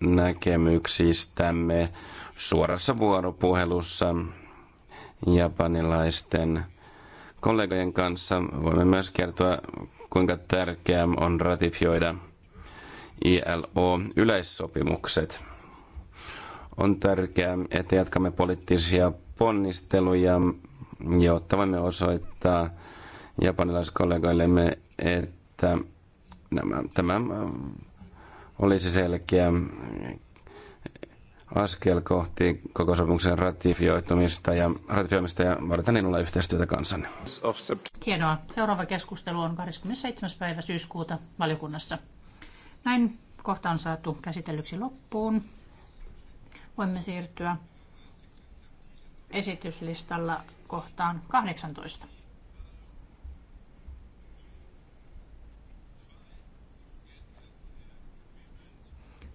näkemyksistämme suorassa vuoropuhelussa japanilaisten Kollegojen kanssa voimme myös kertoa, kuinka tärkeää on ratifioida ILO-yleissopimukset. On tärkeää, että jatkamme poliittisia ponnisteluja, jotta voimme osoittaa japanilaiskollegoillemme, että nämä, tämä olisi selkeä askel kohti koko sopimuksen ratifioitumista ja ratifioimista ja odotan innolla yhteistyötä kanssanne. Hienoa. Seuraava keskustelu on 27. päivä syyskuuta valiokunnassa. Näin kohta on saatu käsitellyksi loppuun. Voimme siirtyä esityslistalla kohtaan 18.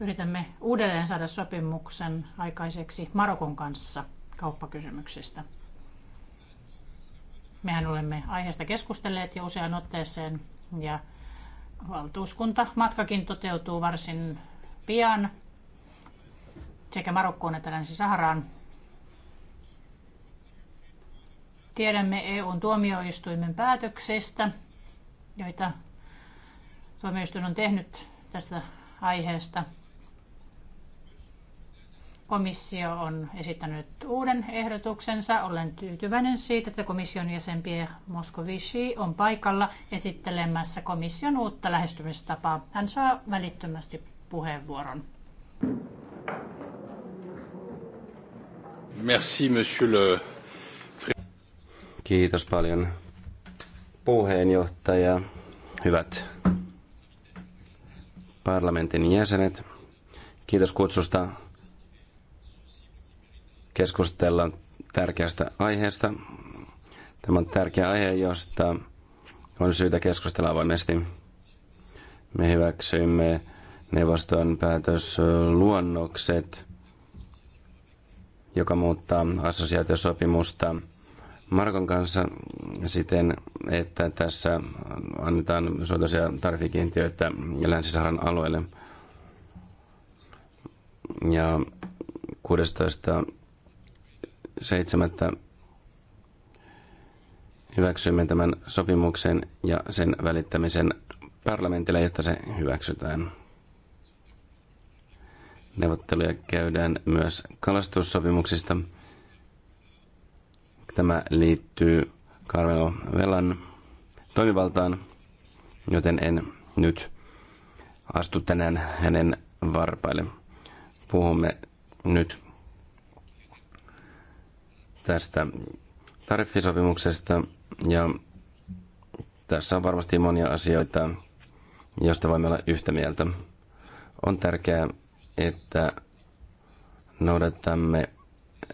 yritämme uudelleen saada sopimuksen aikaiseksi Marokon kanssa kauppakysymyksistä. Mehän olemme aiheesta keskustelleet jo useaan otteeseen ja valtuuskunta matkakin toteutuu varsin pian sekä Marokkoon että Länsi-Saharaan. Tiedämme EUn tuomioistuimen päätöksistä, joita tuomioistuin on tehnyt tästä aiheesta. Komissio on esittänyt uuden ehdotuksensa. Olen tyytyväinen siitä, että komission jäsen Pierre Moscovici on paikalla esittelemässä komission uutta lähestymistapaa. Hän saa välittömästi puheenvuoron. Merci, monsieur le... Kiitos paljon puheenjohtaja, hyvät parlamentin jäsenet. Kiitos kutsusta keskustellaan tärkeästä aiheesta. Tämä on tärkeä aihe, josta on syytä keskustella avoimesti. Me hyväksyimme neuvoston päätösluonnokset, joka muuttaa assosiaatiosopimusta Markon kanssa siten, että tässä annetaan suotuisia tarvikiintiöitä Länsi-Saharan alueelle. Ja 16 seitsemättä hyväksymme tämän sopimuksen ja sen välittämisen parlamentille, jotta se hyväksytään. Neuvotteluja käydään myös kalastussopimuksista. Tämä liittyy Carmelo Velan toimivaltaan, joten en nyt astu tänään hänen varpaille. Puhumme nyt tästä tariffisopimuksesta ja tässä on varmasti monia asioita, joista voimme olla yhtä mieltä. On tärkeää, että noudatamme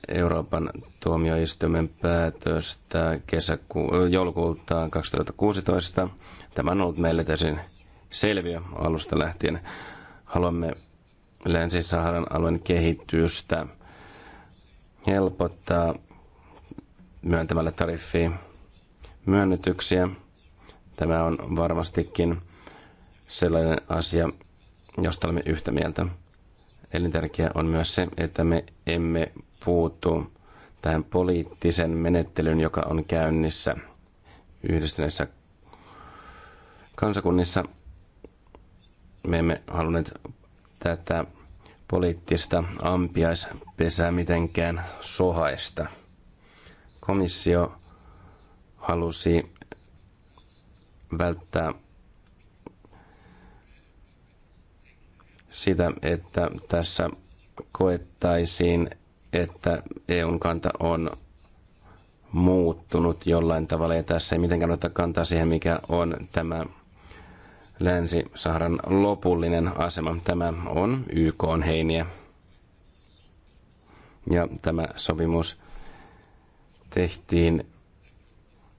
Euroopan tuomioistuimen päätöstä kesäku- joulukuulta 2016. Tämä on ollut meille täysin selviö alusta lähtien. Haluamme Länsi-Saharan alueen kehitystä helpottaa myöntämällä tariffi myönnytyksiä. Tämä on varmastikin sellainen asia, josta olemme yhtä mieltä. Elintärkeää on myös se, että me emme puutu tähän poliittisen menettelyyn, joka on käynnissä yhdistyneissä kansakunnissa. Me emme halunneet tätä poliittista ampiaispesää mitenkään sohaista – komissio halusi välttää sitä, että tässä koettaisiin, että EUn kanta on muuttunut jollain tavalla. Ja tässä ei mitenkään ottaa kantaa siihen, mikä on tämä Länsi-Saharan lopullinen asema. Tämä on YK on heiniä. Ja tämä sopimus tehtiin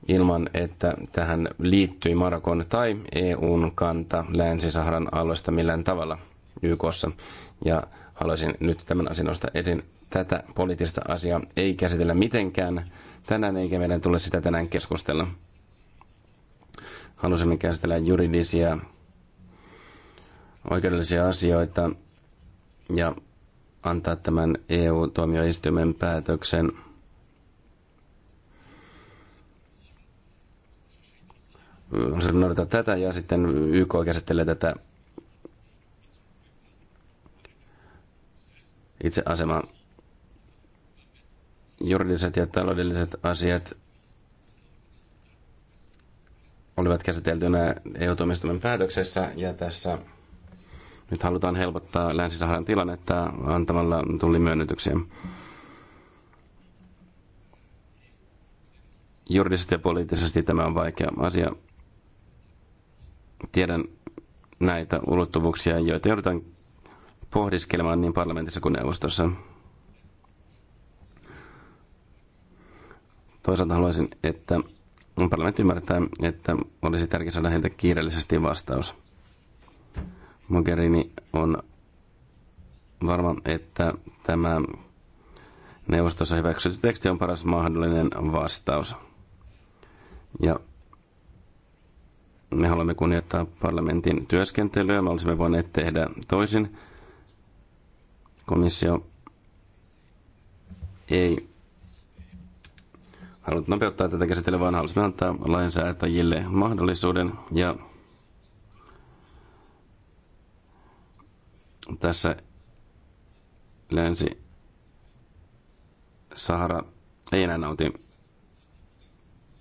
ilman, että tähän liittyi Marokon tai EUn kanta Länsi-Saharan alueesta millään tavalla YKssa. Ja haluaisin nyt tämän asian nostaa esiin. Tätä poliittista asiaa ei käsitellä mitenkään tänään, eikä meidän tule sitä tänään keskustella. Halusimme käsitellä juridisia oikeudellisia asioita ja antaa tämän EU-tuomioistuimen päätöksen – noudattaa tätä ja sitten YK käsittelee tätä itse asema Juridiset ja taloudelliset asiat olivat käsiteltynä EU-tuomioistuimen päätöksessä ja tässä nyt halutaan helpottaa Länsi-Saharan tilannetta antamalla tullimyönnytyksiä. Juridisesti ja poliittisesti tämä on vaikea asia. Tiedän näitä ulottuvuuksia, joita joudutaan pohdiskelemaan niin parlamentissa kuin neuvostossa. Toisaalta haluaisin, että parlamentti ymmärtää, että olisi tärkeää saada heiltä kiireellisesti vastaus. Mogherini on varma, että tämä neuvostossa hyväksytty teksti on paras mahdollinen vastaus. Ja me haluamme kunnioittaa parlamentin työskentelyä. Me olisimme voineet tehdä toisin. Komissio ei halunnut nopeuttaa tätä käsittelyä, vaan halusimme antaa lainsäätäjille mahdollisuuden. Ja tässä länsi Sahara ei enää nauti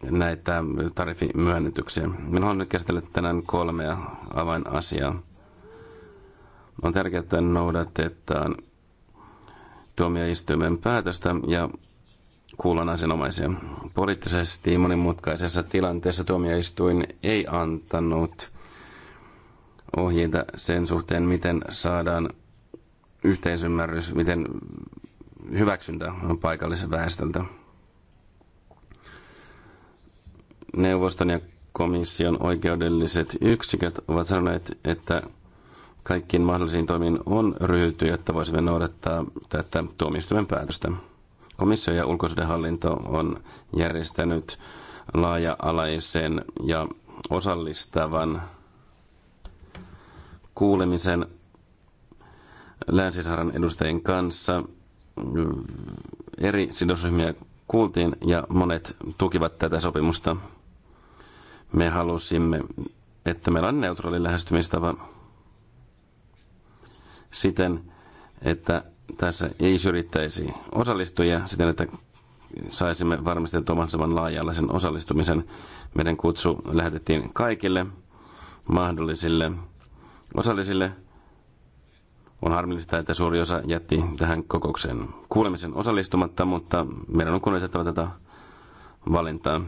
näitä tarifimyönnytyksiä. Minä olen nyt käsitellyt tänään kolmea avainasiaa. On tärkeää, että noudatetaan tuomioistuimen päätöstä ja kuullaan asianomaisia. Poliittisesti monimutkaisessa tilanteessa tuomioistuin ei antanut ohjeita sen suhteen, miten saadaan yhteisymmärrys, miten hyväksyntä paikallisen väestöltä neuvoston ja komission oikeudelliset yksiköt ovat sanoneet, että kaikkiin mahdollisiin toimiin on ryhdytty, jotta voisimme noudattaa tätä tuomioistuimen päätöstä. Komissio ja ulkosuhdehallinto on järjestänyt laaja-alaisen ja osallistavan kuulemisen länsi edustajien kanssa. Eri sidosryhmiä kuultiin ja monet tukivat tätä sopimusta. Me halusimme, että meillä on neutraali lähestymistapa siten, että tässä ei syrjittäisi osallistujia siten, että saisimme varmistettua mahdollisimman laaja-alaisen osallistumisen. Meidän kutsu lähetettiin kaikille mahdollisille osallisille. On harmillista, että suuri osa jätti tähän kokoukseen kuulemisen osallistumatta, mutta meidän on kunnioitettava tätä valintaa.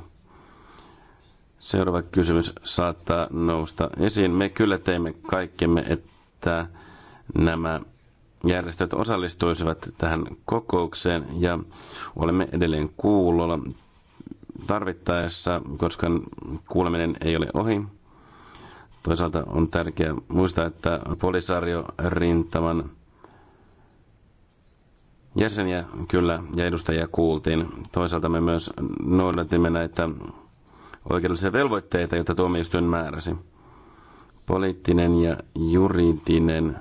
Seuraava kysymys saattaa nousta esiin. Me kyllä teimme kaikkemme, että nämä järjestöt osallistuisivat tähän kokoukseen ja olemme edelleen kuulolla tarvittaessa, koska kuuleminen ei ole ohi. Toisaalta on tärkeää muistaa, että Polisario-rintaman jäseniä kyllä ja edustajia kuultiin. Toisaalta me myös noudatimme näitä oikeudellisia velvoitteita, joita tuomioistuin määräsi. Poliittinen ja juridinen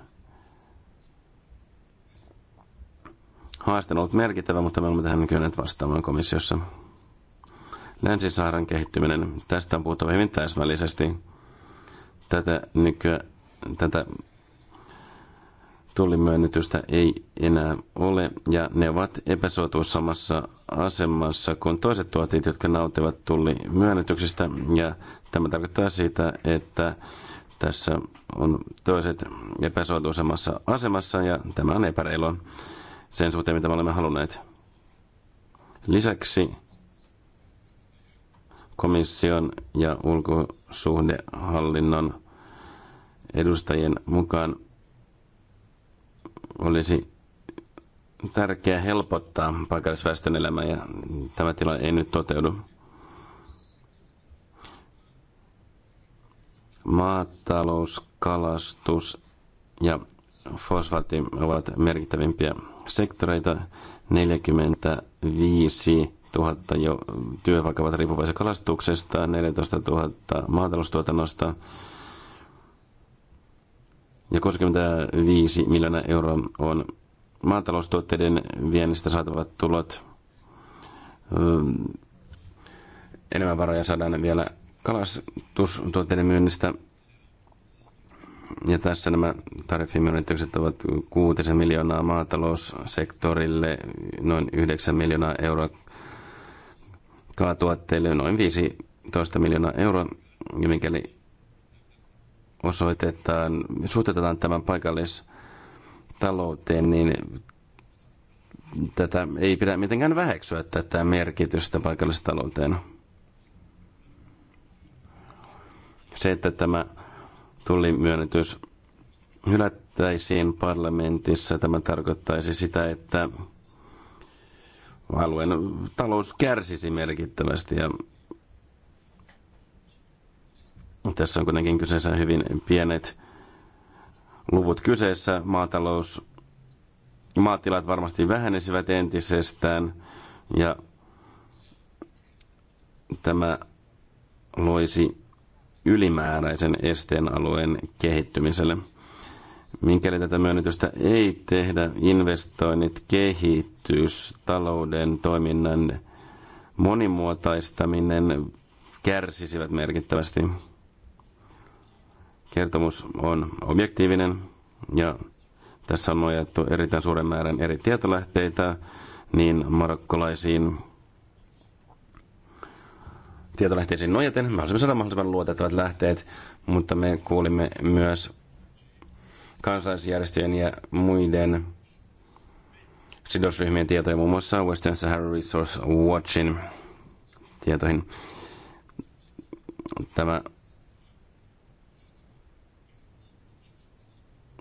haaste on ollut merkittävä, mutta me olemme tähän kyenneet vastaamaan komissiossa. Länsi-Saharan kehittyminen. Tästä on puhuttava hyvin täsmällisesti. Tätä, nykyä, tätä tullimyönnytystä ei enää ole ja ne ovat epäsuotuus samassa asemassa kuin toiset tuotit, jotka nautivat tullimyönnytyksistä ja tämä tarkoittaa sitä, että tässä on toiset epäsuotuisemmassa asemassa ja tämä on epäreilua sen suhteen, mitä me olemme halunneet. Lisäksi komission ja ulkosuhdehallinnon edustajien mukaan olisi tärkeää helpottaa paikallisväestön elämää ja tämä tilanne ei nyt toteudu. Maatalous, kalastus ja fosfaatti ovat merkittävimpiä sektoreita. 45 000 jo työpaikat ovat riippuvaisia kalastuksesta, 14 000 maataloustuotannosta, ja 65 miljoonaa euroa on maataloustuotteiden viennistä saatavat tulot. Enemmän varoja saadaan vielä kalastustuotteiden myynnistä. Ja tässä nämä tariffimyönnitykset ovat 6 miljoonaa maataloussektorille, noin 9 miljoonaa euroa kalatuotteille, noin 15 miljoonaa euroa. Ja mikäli osoitetaan, suhteutetaan tämän paikallistalouteen, niin tätä ei pidä mitenkään väheksyä tätä merkitystä paikallistalouteen. Se, että tämä tuli tullimyönnytys hylättäisiin parlamentissa, tämä tarkoittaisi sitä, että alueen talous kärsisi merkittävästi ja tässä on kuitenkin kyseessä hyvin pienet luvut kyseessä. Maatalous, maatilat varmasti vähenisivät entisestään ja tämä loisi ylimääräisen esteen alueen kehittymiselle. Minkäli tätä myönnytystä ei tehdä, investoinnit, kehitys, talouden toiminnan monimuotoistaminen kärsisivät merkittävästi. Kertomus on objektiivinen ja tässä on nojattu erittäin suuren määrän eri tietolähteitä niin marokkolaisiin tietolähteisiin nojaten. Me halusimme saada mahdollisimman luotettavat lähteet, mutta me kuulimme myös kansalaisjärjestöjen ja muiden sidosryhmien tietoja, muun muassa Western Sahara Resource Watchin tietoihin. Tämä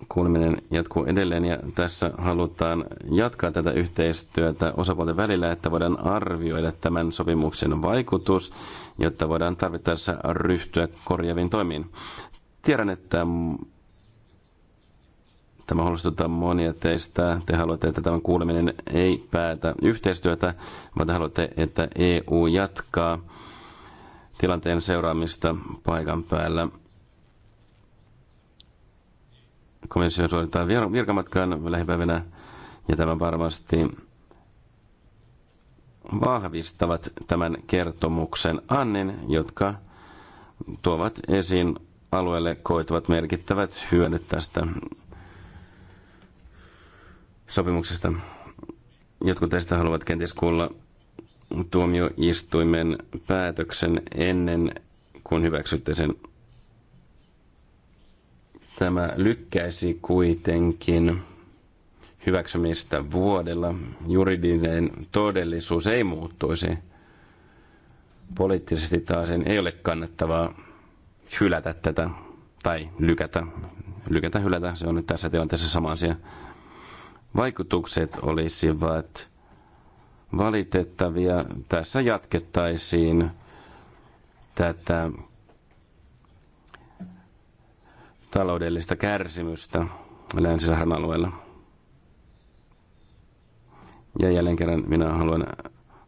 kuuleminen jatkuu edelleen ja tässä halutaan jatkaa tätä yhteistyötä osapuolten välillä, että voidaan arvioida tämän sopimuksen vaikutus, jotta voidaan tarvittaessa ryhtyä korjaaviin toimiin. Tiedän, että tämä huolestuttaa monia teistä. Te haluatte, että tämän kuuleminen ei päätä yhteistyötä, vaan te haluatte, että EU jatkaa tilanteen seuraamista paikan päällä komissio suorittaa virkamatkan lähipäivänä ja tämä varmasti vahvistavat tämän kertomuksen annin, jotka tuovat esiin alueelle koituvat merkittävät hyödyt tästä sopimuksesta. Jotkut teistä haluavat kenties kuulla tuomioistuimen päätöksen ennen kuin hyväksytte sen. Tämä lykkäisi kuitenkin hyväksymistä vuodella. Juridinen todellisuus ei muuttuisi. Poliittisesti taas ei ole kannattavaa hylätä tätä tai lykätä. Lykätä, hylätä, se on nyt tässä tilanteessa sama asia. Vaikutukset olisivat valitettavia. Tässä jatkettaisiin tätä taloudellista kärsimystä länsi alueella. Ja jälleen kerran minä haluan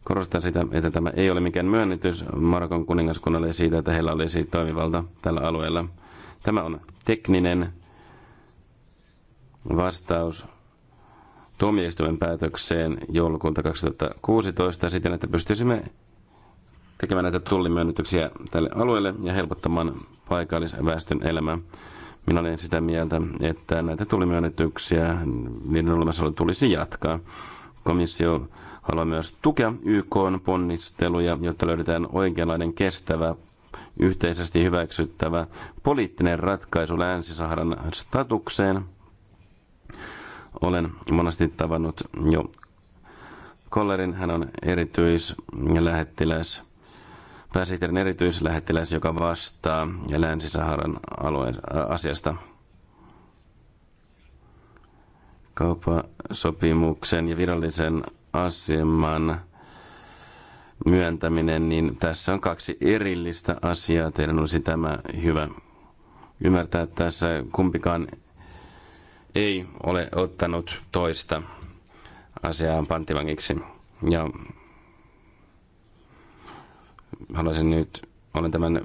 korostaa sitä, että tämä ei ole mikään myönnytys Marokon kuningaskunnalle siitä, että heillä olisi toimivalta tällä alueella. Tämä on tekninen vastaus tuomioistuimen päätökseen joulukuulta 2016 siten, että pystyisimme tekemään näitä tullimyönnytyksiä tälle alueelle ja helpottamaan paikallisväestön elämää. Minä olen sitä mieltä, että näitä tulimyönnetyksiä, niiden olemassaolo tulisi jatkaa. Komissio haluaa myös tukea YK ponnisteluja, jotta löydetään oikeanlainen kestävä yhteisesti hyväksyttävä poliittinen ratkaisu Länsi-Saharan statukseen. Olen monesti tavannut jo Kollerin, hän on erityislähettiläs pääsihteerin erityislähettiläs, joka vastaa Länsi-Saharan alueen asiasta. Kauppasopimuksen ja virallisen aseman myöntäminen, niin tässä on kaksi erillistä asiaa. Teidän olisi tämä hyvä ymmärtää että tässä. Kumpikaan ei ole ottanut toista asiaa panttivangiksi. Ja haluaisin nyt, olen tämän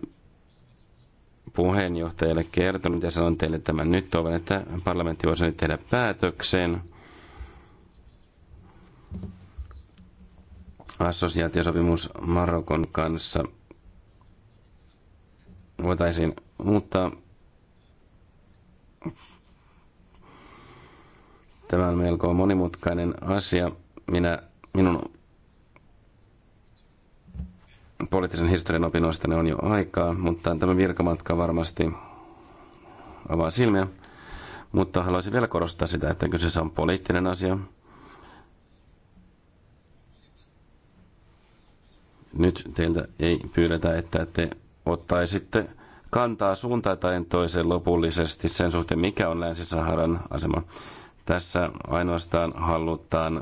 puheenjohtajalle kertonut ja sanon teille tämän nyt. Toivon, että parlamentti voisi nyt tehdä päätöksen. Assosiaatiosopimus Marokon kanssa voitaisiin muuttaa. Tämä on melko monimutkainen asia. Minä, minun poliittisen historian opinnoista ne on jo aikaa, mutta tämä virkamatka varmasti avaa silmiä. Mutta haluaisin vielä korostaa sitä, että kyseessä on poliittinen asia. Nyt teiltä ei pyydetä, että te ottaisitte kantaa suuntaan tai toiseen lopullisesti sen suhteen, mikä on Länsi-Saharan asema. Tässä ainoastaan halutaan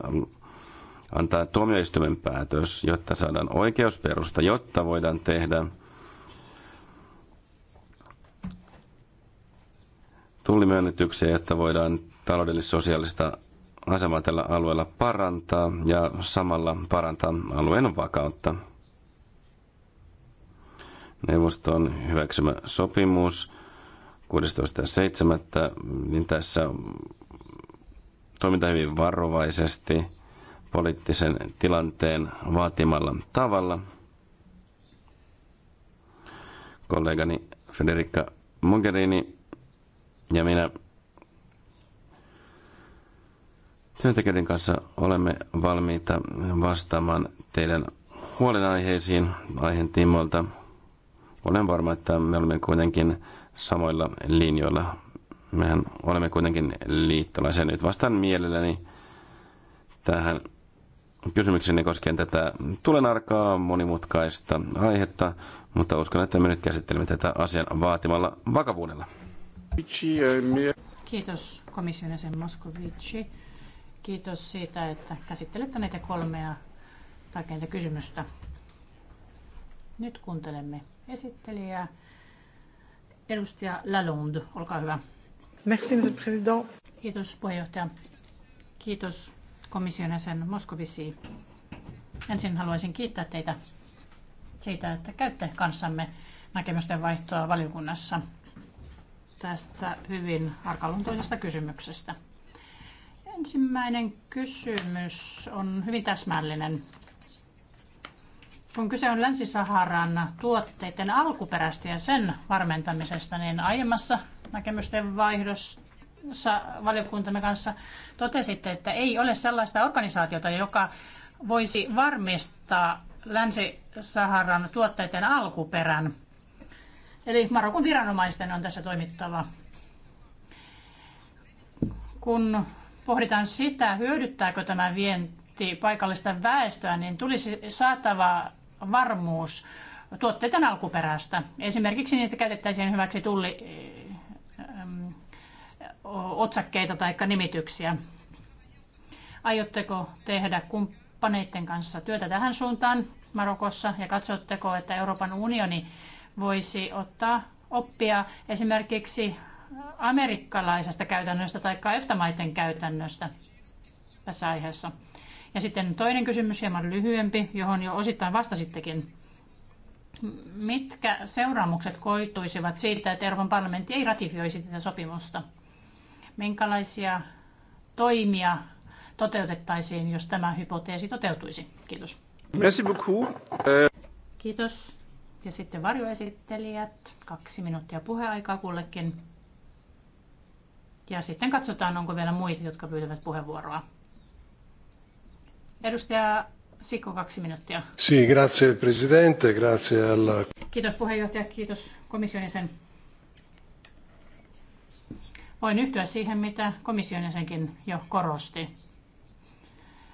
antaa tuomioistuimen päätös, jotta saadaan oikeusperusta, jotta voidaan tehdä tullimyönnytyksiä, jotta voidaan taloudellis-sosiaalista asemaa tällä alueella parantaa ja samalla parantaa alueen vakautta. Neuvoston hyväksymä sopimus 16.7. niin tässä toiminta hyvin varovaisesti – poliittisen tilanteen vaatimalla tavalla. Kollegani Federica Mogherini ja minä työntekijöiden kanssa olemme valmiita vastaamaan teidän huolenaiheisiin aiheen tiimoilta. Olen varma, että me olemme kuitenkin samoilla linjoilla. Mehän olemme kuitenkin liittolaisia. Nyt vastaan mielelläni tähän kysymykseni koskien tätä tulenarkaa monimutkaista aihetta, mutta uskon, että me nyt käsittelemme tätä asian vaatimalla vakavuudella. Kiitos komission jäsen Moskovici. Kiitos siitä, että käsittelette näitä kolmea tärkeintä kysymystä. Nyt kuuntelemme esittelijää. Edustaja Lalonde, olkaa hyvä. Merci, monsieur le président. Kiitos puheenjohtaja. Kiitos komission jäsen Moskovisi. Ensin haluaisin kiittää teitä siitä, että käytte kanssamme näkemysten vaihtoa valiokunnassa tästä hyvin arkaluontoisesta kysymyksestä. Ensimmäinen kysymys on hyvin täsmällinen. Kun kyse on Länsi-Saharan tuotteiden alkuperästä ja sen varmentamisesta, niin aiemmassa näkemysten vaihdossa valiokuntamme kanssa totesitte, että ei ole sellaista organisaatiota, joka voisi varmistaa Länsi-Saharan tuotteiden alkuperän. Eli Marokon viranomaisten on tässä toimittava. Kun pohditaan sitä, hyödyttääkö tämä vienti paikallista väestöä, niin tulisi saatava varmuus tuotteiden alkuperästä. Esimerkiksi niitä käytettäisiin hyväksi tulli otsakkeita tai nimityksiä. Aiotteko tehdä kumppaneiden kanssa työtä tähän suuntaan Marokossa ja katsotteko, että Euroopan unioni voisi ottaa oppia esimerkiksi amerikkalaisesta käytännöstä tai EFTA-maiden käytännöstä tässä aiheessa? Ja sitten toinen kysymys, hieman lyhyempi, johon jo osittain vastasittekin. Mitkä seuraamukset koituisivat siitä, että Euroopan parlamentti ei ratifioisi tätä sopimusta? minkälaisia toimia toteutettaisiin, jos tämä hypoteesi toteutuisi? Kiitos. Merci beaucoup. Äh. Kiitos. Ja sitten varjoesittelijät, kaksi minuuttia puheaikaa kullekin. Ja sitten katsotaan, onko vielä muita, jotka pyytävät puheenvuoroa. Edustaja Sikko, kaksi minuuttia. Sì, grazie presidente, grazie alla... Kiitos puheenjohtaja, kiitos komission jäsen. Voin yhtyä siihen, mitä komission jäsenkin jo korosti.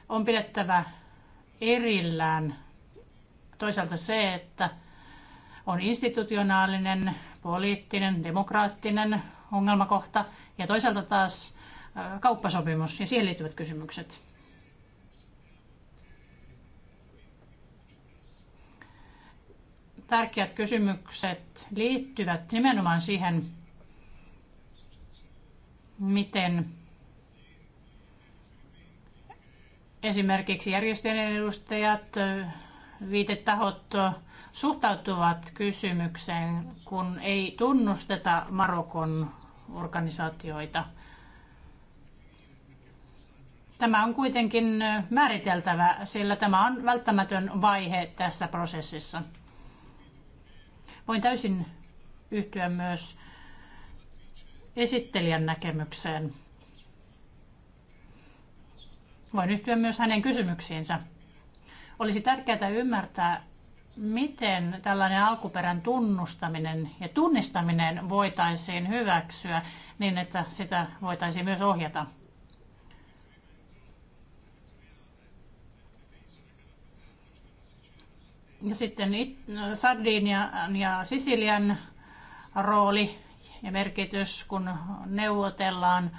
On pidettävä erillään toisaalta se, että on institutionaalinen, poliittinen, demokraattinen ongelmakohta ja toisaalta taas kauppasopimus ja siihen liittyvät kysymykset. Tärkeät kysymykset liittyvät nimenomaan siihen miten esimerkiksi järjestöjen edustajat, viitetahot suhtautuvat kysymykseen, kun ei tunnusteta Marokon organisaatioita. Tämä on kuitenkin määriteltävä, sillä tämä on välttämätön vaihe tässä prosessissa. Voin täysin yhtyä myös esittelijän näkemykseen. Voin yhtyä myös hänen kysymyksiinsä. Olisi tärkeää ymmärtää, miten tällainen alkuperän tunnustaminen ja tunnistaminen voitaisiin hyväksyä niin, että sitä voitaisiin myös ohjata. Ja sitten Sardinian ja Sisilian rooli ja merkitys, kun neuvotellaan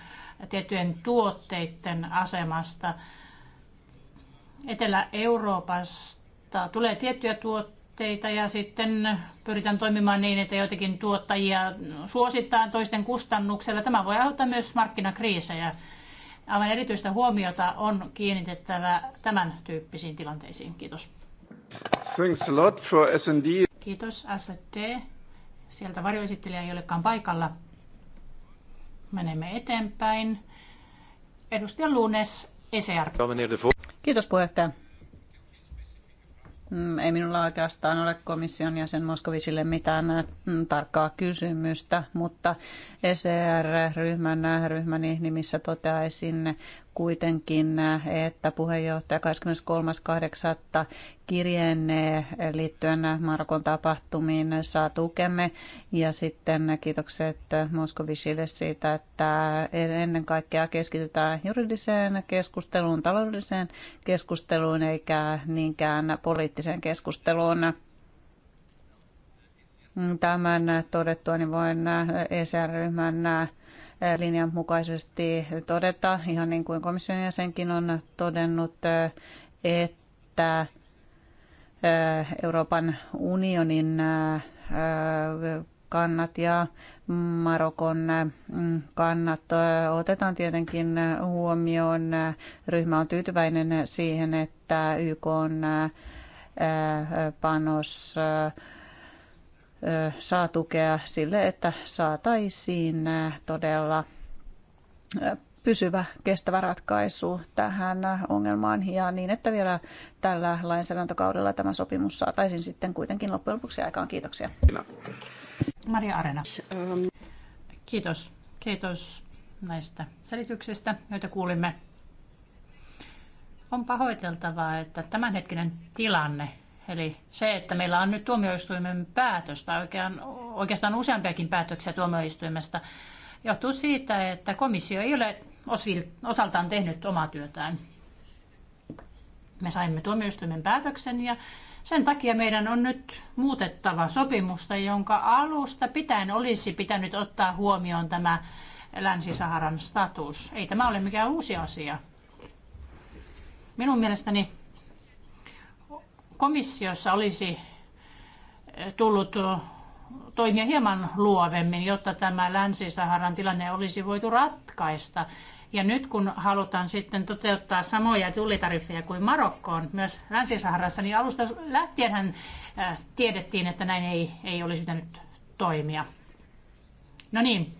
tiettyjen tuotteiden asemasta. Etelä-Euroopasta tulee tiettyjä tuotteita ja sitten pyritään toimimaan niin, että joitakin tuottajia suositaan toisten kustannuksella. Tämä voi aiheuttaa myös markkinakriisejä. Aivan erityistä huomiota on kiinnitettävä tämän tyyppisiin tilanteisiin. Kiitos. Thanks a lot for S&D. Kiitos SD. Sieltä varjoesittelijä ei olekaan paikalla. Menemme eteenpäin. Edustaja Lunes, ECR. Kiitos puheenjohtaja. Mm, ei minulla oikeastaan ole komission jäsen Moskovisille mitään äh, mm, tarkkaa kysymystä, mutta ECR-ryhmän äh, ryhmäni nimissä toteaisin kuitenkin, että puheenjohtaja 23.8. kirjeenne liittyen Marokon tapahtumiin saa tukemme. Ja sitten kiitokset Moskovisille siitä, että ennen kaikkea keskitytään juridiseen keskusteluun, taloudelliseen keskusteluun eikä niinkään poliittiseen keskusteluun. Tämän todettua niin voin ECR-ryhmän linjan mukaisesti todeta, ihan niin kuin komission jäsenkin on todennut, että Euroopan unionin kannat ja Marokon mm, kannat otetaan tietenkin huomioon. Ryhmä on tyytyväinen siihen, että YK on panos saa tukea sille, että saataisiin todella pysyvä kestävä ratkaisu tähän ongelmaan ja niin, että vielä tällä lainsäädäntökaudella tämä sopimus saataisiin sitten kuitenkin loppujen lopuksi aikaan. Kiitoksia. Maria Arena. Kiitos. Kiitos näistä selityksistä, joita kuulimme. On pahoiteltavaa, että tämänhetkinen tilanne Eli se, että meillä on nyt tuomioistuimen päätös tai oikean, oikeastaan useampiakin päätöksiä tuomioistuimesta, johtuu siitä, että komissio ei ole osaltaan tehnyt omaa työtään. Me saimme tuomioistuimen päätöksen ja sen takia meidän on nyt muutettava sopimusta, jonka alusta pitäen olisi pitänyt ottaa huomioon tämä Länsi-Saharan status. Ei tämä ole mikään uusi asia. Minun mielestäni komissiossa olisi eh, tullut eh, toimia hieman luovemmin, jotta tämä Länsi-Saharan tilanne olisi voitu ratkaista. Ja nyt kun halutaan sitten toteuttaa samoja tullitariffeja kuin Marokkoon myös Länsi-Saharassa, niin alusta lähtienhän eh, tiedettiin, että näin ei, ei olisi pitänyt toimia. No niin,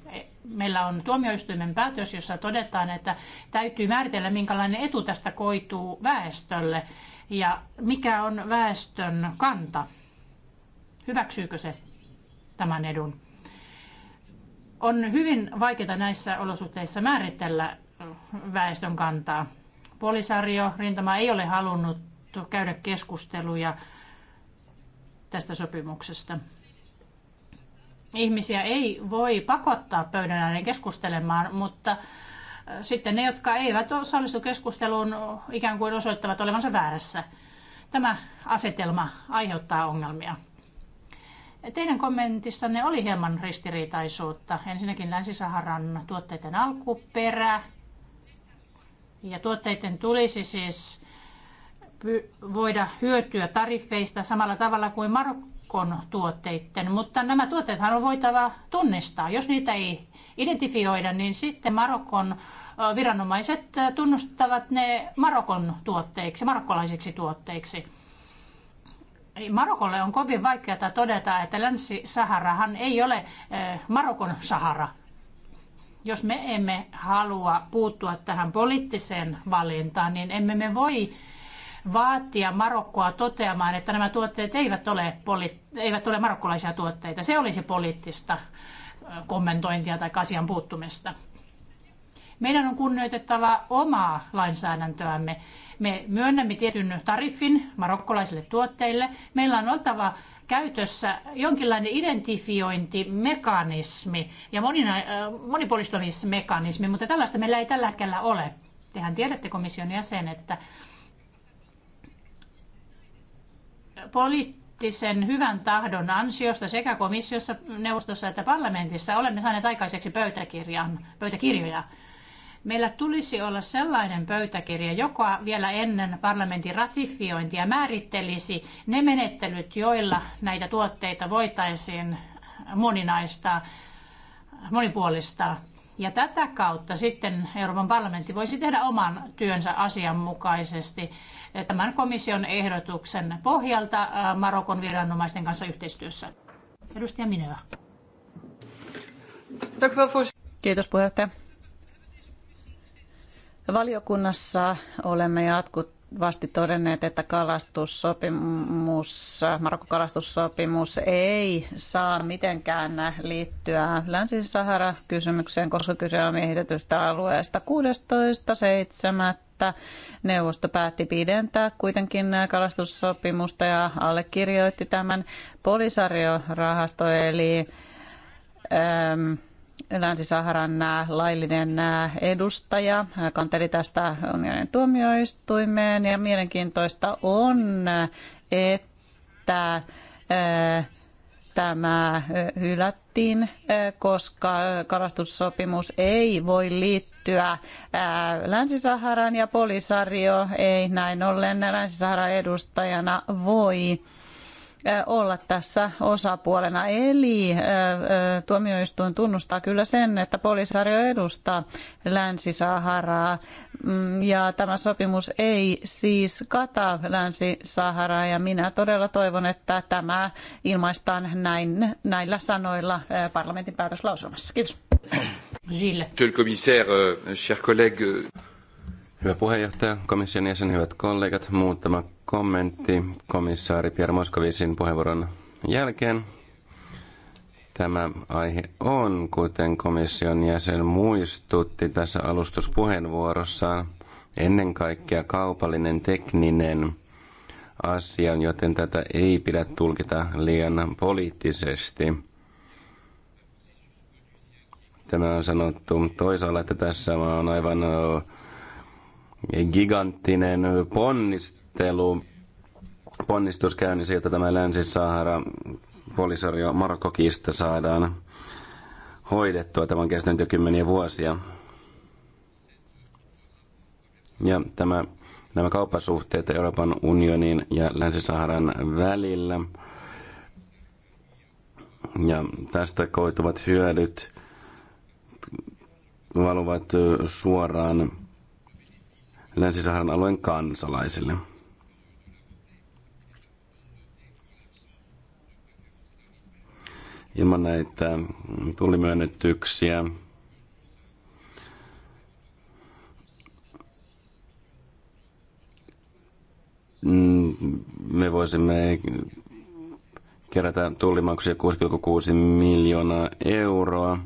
meillä on tuomioistuimen päätös, jossa todetaan, että täytyy määritellä, minkälainen etu tästä koituu väestölle ja mikä on väestön kanta? Hyväksyykö se tämän edun? On hyvin vaikeaa näissä olosuhteissa määritellä väestön kantaa. Polisario rintama ei ole halunnut käydä keskusteluja tästä sopimuksesta. Ihmisiä ei voi pakottaa pöydän ääreen keskustelemaan, mutta sitten ne, jotka eivät osallistu keskusteluun, ikään kuin osoittavat olevansa väärässä. Tämä asetelma aiheuttaa ongelmia. Teidän kommentissanne oli hieman ristiriitaisuutta. Ensinnäkin Länsi-Saharan tuotteiden alkuperä. Ja tuotteiden tulisi siis voida hyötyä tariffeista samalla tavalla kuin Marokko verkon tuotteiden, mutta nämä tuotteethan on voitava tunnistaa. Jos niitä ei identifioida, niin sitten Marokon viranomaiset tunnustavat ne Marokon tuotteiksi, marokkolaisiksi tuotteiksi. Marokolle on kovin vaikeaa todeta, että Länsi-Saharahan ei ole Marokon Sahara. Jos me emme halua puuttua tähän poliittiseen valintaan, niin emme me voi vaatia Marokkoa toteamaan, että nämä tuotteet eivät ole, poli- eivät ole marokkolaisia tuotteita. Se olisi poliittista kommentointia tai asian puuttumista. Meidän on kunnioitettava omaa lainsäädäntöämme. Me myönnämme tietyn tariffin marokkolaisille tuotteille. Meillä on oltava käytössä jonkinlainen identifiointimekanismi ja monina, monipuolistamismekanismi, mutta tällaista meillä ei tällä hetkellä ole. Tehän tiedätte komission jäsen, että poliittisen hyvän tahdon ansiosta sekä komissiossa, neuvostossa että parlamentissa olemme saaneet aikaiseksi pöytäkirjan, pöytäkirjoja. Meillä tulisi olla sellainen pöytäkirja, joka vielä ennen parlamentin ratifiointia määrittelisi ne menettelyt, joilla näitä tuotteita voitaisiin moninaistaa, monipuolistaa ja tätä kautta sitten Euroopan parlamentti voisi tehdä oman työnsä asianmukaisesti tämän komission ehdotuksen pohjalta äh, Marokon viranomaisten kanssa yhteistyössä. Edustaja Minöä. Kiitos puheenjohtaja. Valiokunnassa olemme jatkut vasti todenneet, että kalastussopimus, Marokko kalastussopimus ei saa mitenkään liittyä Länsi-Sahara-kysymykseen, koska kyse on miehitetystä alueesta 16.7. Neuvosto päätti pidentää kuitenkin kalastussopimusta ja allekirjoitti tämän polisario-rahasto, eli ähm, Länsi-Saharan laillinen edustaja kanteli tästä unionin tuomioistuimeen ja mielenkiintoista on, että tämä hylättiin, koska kalastussopimus ei voi liittyä Länsi-Saharan ja Polisario ei näin ollen Länsi-Saharan edustajana voi olla tässä osapuolena. Eli tuomioistuin tunnustaa kyllä sen, että polisario edustaa Länsi-Saharaa mm, ja tämä sopimus ei siis kata Länsi-Saharaa ja minä todella toivon, että tämä ilmaistaan näin, näillä sanoilla parlamentin päätöslausumassa. Kiitos. Gilles. Euh, euh, Hyvä puheenjohtaja, komission jäsen, hyvät kollegat, muutama kommentti komissaari Pierre Moskovisin puheenvuoron jälkeen. Tämä aihe on, kuten komission jäsen muistutti tässä alustuspuheenvuorossaan, ennen kaikkea kaupallinen tekninen asia, joten tätä ei pidä tulkita liian poliittisesti. Tämä on sanottu toisaalla, että tässä on aivan giganttinen ponnist ponnistelu, ponnistus käynnissä, että tämä Länsi-Sahara polisario Marokkokista saadaan hoidettua. Tämä on kestänyt jo kymmeniä vuosia. Ja tämä, nämä kauppasuhteet Euroopan unionin ja Länsi-Saharan välillä ja tästä koituvat hyödyt valuvat suoraan Länsi-Saharan alueen kansalaisille. Ilman näitä tulimyönnytyksiä mm, me voisimme kerätä tullimaksuja 6,6 miljoonaa euroa.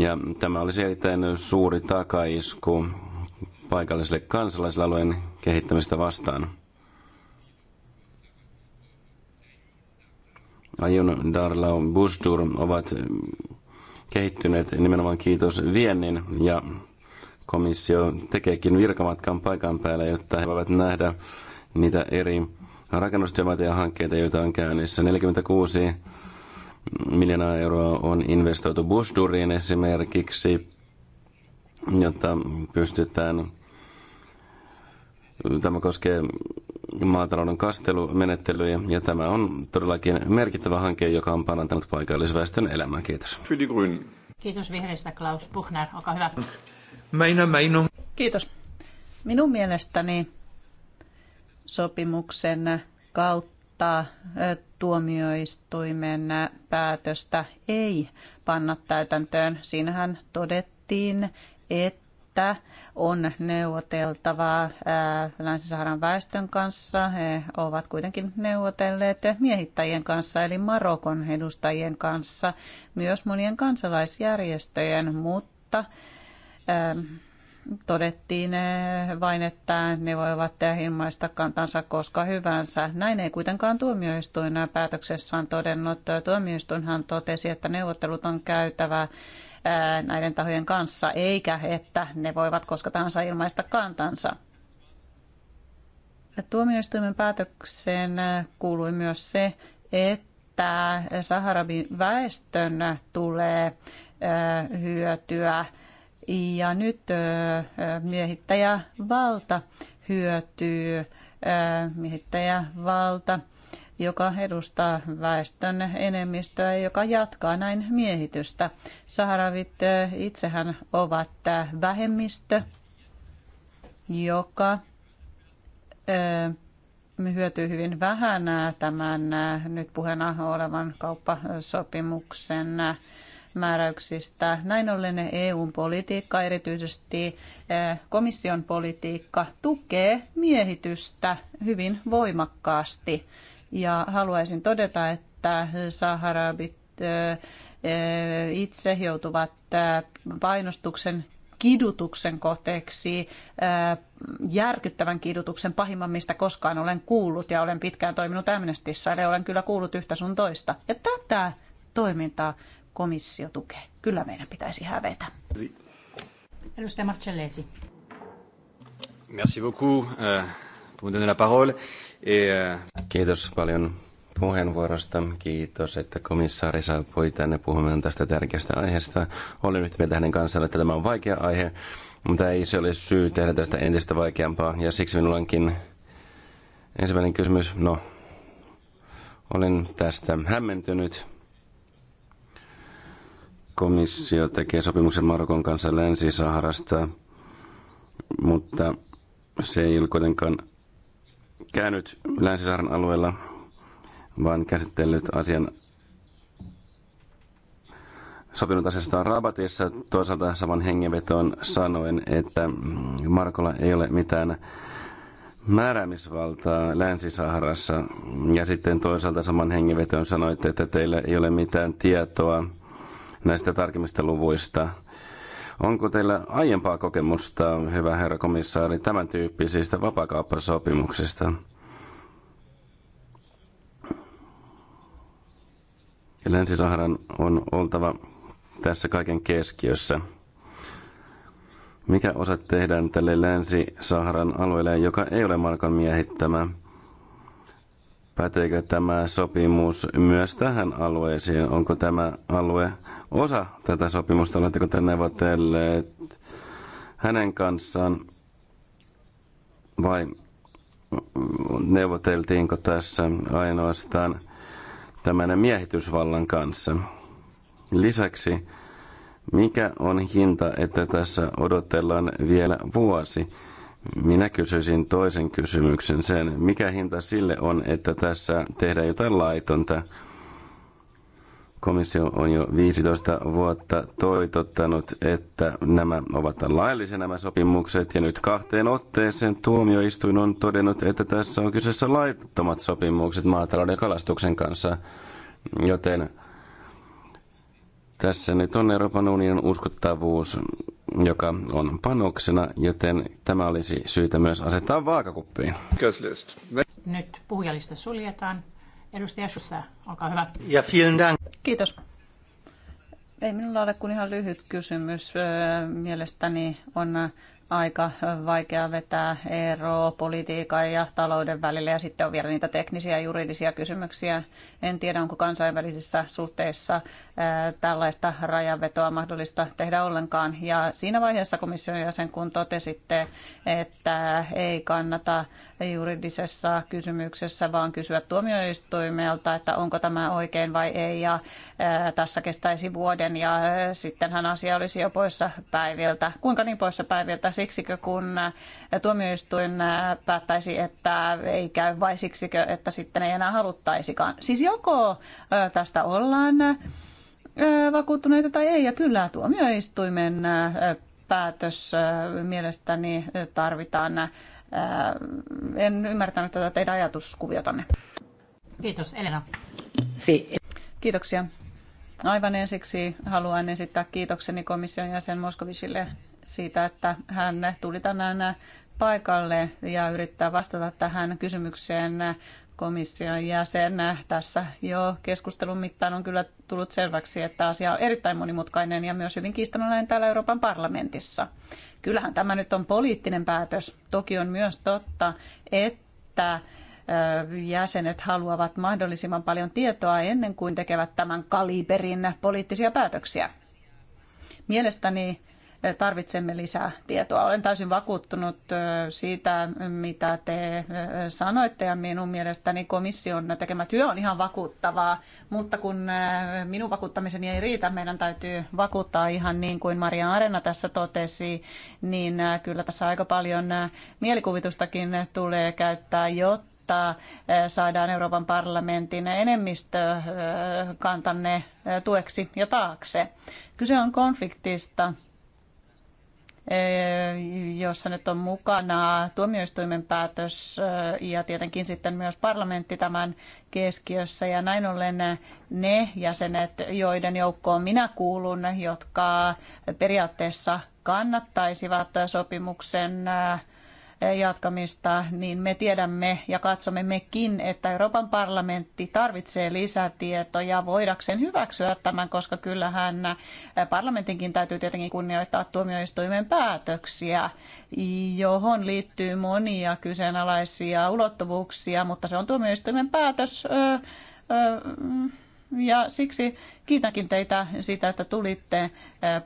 Ja tämä olisi erittäin suuri takaisku paikalliselle kansalaisille alueen kehittämistä vastaan. Ajun, Darla, Bushdur ovat kehittyneet nimenomaan kiitos viennin ja komissio tekeekin virkamatkan paikan päällä, jotta he voivat nähdä niitä eri rakennustyömaita ja hankkeita, joita on käynnissä. 46 miljoonaa euroa on investoitu Bushduriin esimerkiksi, jotta pystytään, tämä koskee maatalouden kastelumenettelyjä, ja tämä on todellakin merkittävä hanke, joka on parantanut paikallisväestön elämää. Kiitos. Kiitos vihreistä Klaus Buchner, olkaa hyvä. Meina, meina. Kiitos. Minun mielestäni sopimuksen kautta tuomioistuimen päätöstä ei panna täytäntöön. Siinähän todettiin, että että on neuvoteltavaa Länsi-Saharan väestön kanssa. He ovat kuitenkin neuvotelleet miehittäjien kanssa, eli Marokon edustajien kanssa, myös monien kansalaisjärjestöjen, mutta todettiin vain, että ne voivat ilmaista kantansa koska hyvänsä. Näin ei kuitenkaan tuomioistuin päätöksessään todennut. Tuomioistuinhan totesi, että neuvottelut on käytävä näiden tahojen kanssa, eikä että ne voivat koska tahansa ilmaista kantansa. Tuomioistuimen päätökseen kuului myös se, että Saharabin väestön tulee hyötyä ja nyt miehittäjävalta hyötyy miehittäjävalta joka edustaa väestön enemmistöä, joka jatkaa näin miehitystä. Saharavit itsehän ovat vähemmistö, joka hyötyy hyvin vähän tämän nyt puheena olevan kauppasopimuksen määräyksistä. Näin ollen EUn politiikka, erityisesti komission politiikka, tukee miehitystä hyvin voimakkaasti. Ja haluaisin todeta, että saharabit itse joutuvat painostuksen kidutuksen kohteeksi, järkyttävän kidutuksen, pahimman mistä koskaan olen kuullut ja olen pitkään toiminut Amnestissa, eli olen kyllä kuullut yhtä sun toista. Ja tätä toimintaa komissio tukee. Kyllä meidän pitäisi hävetä. Edustaja Marcellesi. Merci beaucoup. Euh, Euh, Kiitos paljon puheenvuorosta. Kiitos, että komissaari saapui tänne puhumaan tästä tärkeästä aiheesta. Olen yhtä mieltä hänen kanssaan, että tämä on vaikea aihe, mutta ei se ole syy tehdä tästä entistä vaikeampaa. Ja siksi minulla onkin ensimmäinen kysymys. No, olen tästä hämmentynyt. Komissio tekee sopimuksen Marokon kanssa Länsi-Saharasta, mutta se ei ole kuitenkaan käynyt länsi alueella, vaan käsitellyt asian sopinut asiasta Rabatissa. Toisaalta saman hengenvetoon sanoen, että Markolla ei ole mitään määräämisvaltaa Länsi-Saharassa. Ja sitten toisaalta saman hengenvetoon sanoitte, että teillä ei ole mitään tietoa näistä tarkemmista luvuista. Onko teillä aiempaa kokemusta, hyvä herra komissaari, tämän tyyppisistä vapakauppasopimuksista? Länsi-Saharan on oltava tässä kaiken keskiössä. Mikä osa tehdään tälle Länsi-Saharan alueelle, joka ei ole Markan miehittämä? Päteekö tämä sopimus myös tähän alueeseen? Onko tämä alue osa tätä sopimusta? Oletteko te neuvotelleet hänen kanssaan vai neuvoteltiinko tässä ainoastaan tämän miehitysvallan kanssa? Lisäksi, mikä on hinta, että tässä odotellaan vielä vuosi? Minä kysyisin toisen kysymyksen sen, mikä hinta sille on, että tässä tehdään jotain laitonta? Komissio on jo 15 vuotta toitottanut, että nämä ovat laillisia nämä sopimukset, ja nyt kahteen otteeseen tuomioistuin on todennut, että tässä on kyseessä laittomat sopimukset maatalouden ja kalastuksen kanssa, joten tässä nyt on Euroopan unionin uskottavuus, joka on panoksena, joten tämä olisi syytä myös asettaa vaakakuppiin. Nyt puhujalista suljetaan. Edustaja Schuster, olkaa hyvä. Ja vielen dank. Kiitos. Ei minulla ole kuin ihan lyhyt kysymys. Mielestäni on aika vaikea vetää eroa politiikan ja talouden välillä ja sitten on vielä niitä teknisiä ja juridisia kysymyksiä. En tiedä, onko kansainvälisissä suhteissa tällaista rajanvetoa mahdollista tehdä ollenkaan. Ja siinä vaiheessa komission jäsen, kun totesitte, että ei kannata juridisessa kysymyksessä vaan kysyä tuomioistuimelta, että onko tämä oikein vai ei ja tässä kestäisi vuoden ja sittenhän asia olisi jo poissa päiviltä. Kuinka niin poissa päiviltä? siksikö, kun tuomioistuin päättäisi, että ei käy, vai siksikö, että sitten ei enää haluttaisikaan. Siis joko tästä ollaan vakuuttuneita tai ei, ja kyllä tuomioistuimen päätös mielestäni tarvitaan. En ymmärtänyt tätä teidän ajatuskuviotanne. Kiitos, Elena. Si. Kiitoksia. Aivan ensiksi haluan esittää kiitokseni komission jäsen moskovisille siitä, että hän tuli tänään paikalle ja yrittää vastata tähän kysymykseen komission jäsen. Tässä jo keskustelun mittaan on kyllä tullut selväksi, että asia on erittäin monimutkainen ja myös hyvin kiistanalainen täällä Euroopan parlamentissa. Kyllähän tämä nyt on poliittinen päätös. Toki on myös totta, että jäsenet haluavat mahdollisimman paljon tietoa ennen kuin tekevät tämän kaliberin poliittisia päätöksiä. Mielestäni tarvitsemme lisää tietoa. Olen täysin vakuuttunut siitä, mitä te sanoitte ja minun mielestäni komission tekemä työ on ihan vakuuttavaa, mutta kun minun vakuuttamiseni ei riitä, meidän täytyy vakuuttaa ihan niin kuin Maria Arena tässä totesi, niin kyllä tässä aika paljon mielikuvitustakin tulee käyttää, jotta saadaan Euroopan parlamentin enemmistö kantanne tueksi ja taakse. Kyse on konfliktista, Eh, jossa nyt on mukana tuomioistuimen päätös eh, ja tietenkin sitten myös parlamentti tämän keskiössä. Ja näin ollen ne jäsenet, joiden joukkoon minä kuulun, jotka periaatteessa kannattaisivat sopimuksen eh, jatkamista, niin me tiedämme ja katsomme mekin, että Euroopan parlamentti tarvitsee lisätietoja voidakseen hyväksyä tämän, koska kyllähän parlamentinkin täytyy tietenkin kunnioittaa tuomioistuimen päätöksiä, johon liittyy monia kyseenalaisia ulottuvuuksia, mutta se on tuomioistuimen päätös. ja siksi kiitänkin teitä siitä, että tulitte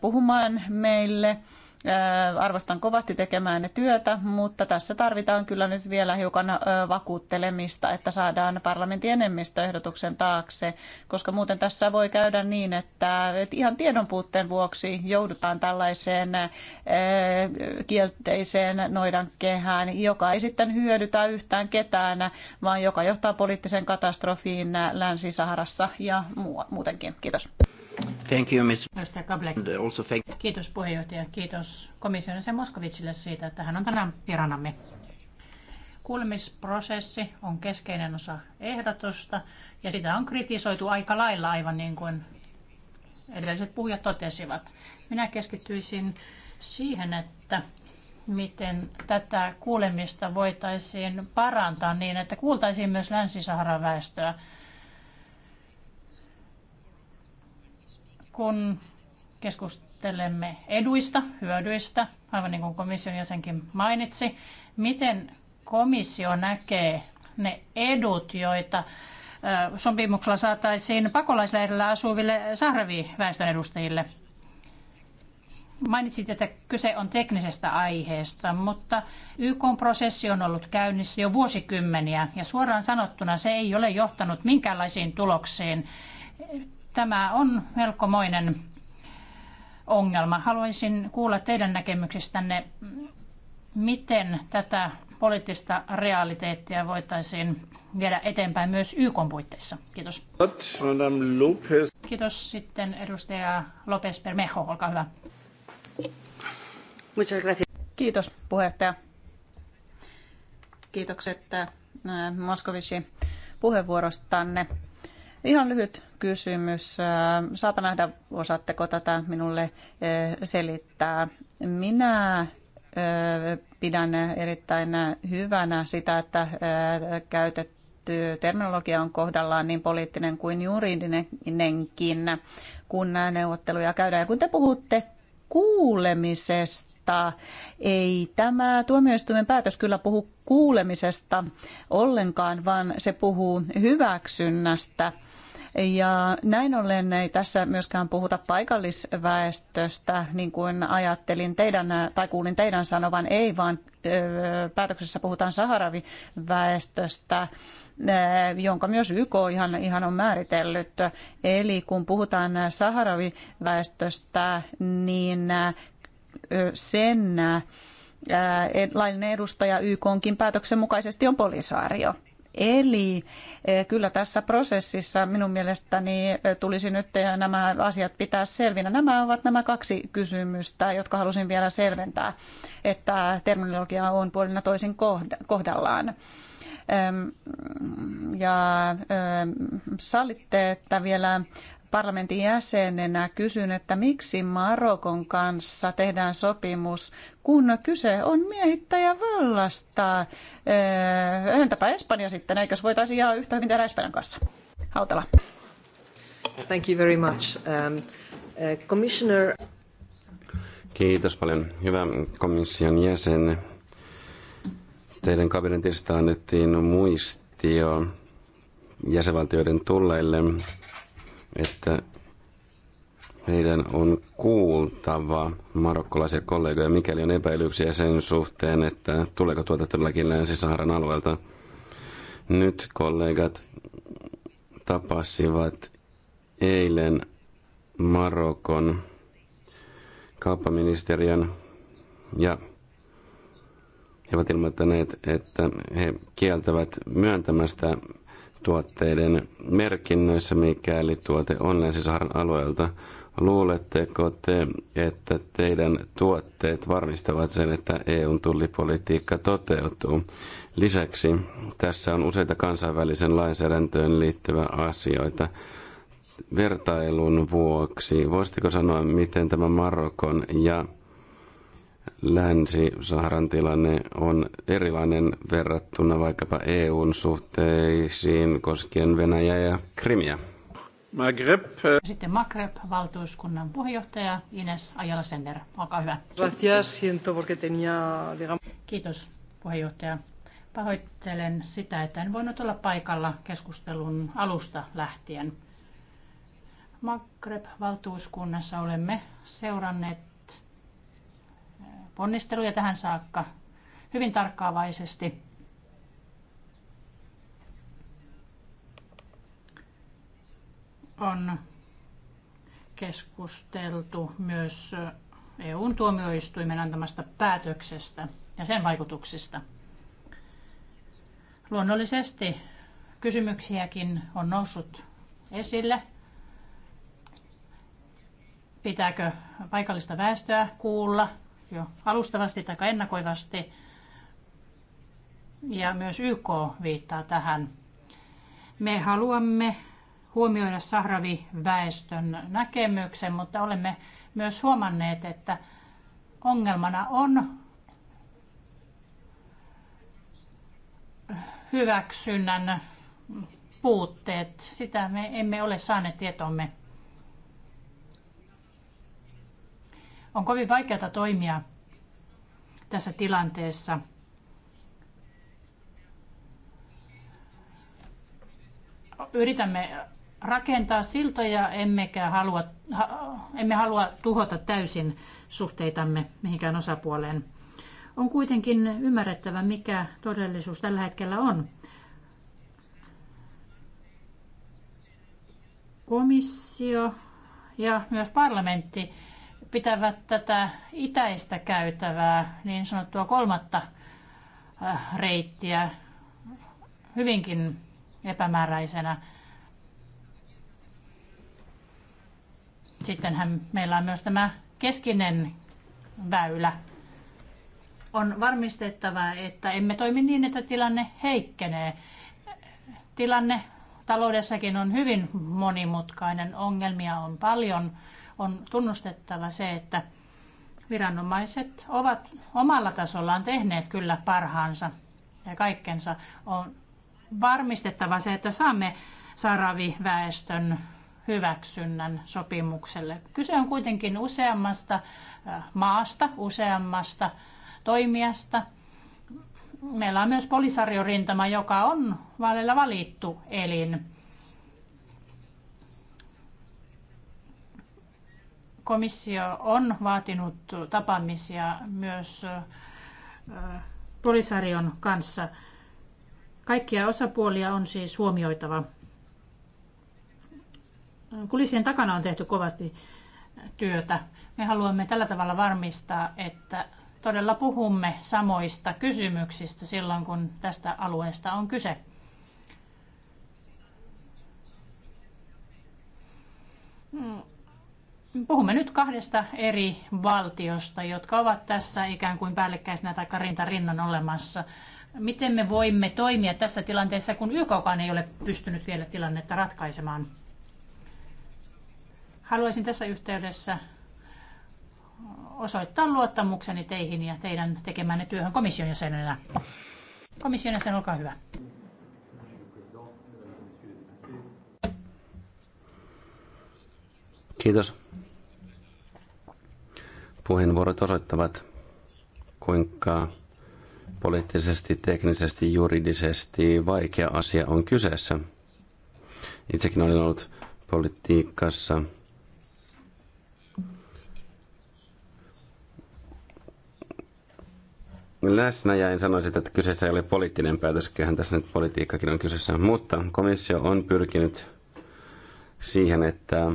puhumaan meille. Äh, arvostan kovasti ne työtä, mutta tässä tarvitaan kyllä nyt vielä hiukan äh, vakuuttelemista, että saadaan parlamentin enemmistö ehdotuksen taakse, koska muuten tässä voi käydä niin, että ihan tiedon puutteen vuoksi joudutaan tällaiseen äh, kielteiseen noidan kehään, joka ei sitten hyödytä yhtään ketään, vaan joka johtaa poliittiseen katastrofiin Länsi-Saharassa ja muutenkin. Kiitos. Thank you, Ms. Also thank... Kiitos puheenjohtaja. Kiitos komission sen Moskovitsille siitä, että hän on tänään vieraanamme. Kuulemisprosessi on keskeinen osa ehdotusta ja sitä on kritisoitu aika lailla aivan niin kuin edelliset puhujat totesivat. Minä keskittyisin siihen, että miten tätä kuulemista voitaisiin parantaa niin, että kuultaisiin myös Länsi-Saharan väestöä. kun keskustelemme eduista, hyödyistä, aivan niin kuin komission jäsenkin mainitsi, miten komissio näkee ne edut, joita sopimuksella saataisiin pakolaisleirillä asuville sahraviväestön edustajille? Mainitsit, että kyse on teknisestä aiheesta, mutta YK-prosessi on ollut käynnissä jo vuosikymmeniä ja suoraan sanottuna se ei ole johtanut minkäänlaisiin tuloksiin. Tämä on melkomoinen ongelma. Haluaisin kuulla teidän näkemyksistänne, miten tätä poliittista realiteettia voitaisiin viedä eteenpäin myös YK puitteissa. Kiitos. Kiitos sitten edustaja López Bermejo, olkaa hyvä. Kiitos puheenjohtaja. Kiitokset äh, Moskovici puheenvuorostanne. Ihan lyhyt kysymys. Saapa nähdä, osaatteko tätä minulle eh, selittää. Minä eh, pidän erittäin hyvänä sitä, että eh, käytetty terminologia on kohdallaan niin poliittinen kuin juridinenkin, kun neuvotteluja käydään. Ja kun te puhutte kuulemisesta, ei tämä tuomioistuimen päätös kyllä puhu kuulemisesta ollenkaan, vaan se puhuu hyväksynnästä – ja näin ollen ei tässä myöskään puhuta paikallisväestöstä, niin kuin ajattelin teidän, tai kuulin teidän sanovan, ei vaan päätöksessä puhutaan saharaviväestöstä, jonka myös YK ihan, ihan on määritellyt. Eli kun puhutaan saharaviväestöstä, niin sen laillinen edustaja YKonkin päätöksen mukaisesti on polisaario. Eli e, kyllä tässä prosessissa minun mielestäni e, tulisi nyt e, nämä asiat pitää selvinä. Nämä ovat nämä kaksi kysymystä, jotka halusin vielä selventää, että terminologia on puolina toisin kohdallaan. Ja sallitte, että vielä parlamentin jäsenenä kysyn, että miksi Marokon kanssa tehdään sopimus, kun kyse on miehittäjävallasta. Eh, entäpä Espanja sitten, eikös voitaisiin jaa yhtä hyvin tehdä Espanjan kanssa? Hautala. Thank you very much. Um, uh, commissioner... Kiitos paljon. Hyvä komission jäsen. Teidän kabinetista annettiin muistio jäsenvaltioiden tulleille että meidän on kuultava marokkolaisia kollegoja, mikäli on epäilyksiä sen suhteen, että tuleeko tuota todellakin Länsi-Saharan alueelta. Nyt kollegat tapasivat eilen Marokon kauppaministeriön ja he ovat ilmoittaneet, että he kieltävät myöntämästä tuotteiden merkinnöissä, mikäli tuote on Länsi-Saharan alueelta. Luuletteko te, että teidän tuotteet varmistavat sen, että EUn tullipolitiikka toteutuu? Lisäksi tässä on useita kansainvälisen lainsäädäntöön liittyviä asioita. Vertailun vuoksi, voisitko sanoa, miten tämä Marokon ja Länsi-Saharan tilanne on erilainen verrattuna vaikkapa EUn suhteisiin koskien Venäjää ja Krimiä. Maghreb. Eh. Sitten Maghreb-valtuuskunnan puheenjohtaja Ines Ajala-Sender, olkaa hyvä. Gracias, siento porque tenía, Kiitos puheenjohtaja. Pahoittelen sitä, että en voinut olla paikalla keskustelun alusta lähtien. Maghreb-valtuuskunnassa olemme seuranneet ponnisteluja tähän saakka hyvin tarkkaavaisesti. On keskusteltu myös EUn tuomioistuimen antamasta päätöksestä ja sen vaikutuksista. Luonnollisesti kysymyksiäkin on noussut esille. Pitääkö paikallista väestöä kuulla? jo alustavasti tai ennakoivasti. Ja myös YK viittaa tähän. Me haluamme huomioida sahraviväestön näkemyksen, mutta olemme myös huomanneet, että ongelmana on hyväksynnän puutteet. Sitä me emme ole saaneet tietomme. On kovin vaikeata toimia tässä tilanteessa. Yritämme rakentaa siltoja, emmekä halua, emme halua tuhota täysin suhteitamme mihinkään osapuoleen. On kuitenkin ymmärrettävä, mikä todellisuus tällä hetkellä on. Komissio ja myös parlamentti pitävät tätä itäistä käytävää, niin sanottua kolmatta äh, reittiä, hyvinkin epämääräisenä. Sittenhän meillä on myös tämä keskinen väylä. On varmistettava, että emme toimi niin, että tilanne heikkenee. Tilanne taloudessakin on hyvin monimutkainen, ongelmia on paljon on tunnustettava se, että viranomaiset ovat omalla tasollaan tehneet kyllä parhaansa ja kaikkensa. On varmistettava se, että saamme saraviväestön hyväksynnän sopimukselle. Kyse on kuitenkin useammasta maasta, useammasta toimijasta. Meillä on myös polisariorintama, joka on vaaleilla valittu elin. Komissio on vaatinut tapaamisia myös polisarion kanssa. Kaikkia osapuolia on siis huomioitava. Kulissien takana on tehty kovasti työtä. Me haluamme tällä tavalla varmistaa, että todella puhumme samoista kysymyksistä silloin, kun tästä alueesta on kyse. Hmm Puhumme nyt kahdesta eri valtiosta, jotka ovat tässä ikään kuin päällekkäisenä tai rinta rinnan olemassa. Miten me voimme toimia tässä tilanteessa, kun YKkaan ei ole pystynyt vielä tilannetta ratkaisemaan? Haluaisin tässä yhteydessä osoittaa luottamukseni teihin ja teidän tekemänne työhön komission jäsenenä. Komission jäsen, olkaa hyvä. Kiitos. Puheenvuorot osoittavat, kuinka poliittisesti, teknisesti, juridisesti vaikea asia on kyseessä. Itsekin olen ollut politiikassa läsnä ja en sanoisi, että kyseessä ei ole poliittinen päätös, kyllähän tässä nyt politiikkakin on kyseessä, mutta komissio on pyrkinyt siihen, että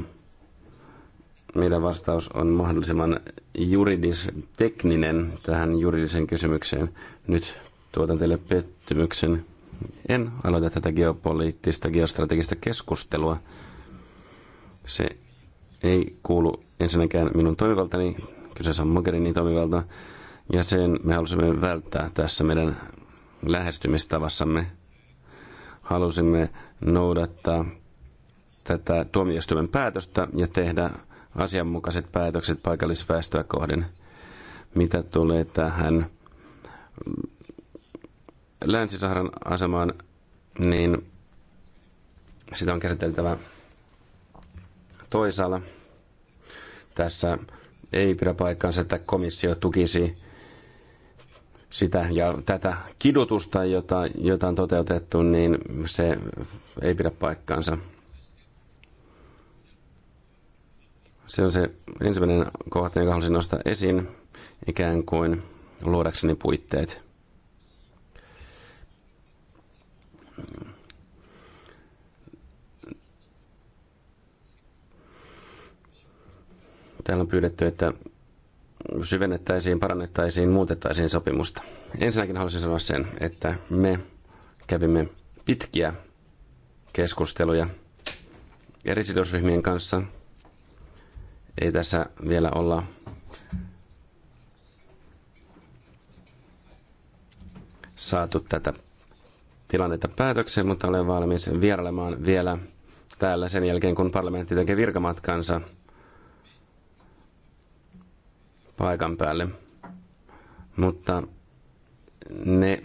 meidän vastaus on mahdollisimman juridis-tekninen tähän juridiseen kysymykseen. Nyt tuotan teille pettymyksen. En aloita tätä geopoliittista, geostrategista keskustelua. Se ei kuulu ensinnäkään minun toimivaltani, kyseessä on Mogherini toimivalta, ja sen me halusimme välttää tässä meidän lähestymistavassamme. Halusimme noudattaa tätä tuomioistuimen päätöstä ja tehdä asianmukaiset päätökset paikallisväestöä kohden. Mitä tulee tähän Länsi-Saharan asemaan, niin sitä on käsiteltävä toisaalla. Tässä ei pidä paikkaansa, että komissio tukisi sitä ja tätä kidutusta, jota, jota on toteutettu, niin se ei pidä paikkaansa. Se on se ensimmäinen kohta, jonka halusin nostaa esiin, ikään kuin luodakseni puitteet. Täällä on pyydetty, että syvennettäisiin, parannettaisiin, muutettaisiin sopimusta. Ensinnäkin haluaisin sanoa sen, että me kävimme pitkiä keskusteluja eri sidosryhmien kanssa – ei tässä vielä olla saatu tätä tilannetta päätökseen, mutta olen valmis vierailemaan vielä täällä sen jälkeen, kun parlamentti tekee virkamatkansa paikan päälle. Mutta ne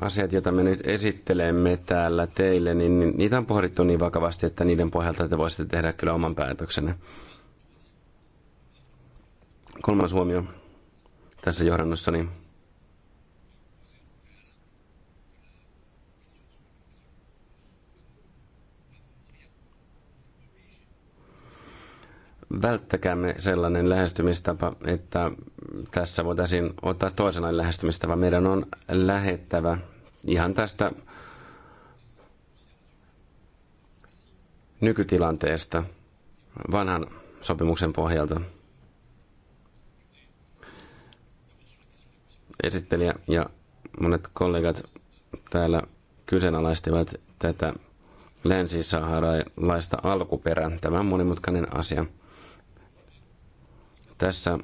asiat, joita me nyt esittelemme täällä teille, niin niitä on pohdittu niin vakavasti, että niiden pohjalta te voisitte tehdä kyllä oman päätöksenne. Kolmas huomio tässä johdannossa, Niin välttäkäämme sellainen lähestymistapa, että tässä voitaisiin ottaa toisenlainen lähestymistapa. Meidän on lähettävä ihan tästä nykytilanteesta vanhan sopimuksen pohjalta. Esittelijä ja monet kollegat täällä kyseenalaistivat tätä länsi-saharaalaista alkuperää. Tämä on monimutkainen asia. Tässä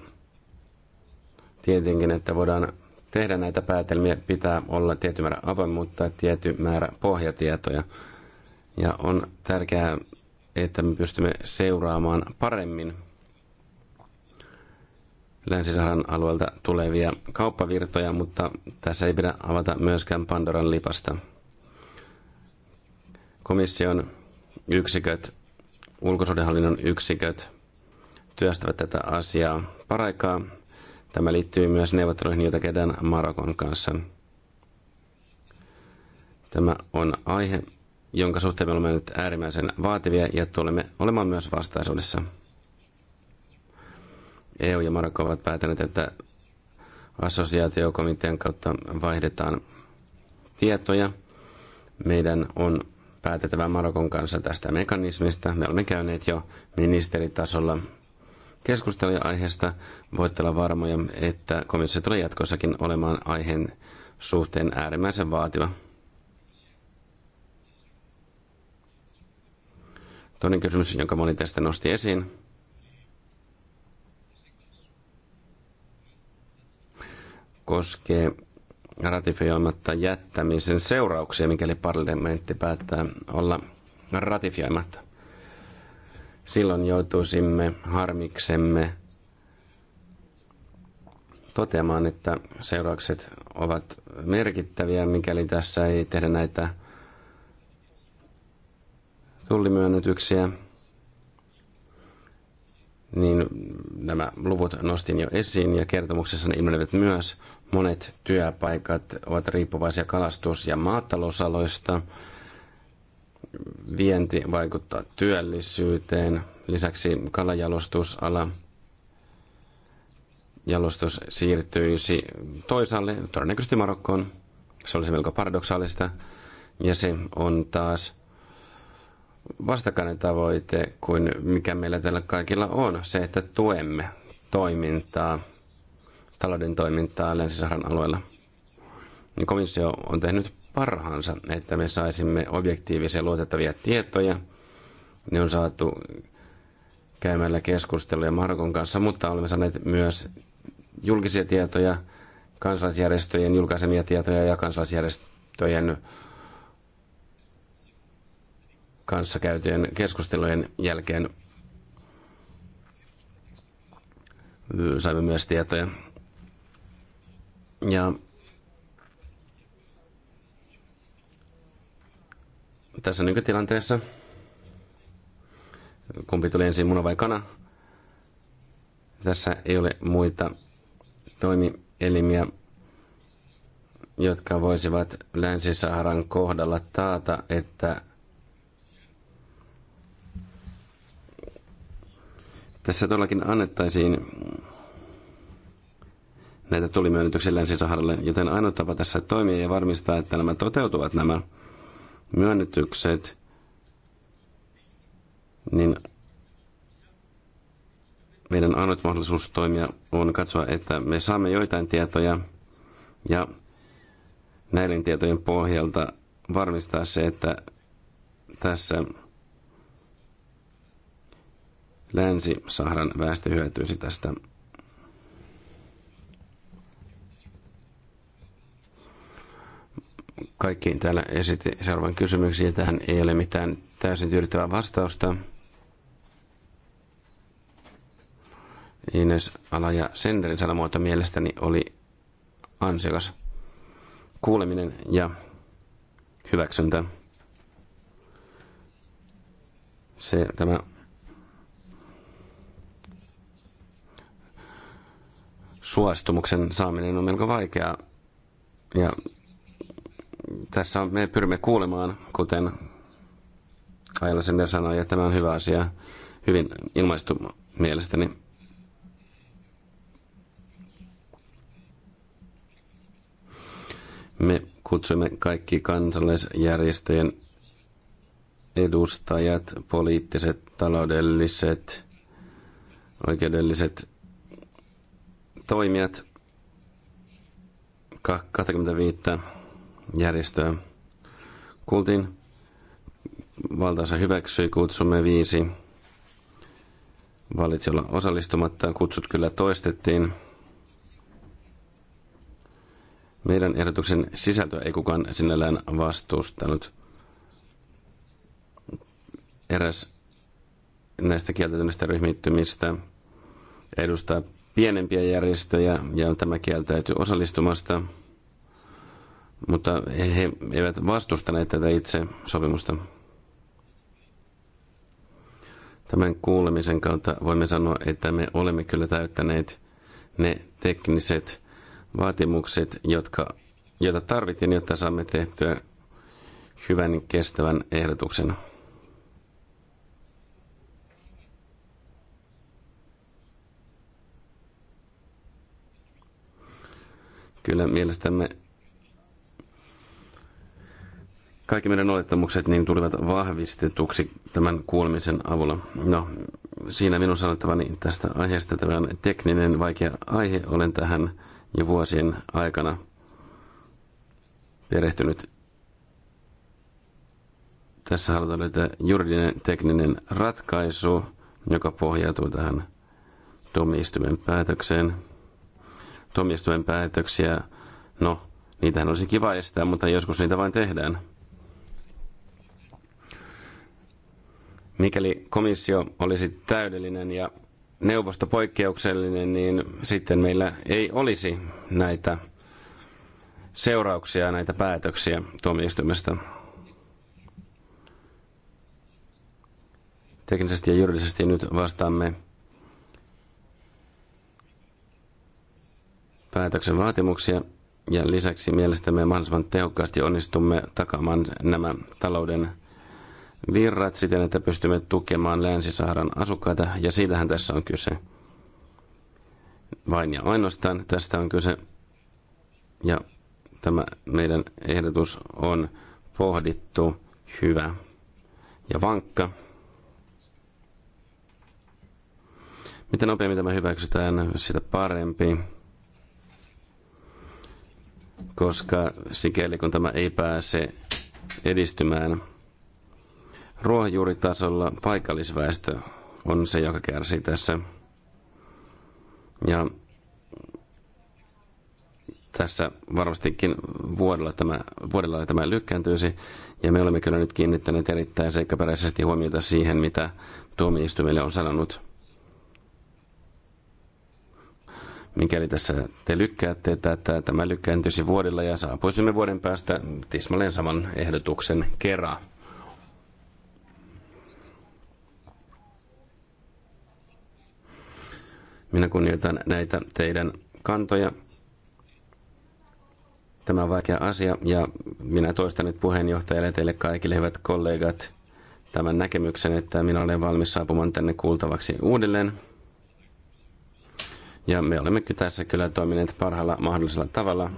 tietenkin, että voidaan tehdä näitä päätelmiä, pitää olla tietty määrä avoimuutta ja tietty määrä pohjatietoja. Ja on tärkeää, että me pystymme seuraamaan paremmin Länsi-Saharan alueelta tulevia kauppavirtoja, mutta tässä ei pidä avata myöskään Pandoran lipasta. Komission yksiköt, ulkosuhdehallinnon yksiköt työstävät tätä asiaa paraikaa. Tämä liittyy myös neuvotteluihin, joita käydään Marokon kanssa. Tämä on aihe, jonka suhteen me olemme nyt äärimmäisen vaativia ja tulemme olemaan myös vastaisuudessa. EU ja Marokko ovat päättäneet, että assosiaatiokomitean kautta vaihdetaan tietoja. Meidän on päätettävä Marokon kanssa tästä mekanismista. Me olemme käyneet jo ministeritasolla keskusteluja aiheesta. Voitte olla varmoja, että komissio tulee jatkossakin olemaan aiheen suhteen äärimmäisen vaativa. Toinen kysymys, jonka moni tästä nosti esiin. koskee ratifioimatta jättämisen seurauksia, mikäli parlamentti päättää olla ratifioimatta silloin joutuisimme harmiksemme toteamaan, että seuraukset ovat merkittäviä, mikäli tässä ei tehdä näitä tullimyönnytyksiä. Niin nämä luvut nostin jo esiin ja kertomuksessa ne ilmenevät myös. Monet työpaikat ovat riippuvaisia kalastus- ja maatalousaloista vienti vaikuttaa työllisyyteen. Lisäksi kalajalostusala jalostus siirtyisi toisaalle, todennäköisesti Marokkoon. Se olisi melko paradoksaalista. Ja se on taas vastakkainen tavoite kuin mikä meillä tällä kaikilla on. Se, että tuemme toimintaa, talouden toimintaa Länsi-Saharan alueella. Niin komissio on tehnyt parhaansa, että me saisimme objektiivisia luotettavia tietoja. Ne on saatu käymällä keskusteluja Markon kanssa, mutta olemme saaneet myös julkisia tietoja, kansalaisjärjestöjen julkaisemia tietoja ja kansalaisjärjestöjen kanssa käytyjen keskustelujen jälkeen saimme myös tietoja. Ja tässä nykytilanteessa, kumpi tuli ensin muna vai kana, tässä ei ole muita toimielimiä, jotka voisivat Länsi-Saharan kohdalla taata, että tässä todellakin annettaisiin näitä tulimyönnytyksiä Länsi-Saharalle, joten ainoa tapa tässä toimia ja varmistaa, että nämä toteutuvat nämä myönnytykset, niin meidän ainut mahdollisuus toimia on katsoa, että me saamme joitain tietoja ja näiden tietojen pohjalta varmistaa se, että tässä Länsi-Saharan väestö hyötyisi tästä kaikkiin täällä esitti seuraavan kysymyksiin. Tähän ei ole mitään täysin tyydyttävää vastausta. Ines Ala ja Senderin sanamuoto mielestäni oli ansiokas kuuleminen ja hyväksyntä. Se tämä suostumuksen saaminen on melko vaikeaa ja tässä me pyrimme kuulemaan, kuten Ajala Sender sanoi, että tämä on hyvä asia. Hyvin ilmaistu mielestäni. Me kutsuimme kaikki kansalaisjärjestöjen edustajat, poliittiset, taloudelliset, oikeudelliset toimijat 25 järjestöä kultin Valtaosa hyväksyi kutsumme viisi. Valitsi olla osallistumatta. Kutsut kyllä toistettiin. Meidän ehdotuksen sisältöä ei kukaan sinällään vastustanut. Eräs näistä kieltäytyneistä ryhmittymistä edustaa pienempiä järjestöjä ja tämä kieltäytyy osallistumasta – mutta he eivät vastustaneet tätä itse sopimusta. Tämän kuulemisen kautta voimme sanoa, että me olemme kyllä täyttäneet ne tekniset vaatimukset, jotka, joita tarvittiin, jotta saamme tehtyä hyvän kestävän ehdotuksen. Kyllä mielestämme kaikki meidän olettamukset niin tulivat vahvistetuksi tämän kuulemisen avulla. No, siinä minun sanottavani tästä aiheesta. Tämä on tekninen, vaikea aihe. Olen tähän jo vuosien aikana perehtynyt. Tässä halutaan löytää juridinen tekninen ratkaisu, joka pohjautuu tähän tuomioistuimen päätökseen. Tuomioistuimen päätöksiä, no, niitähän olisi kiva estää, mutta joskus niitä vain tehdään – Mikäli komissio olisi täydellinen ja neuvosto poikkeuksellinen, niin sitten meillä ei olisi näitä seurauksia, näitä päätöksiä tuomioistuimesta. Teknisesti ja juridisesti nyt vastaamme päätöksen vaatimuksia ja lisäksi mielestämme mahdollisimman tehokkaasti onnistumme takaamaan nämä talouden virrat siten, että pystymme tukemaan Länsi-Saharan asukkaita, ja siitähän tässä on kyse. Vain ja ainoastaan tästä on kyse. Ja tämä meidän ehdotus on pohdittu, hyvä ja vankka. Mitä nopeammin tämä hyväksytään, sitä parempi. Koska sikäli kun tämä ei pääse edistymään, ruohonjuuritasolla paikallisväestö on se, joka kärsii tässä. Ja tässä varmastikin vuodella tämä, vuodella tämä lykkääntyisi, ja me olemme kyllä nyt kiinnittäneet erittäin seikkaperäisesti huomiota siihen, mitä tuomioistuimelle on sanonut. Mikäli tässä te lykkäätte että tämä lykkääntyisi vuodella ja saapuisimme vuoden päästä tismalleen saman ehdotuksen kerran. Minä kunnioitan näitä teidän kantoja. Tämä on vaikea asia ja minä toistan nyt puheenjohtajalle teille kaikille hyvät kollegat tämän näkemyksen, että minä olen valmis saapumaan tänne kuultavaksi uudelleen. Ja me olemme tässä kyllä toimineet parhaalla mahdollisella tavalla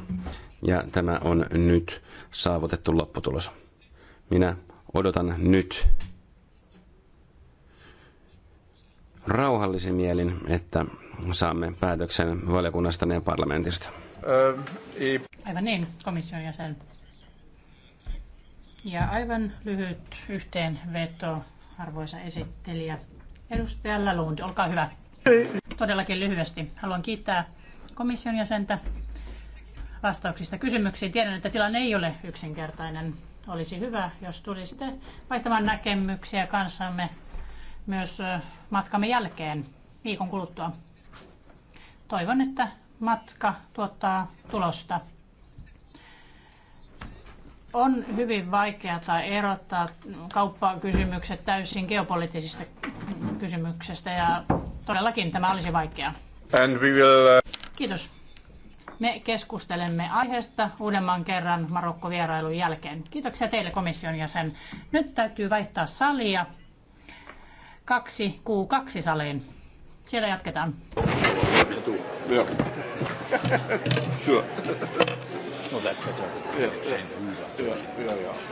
ja tämä on nyt saavutettu lopputulos. Minä odotan nyt rauhallisin mielin, että saamme päätöksen valiokunnasta ja parlamentista. Aivan niin, komission jäsen. Ja aivan lyhyt yhteenveto, arvoisa esittelijä. Edustaja Lalund, olkaa hyvä. Todellakin lyhyesti. Haluan kiittää komission jäsentä vastauksista kysymyksiin. Tiedän, että tilanne ei ole yksinkertainen. Olisi hyvä, jos tulisitte vaihtamaan näkemyksiä kanssamme myös matkamme jälkeen viikon kuluttua. Toivon, että matka tuottaa tulosta. On hyvin vaikeaa erottaa kauppakysymykset täysin geopoliittisista kysymyksestä ja todellakin tämä olisi vaikeaa. And we will, uh, Kiitos. Me keskustelemme aiheesta uudemman kerran Marokko-vierailun jälkeen. Kiitoksia teille komission jäsen. Nyt täytyy vaihtaa salia 2Q2 saliin. Siellä jatketaan. Joo. Joo. No, Joo. better. Joo. Joo. Joo. Joo.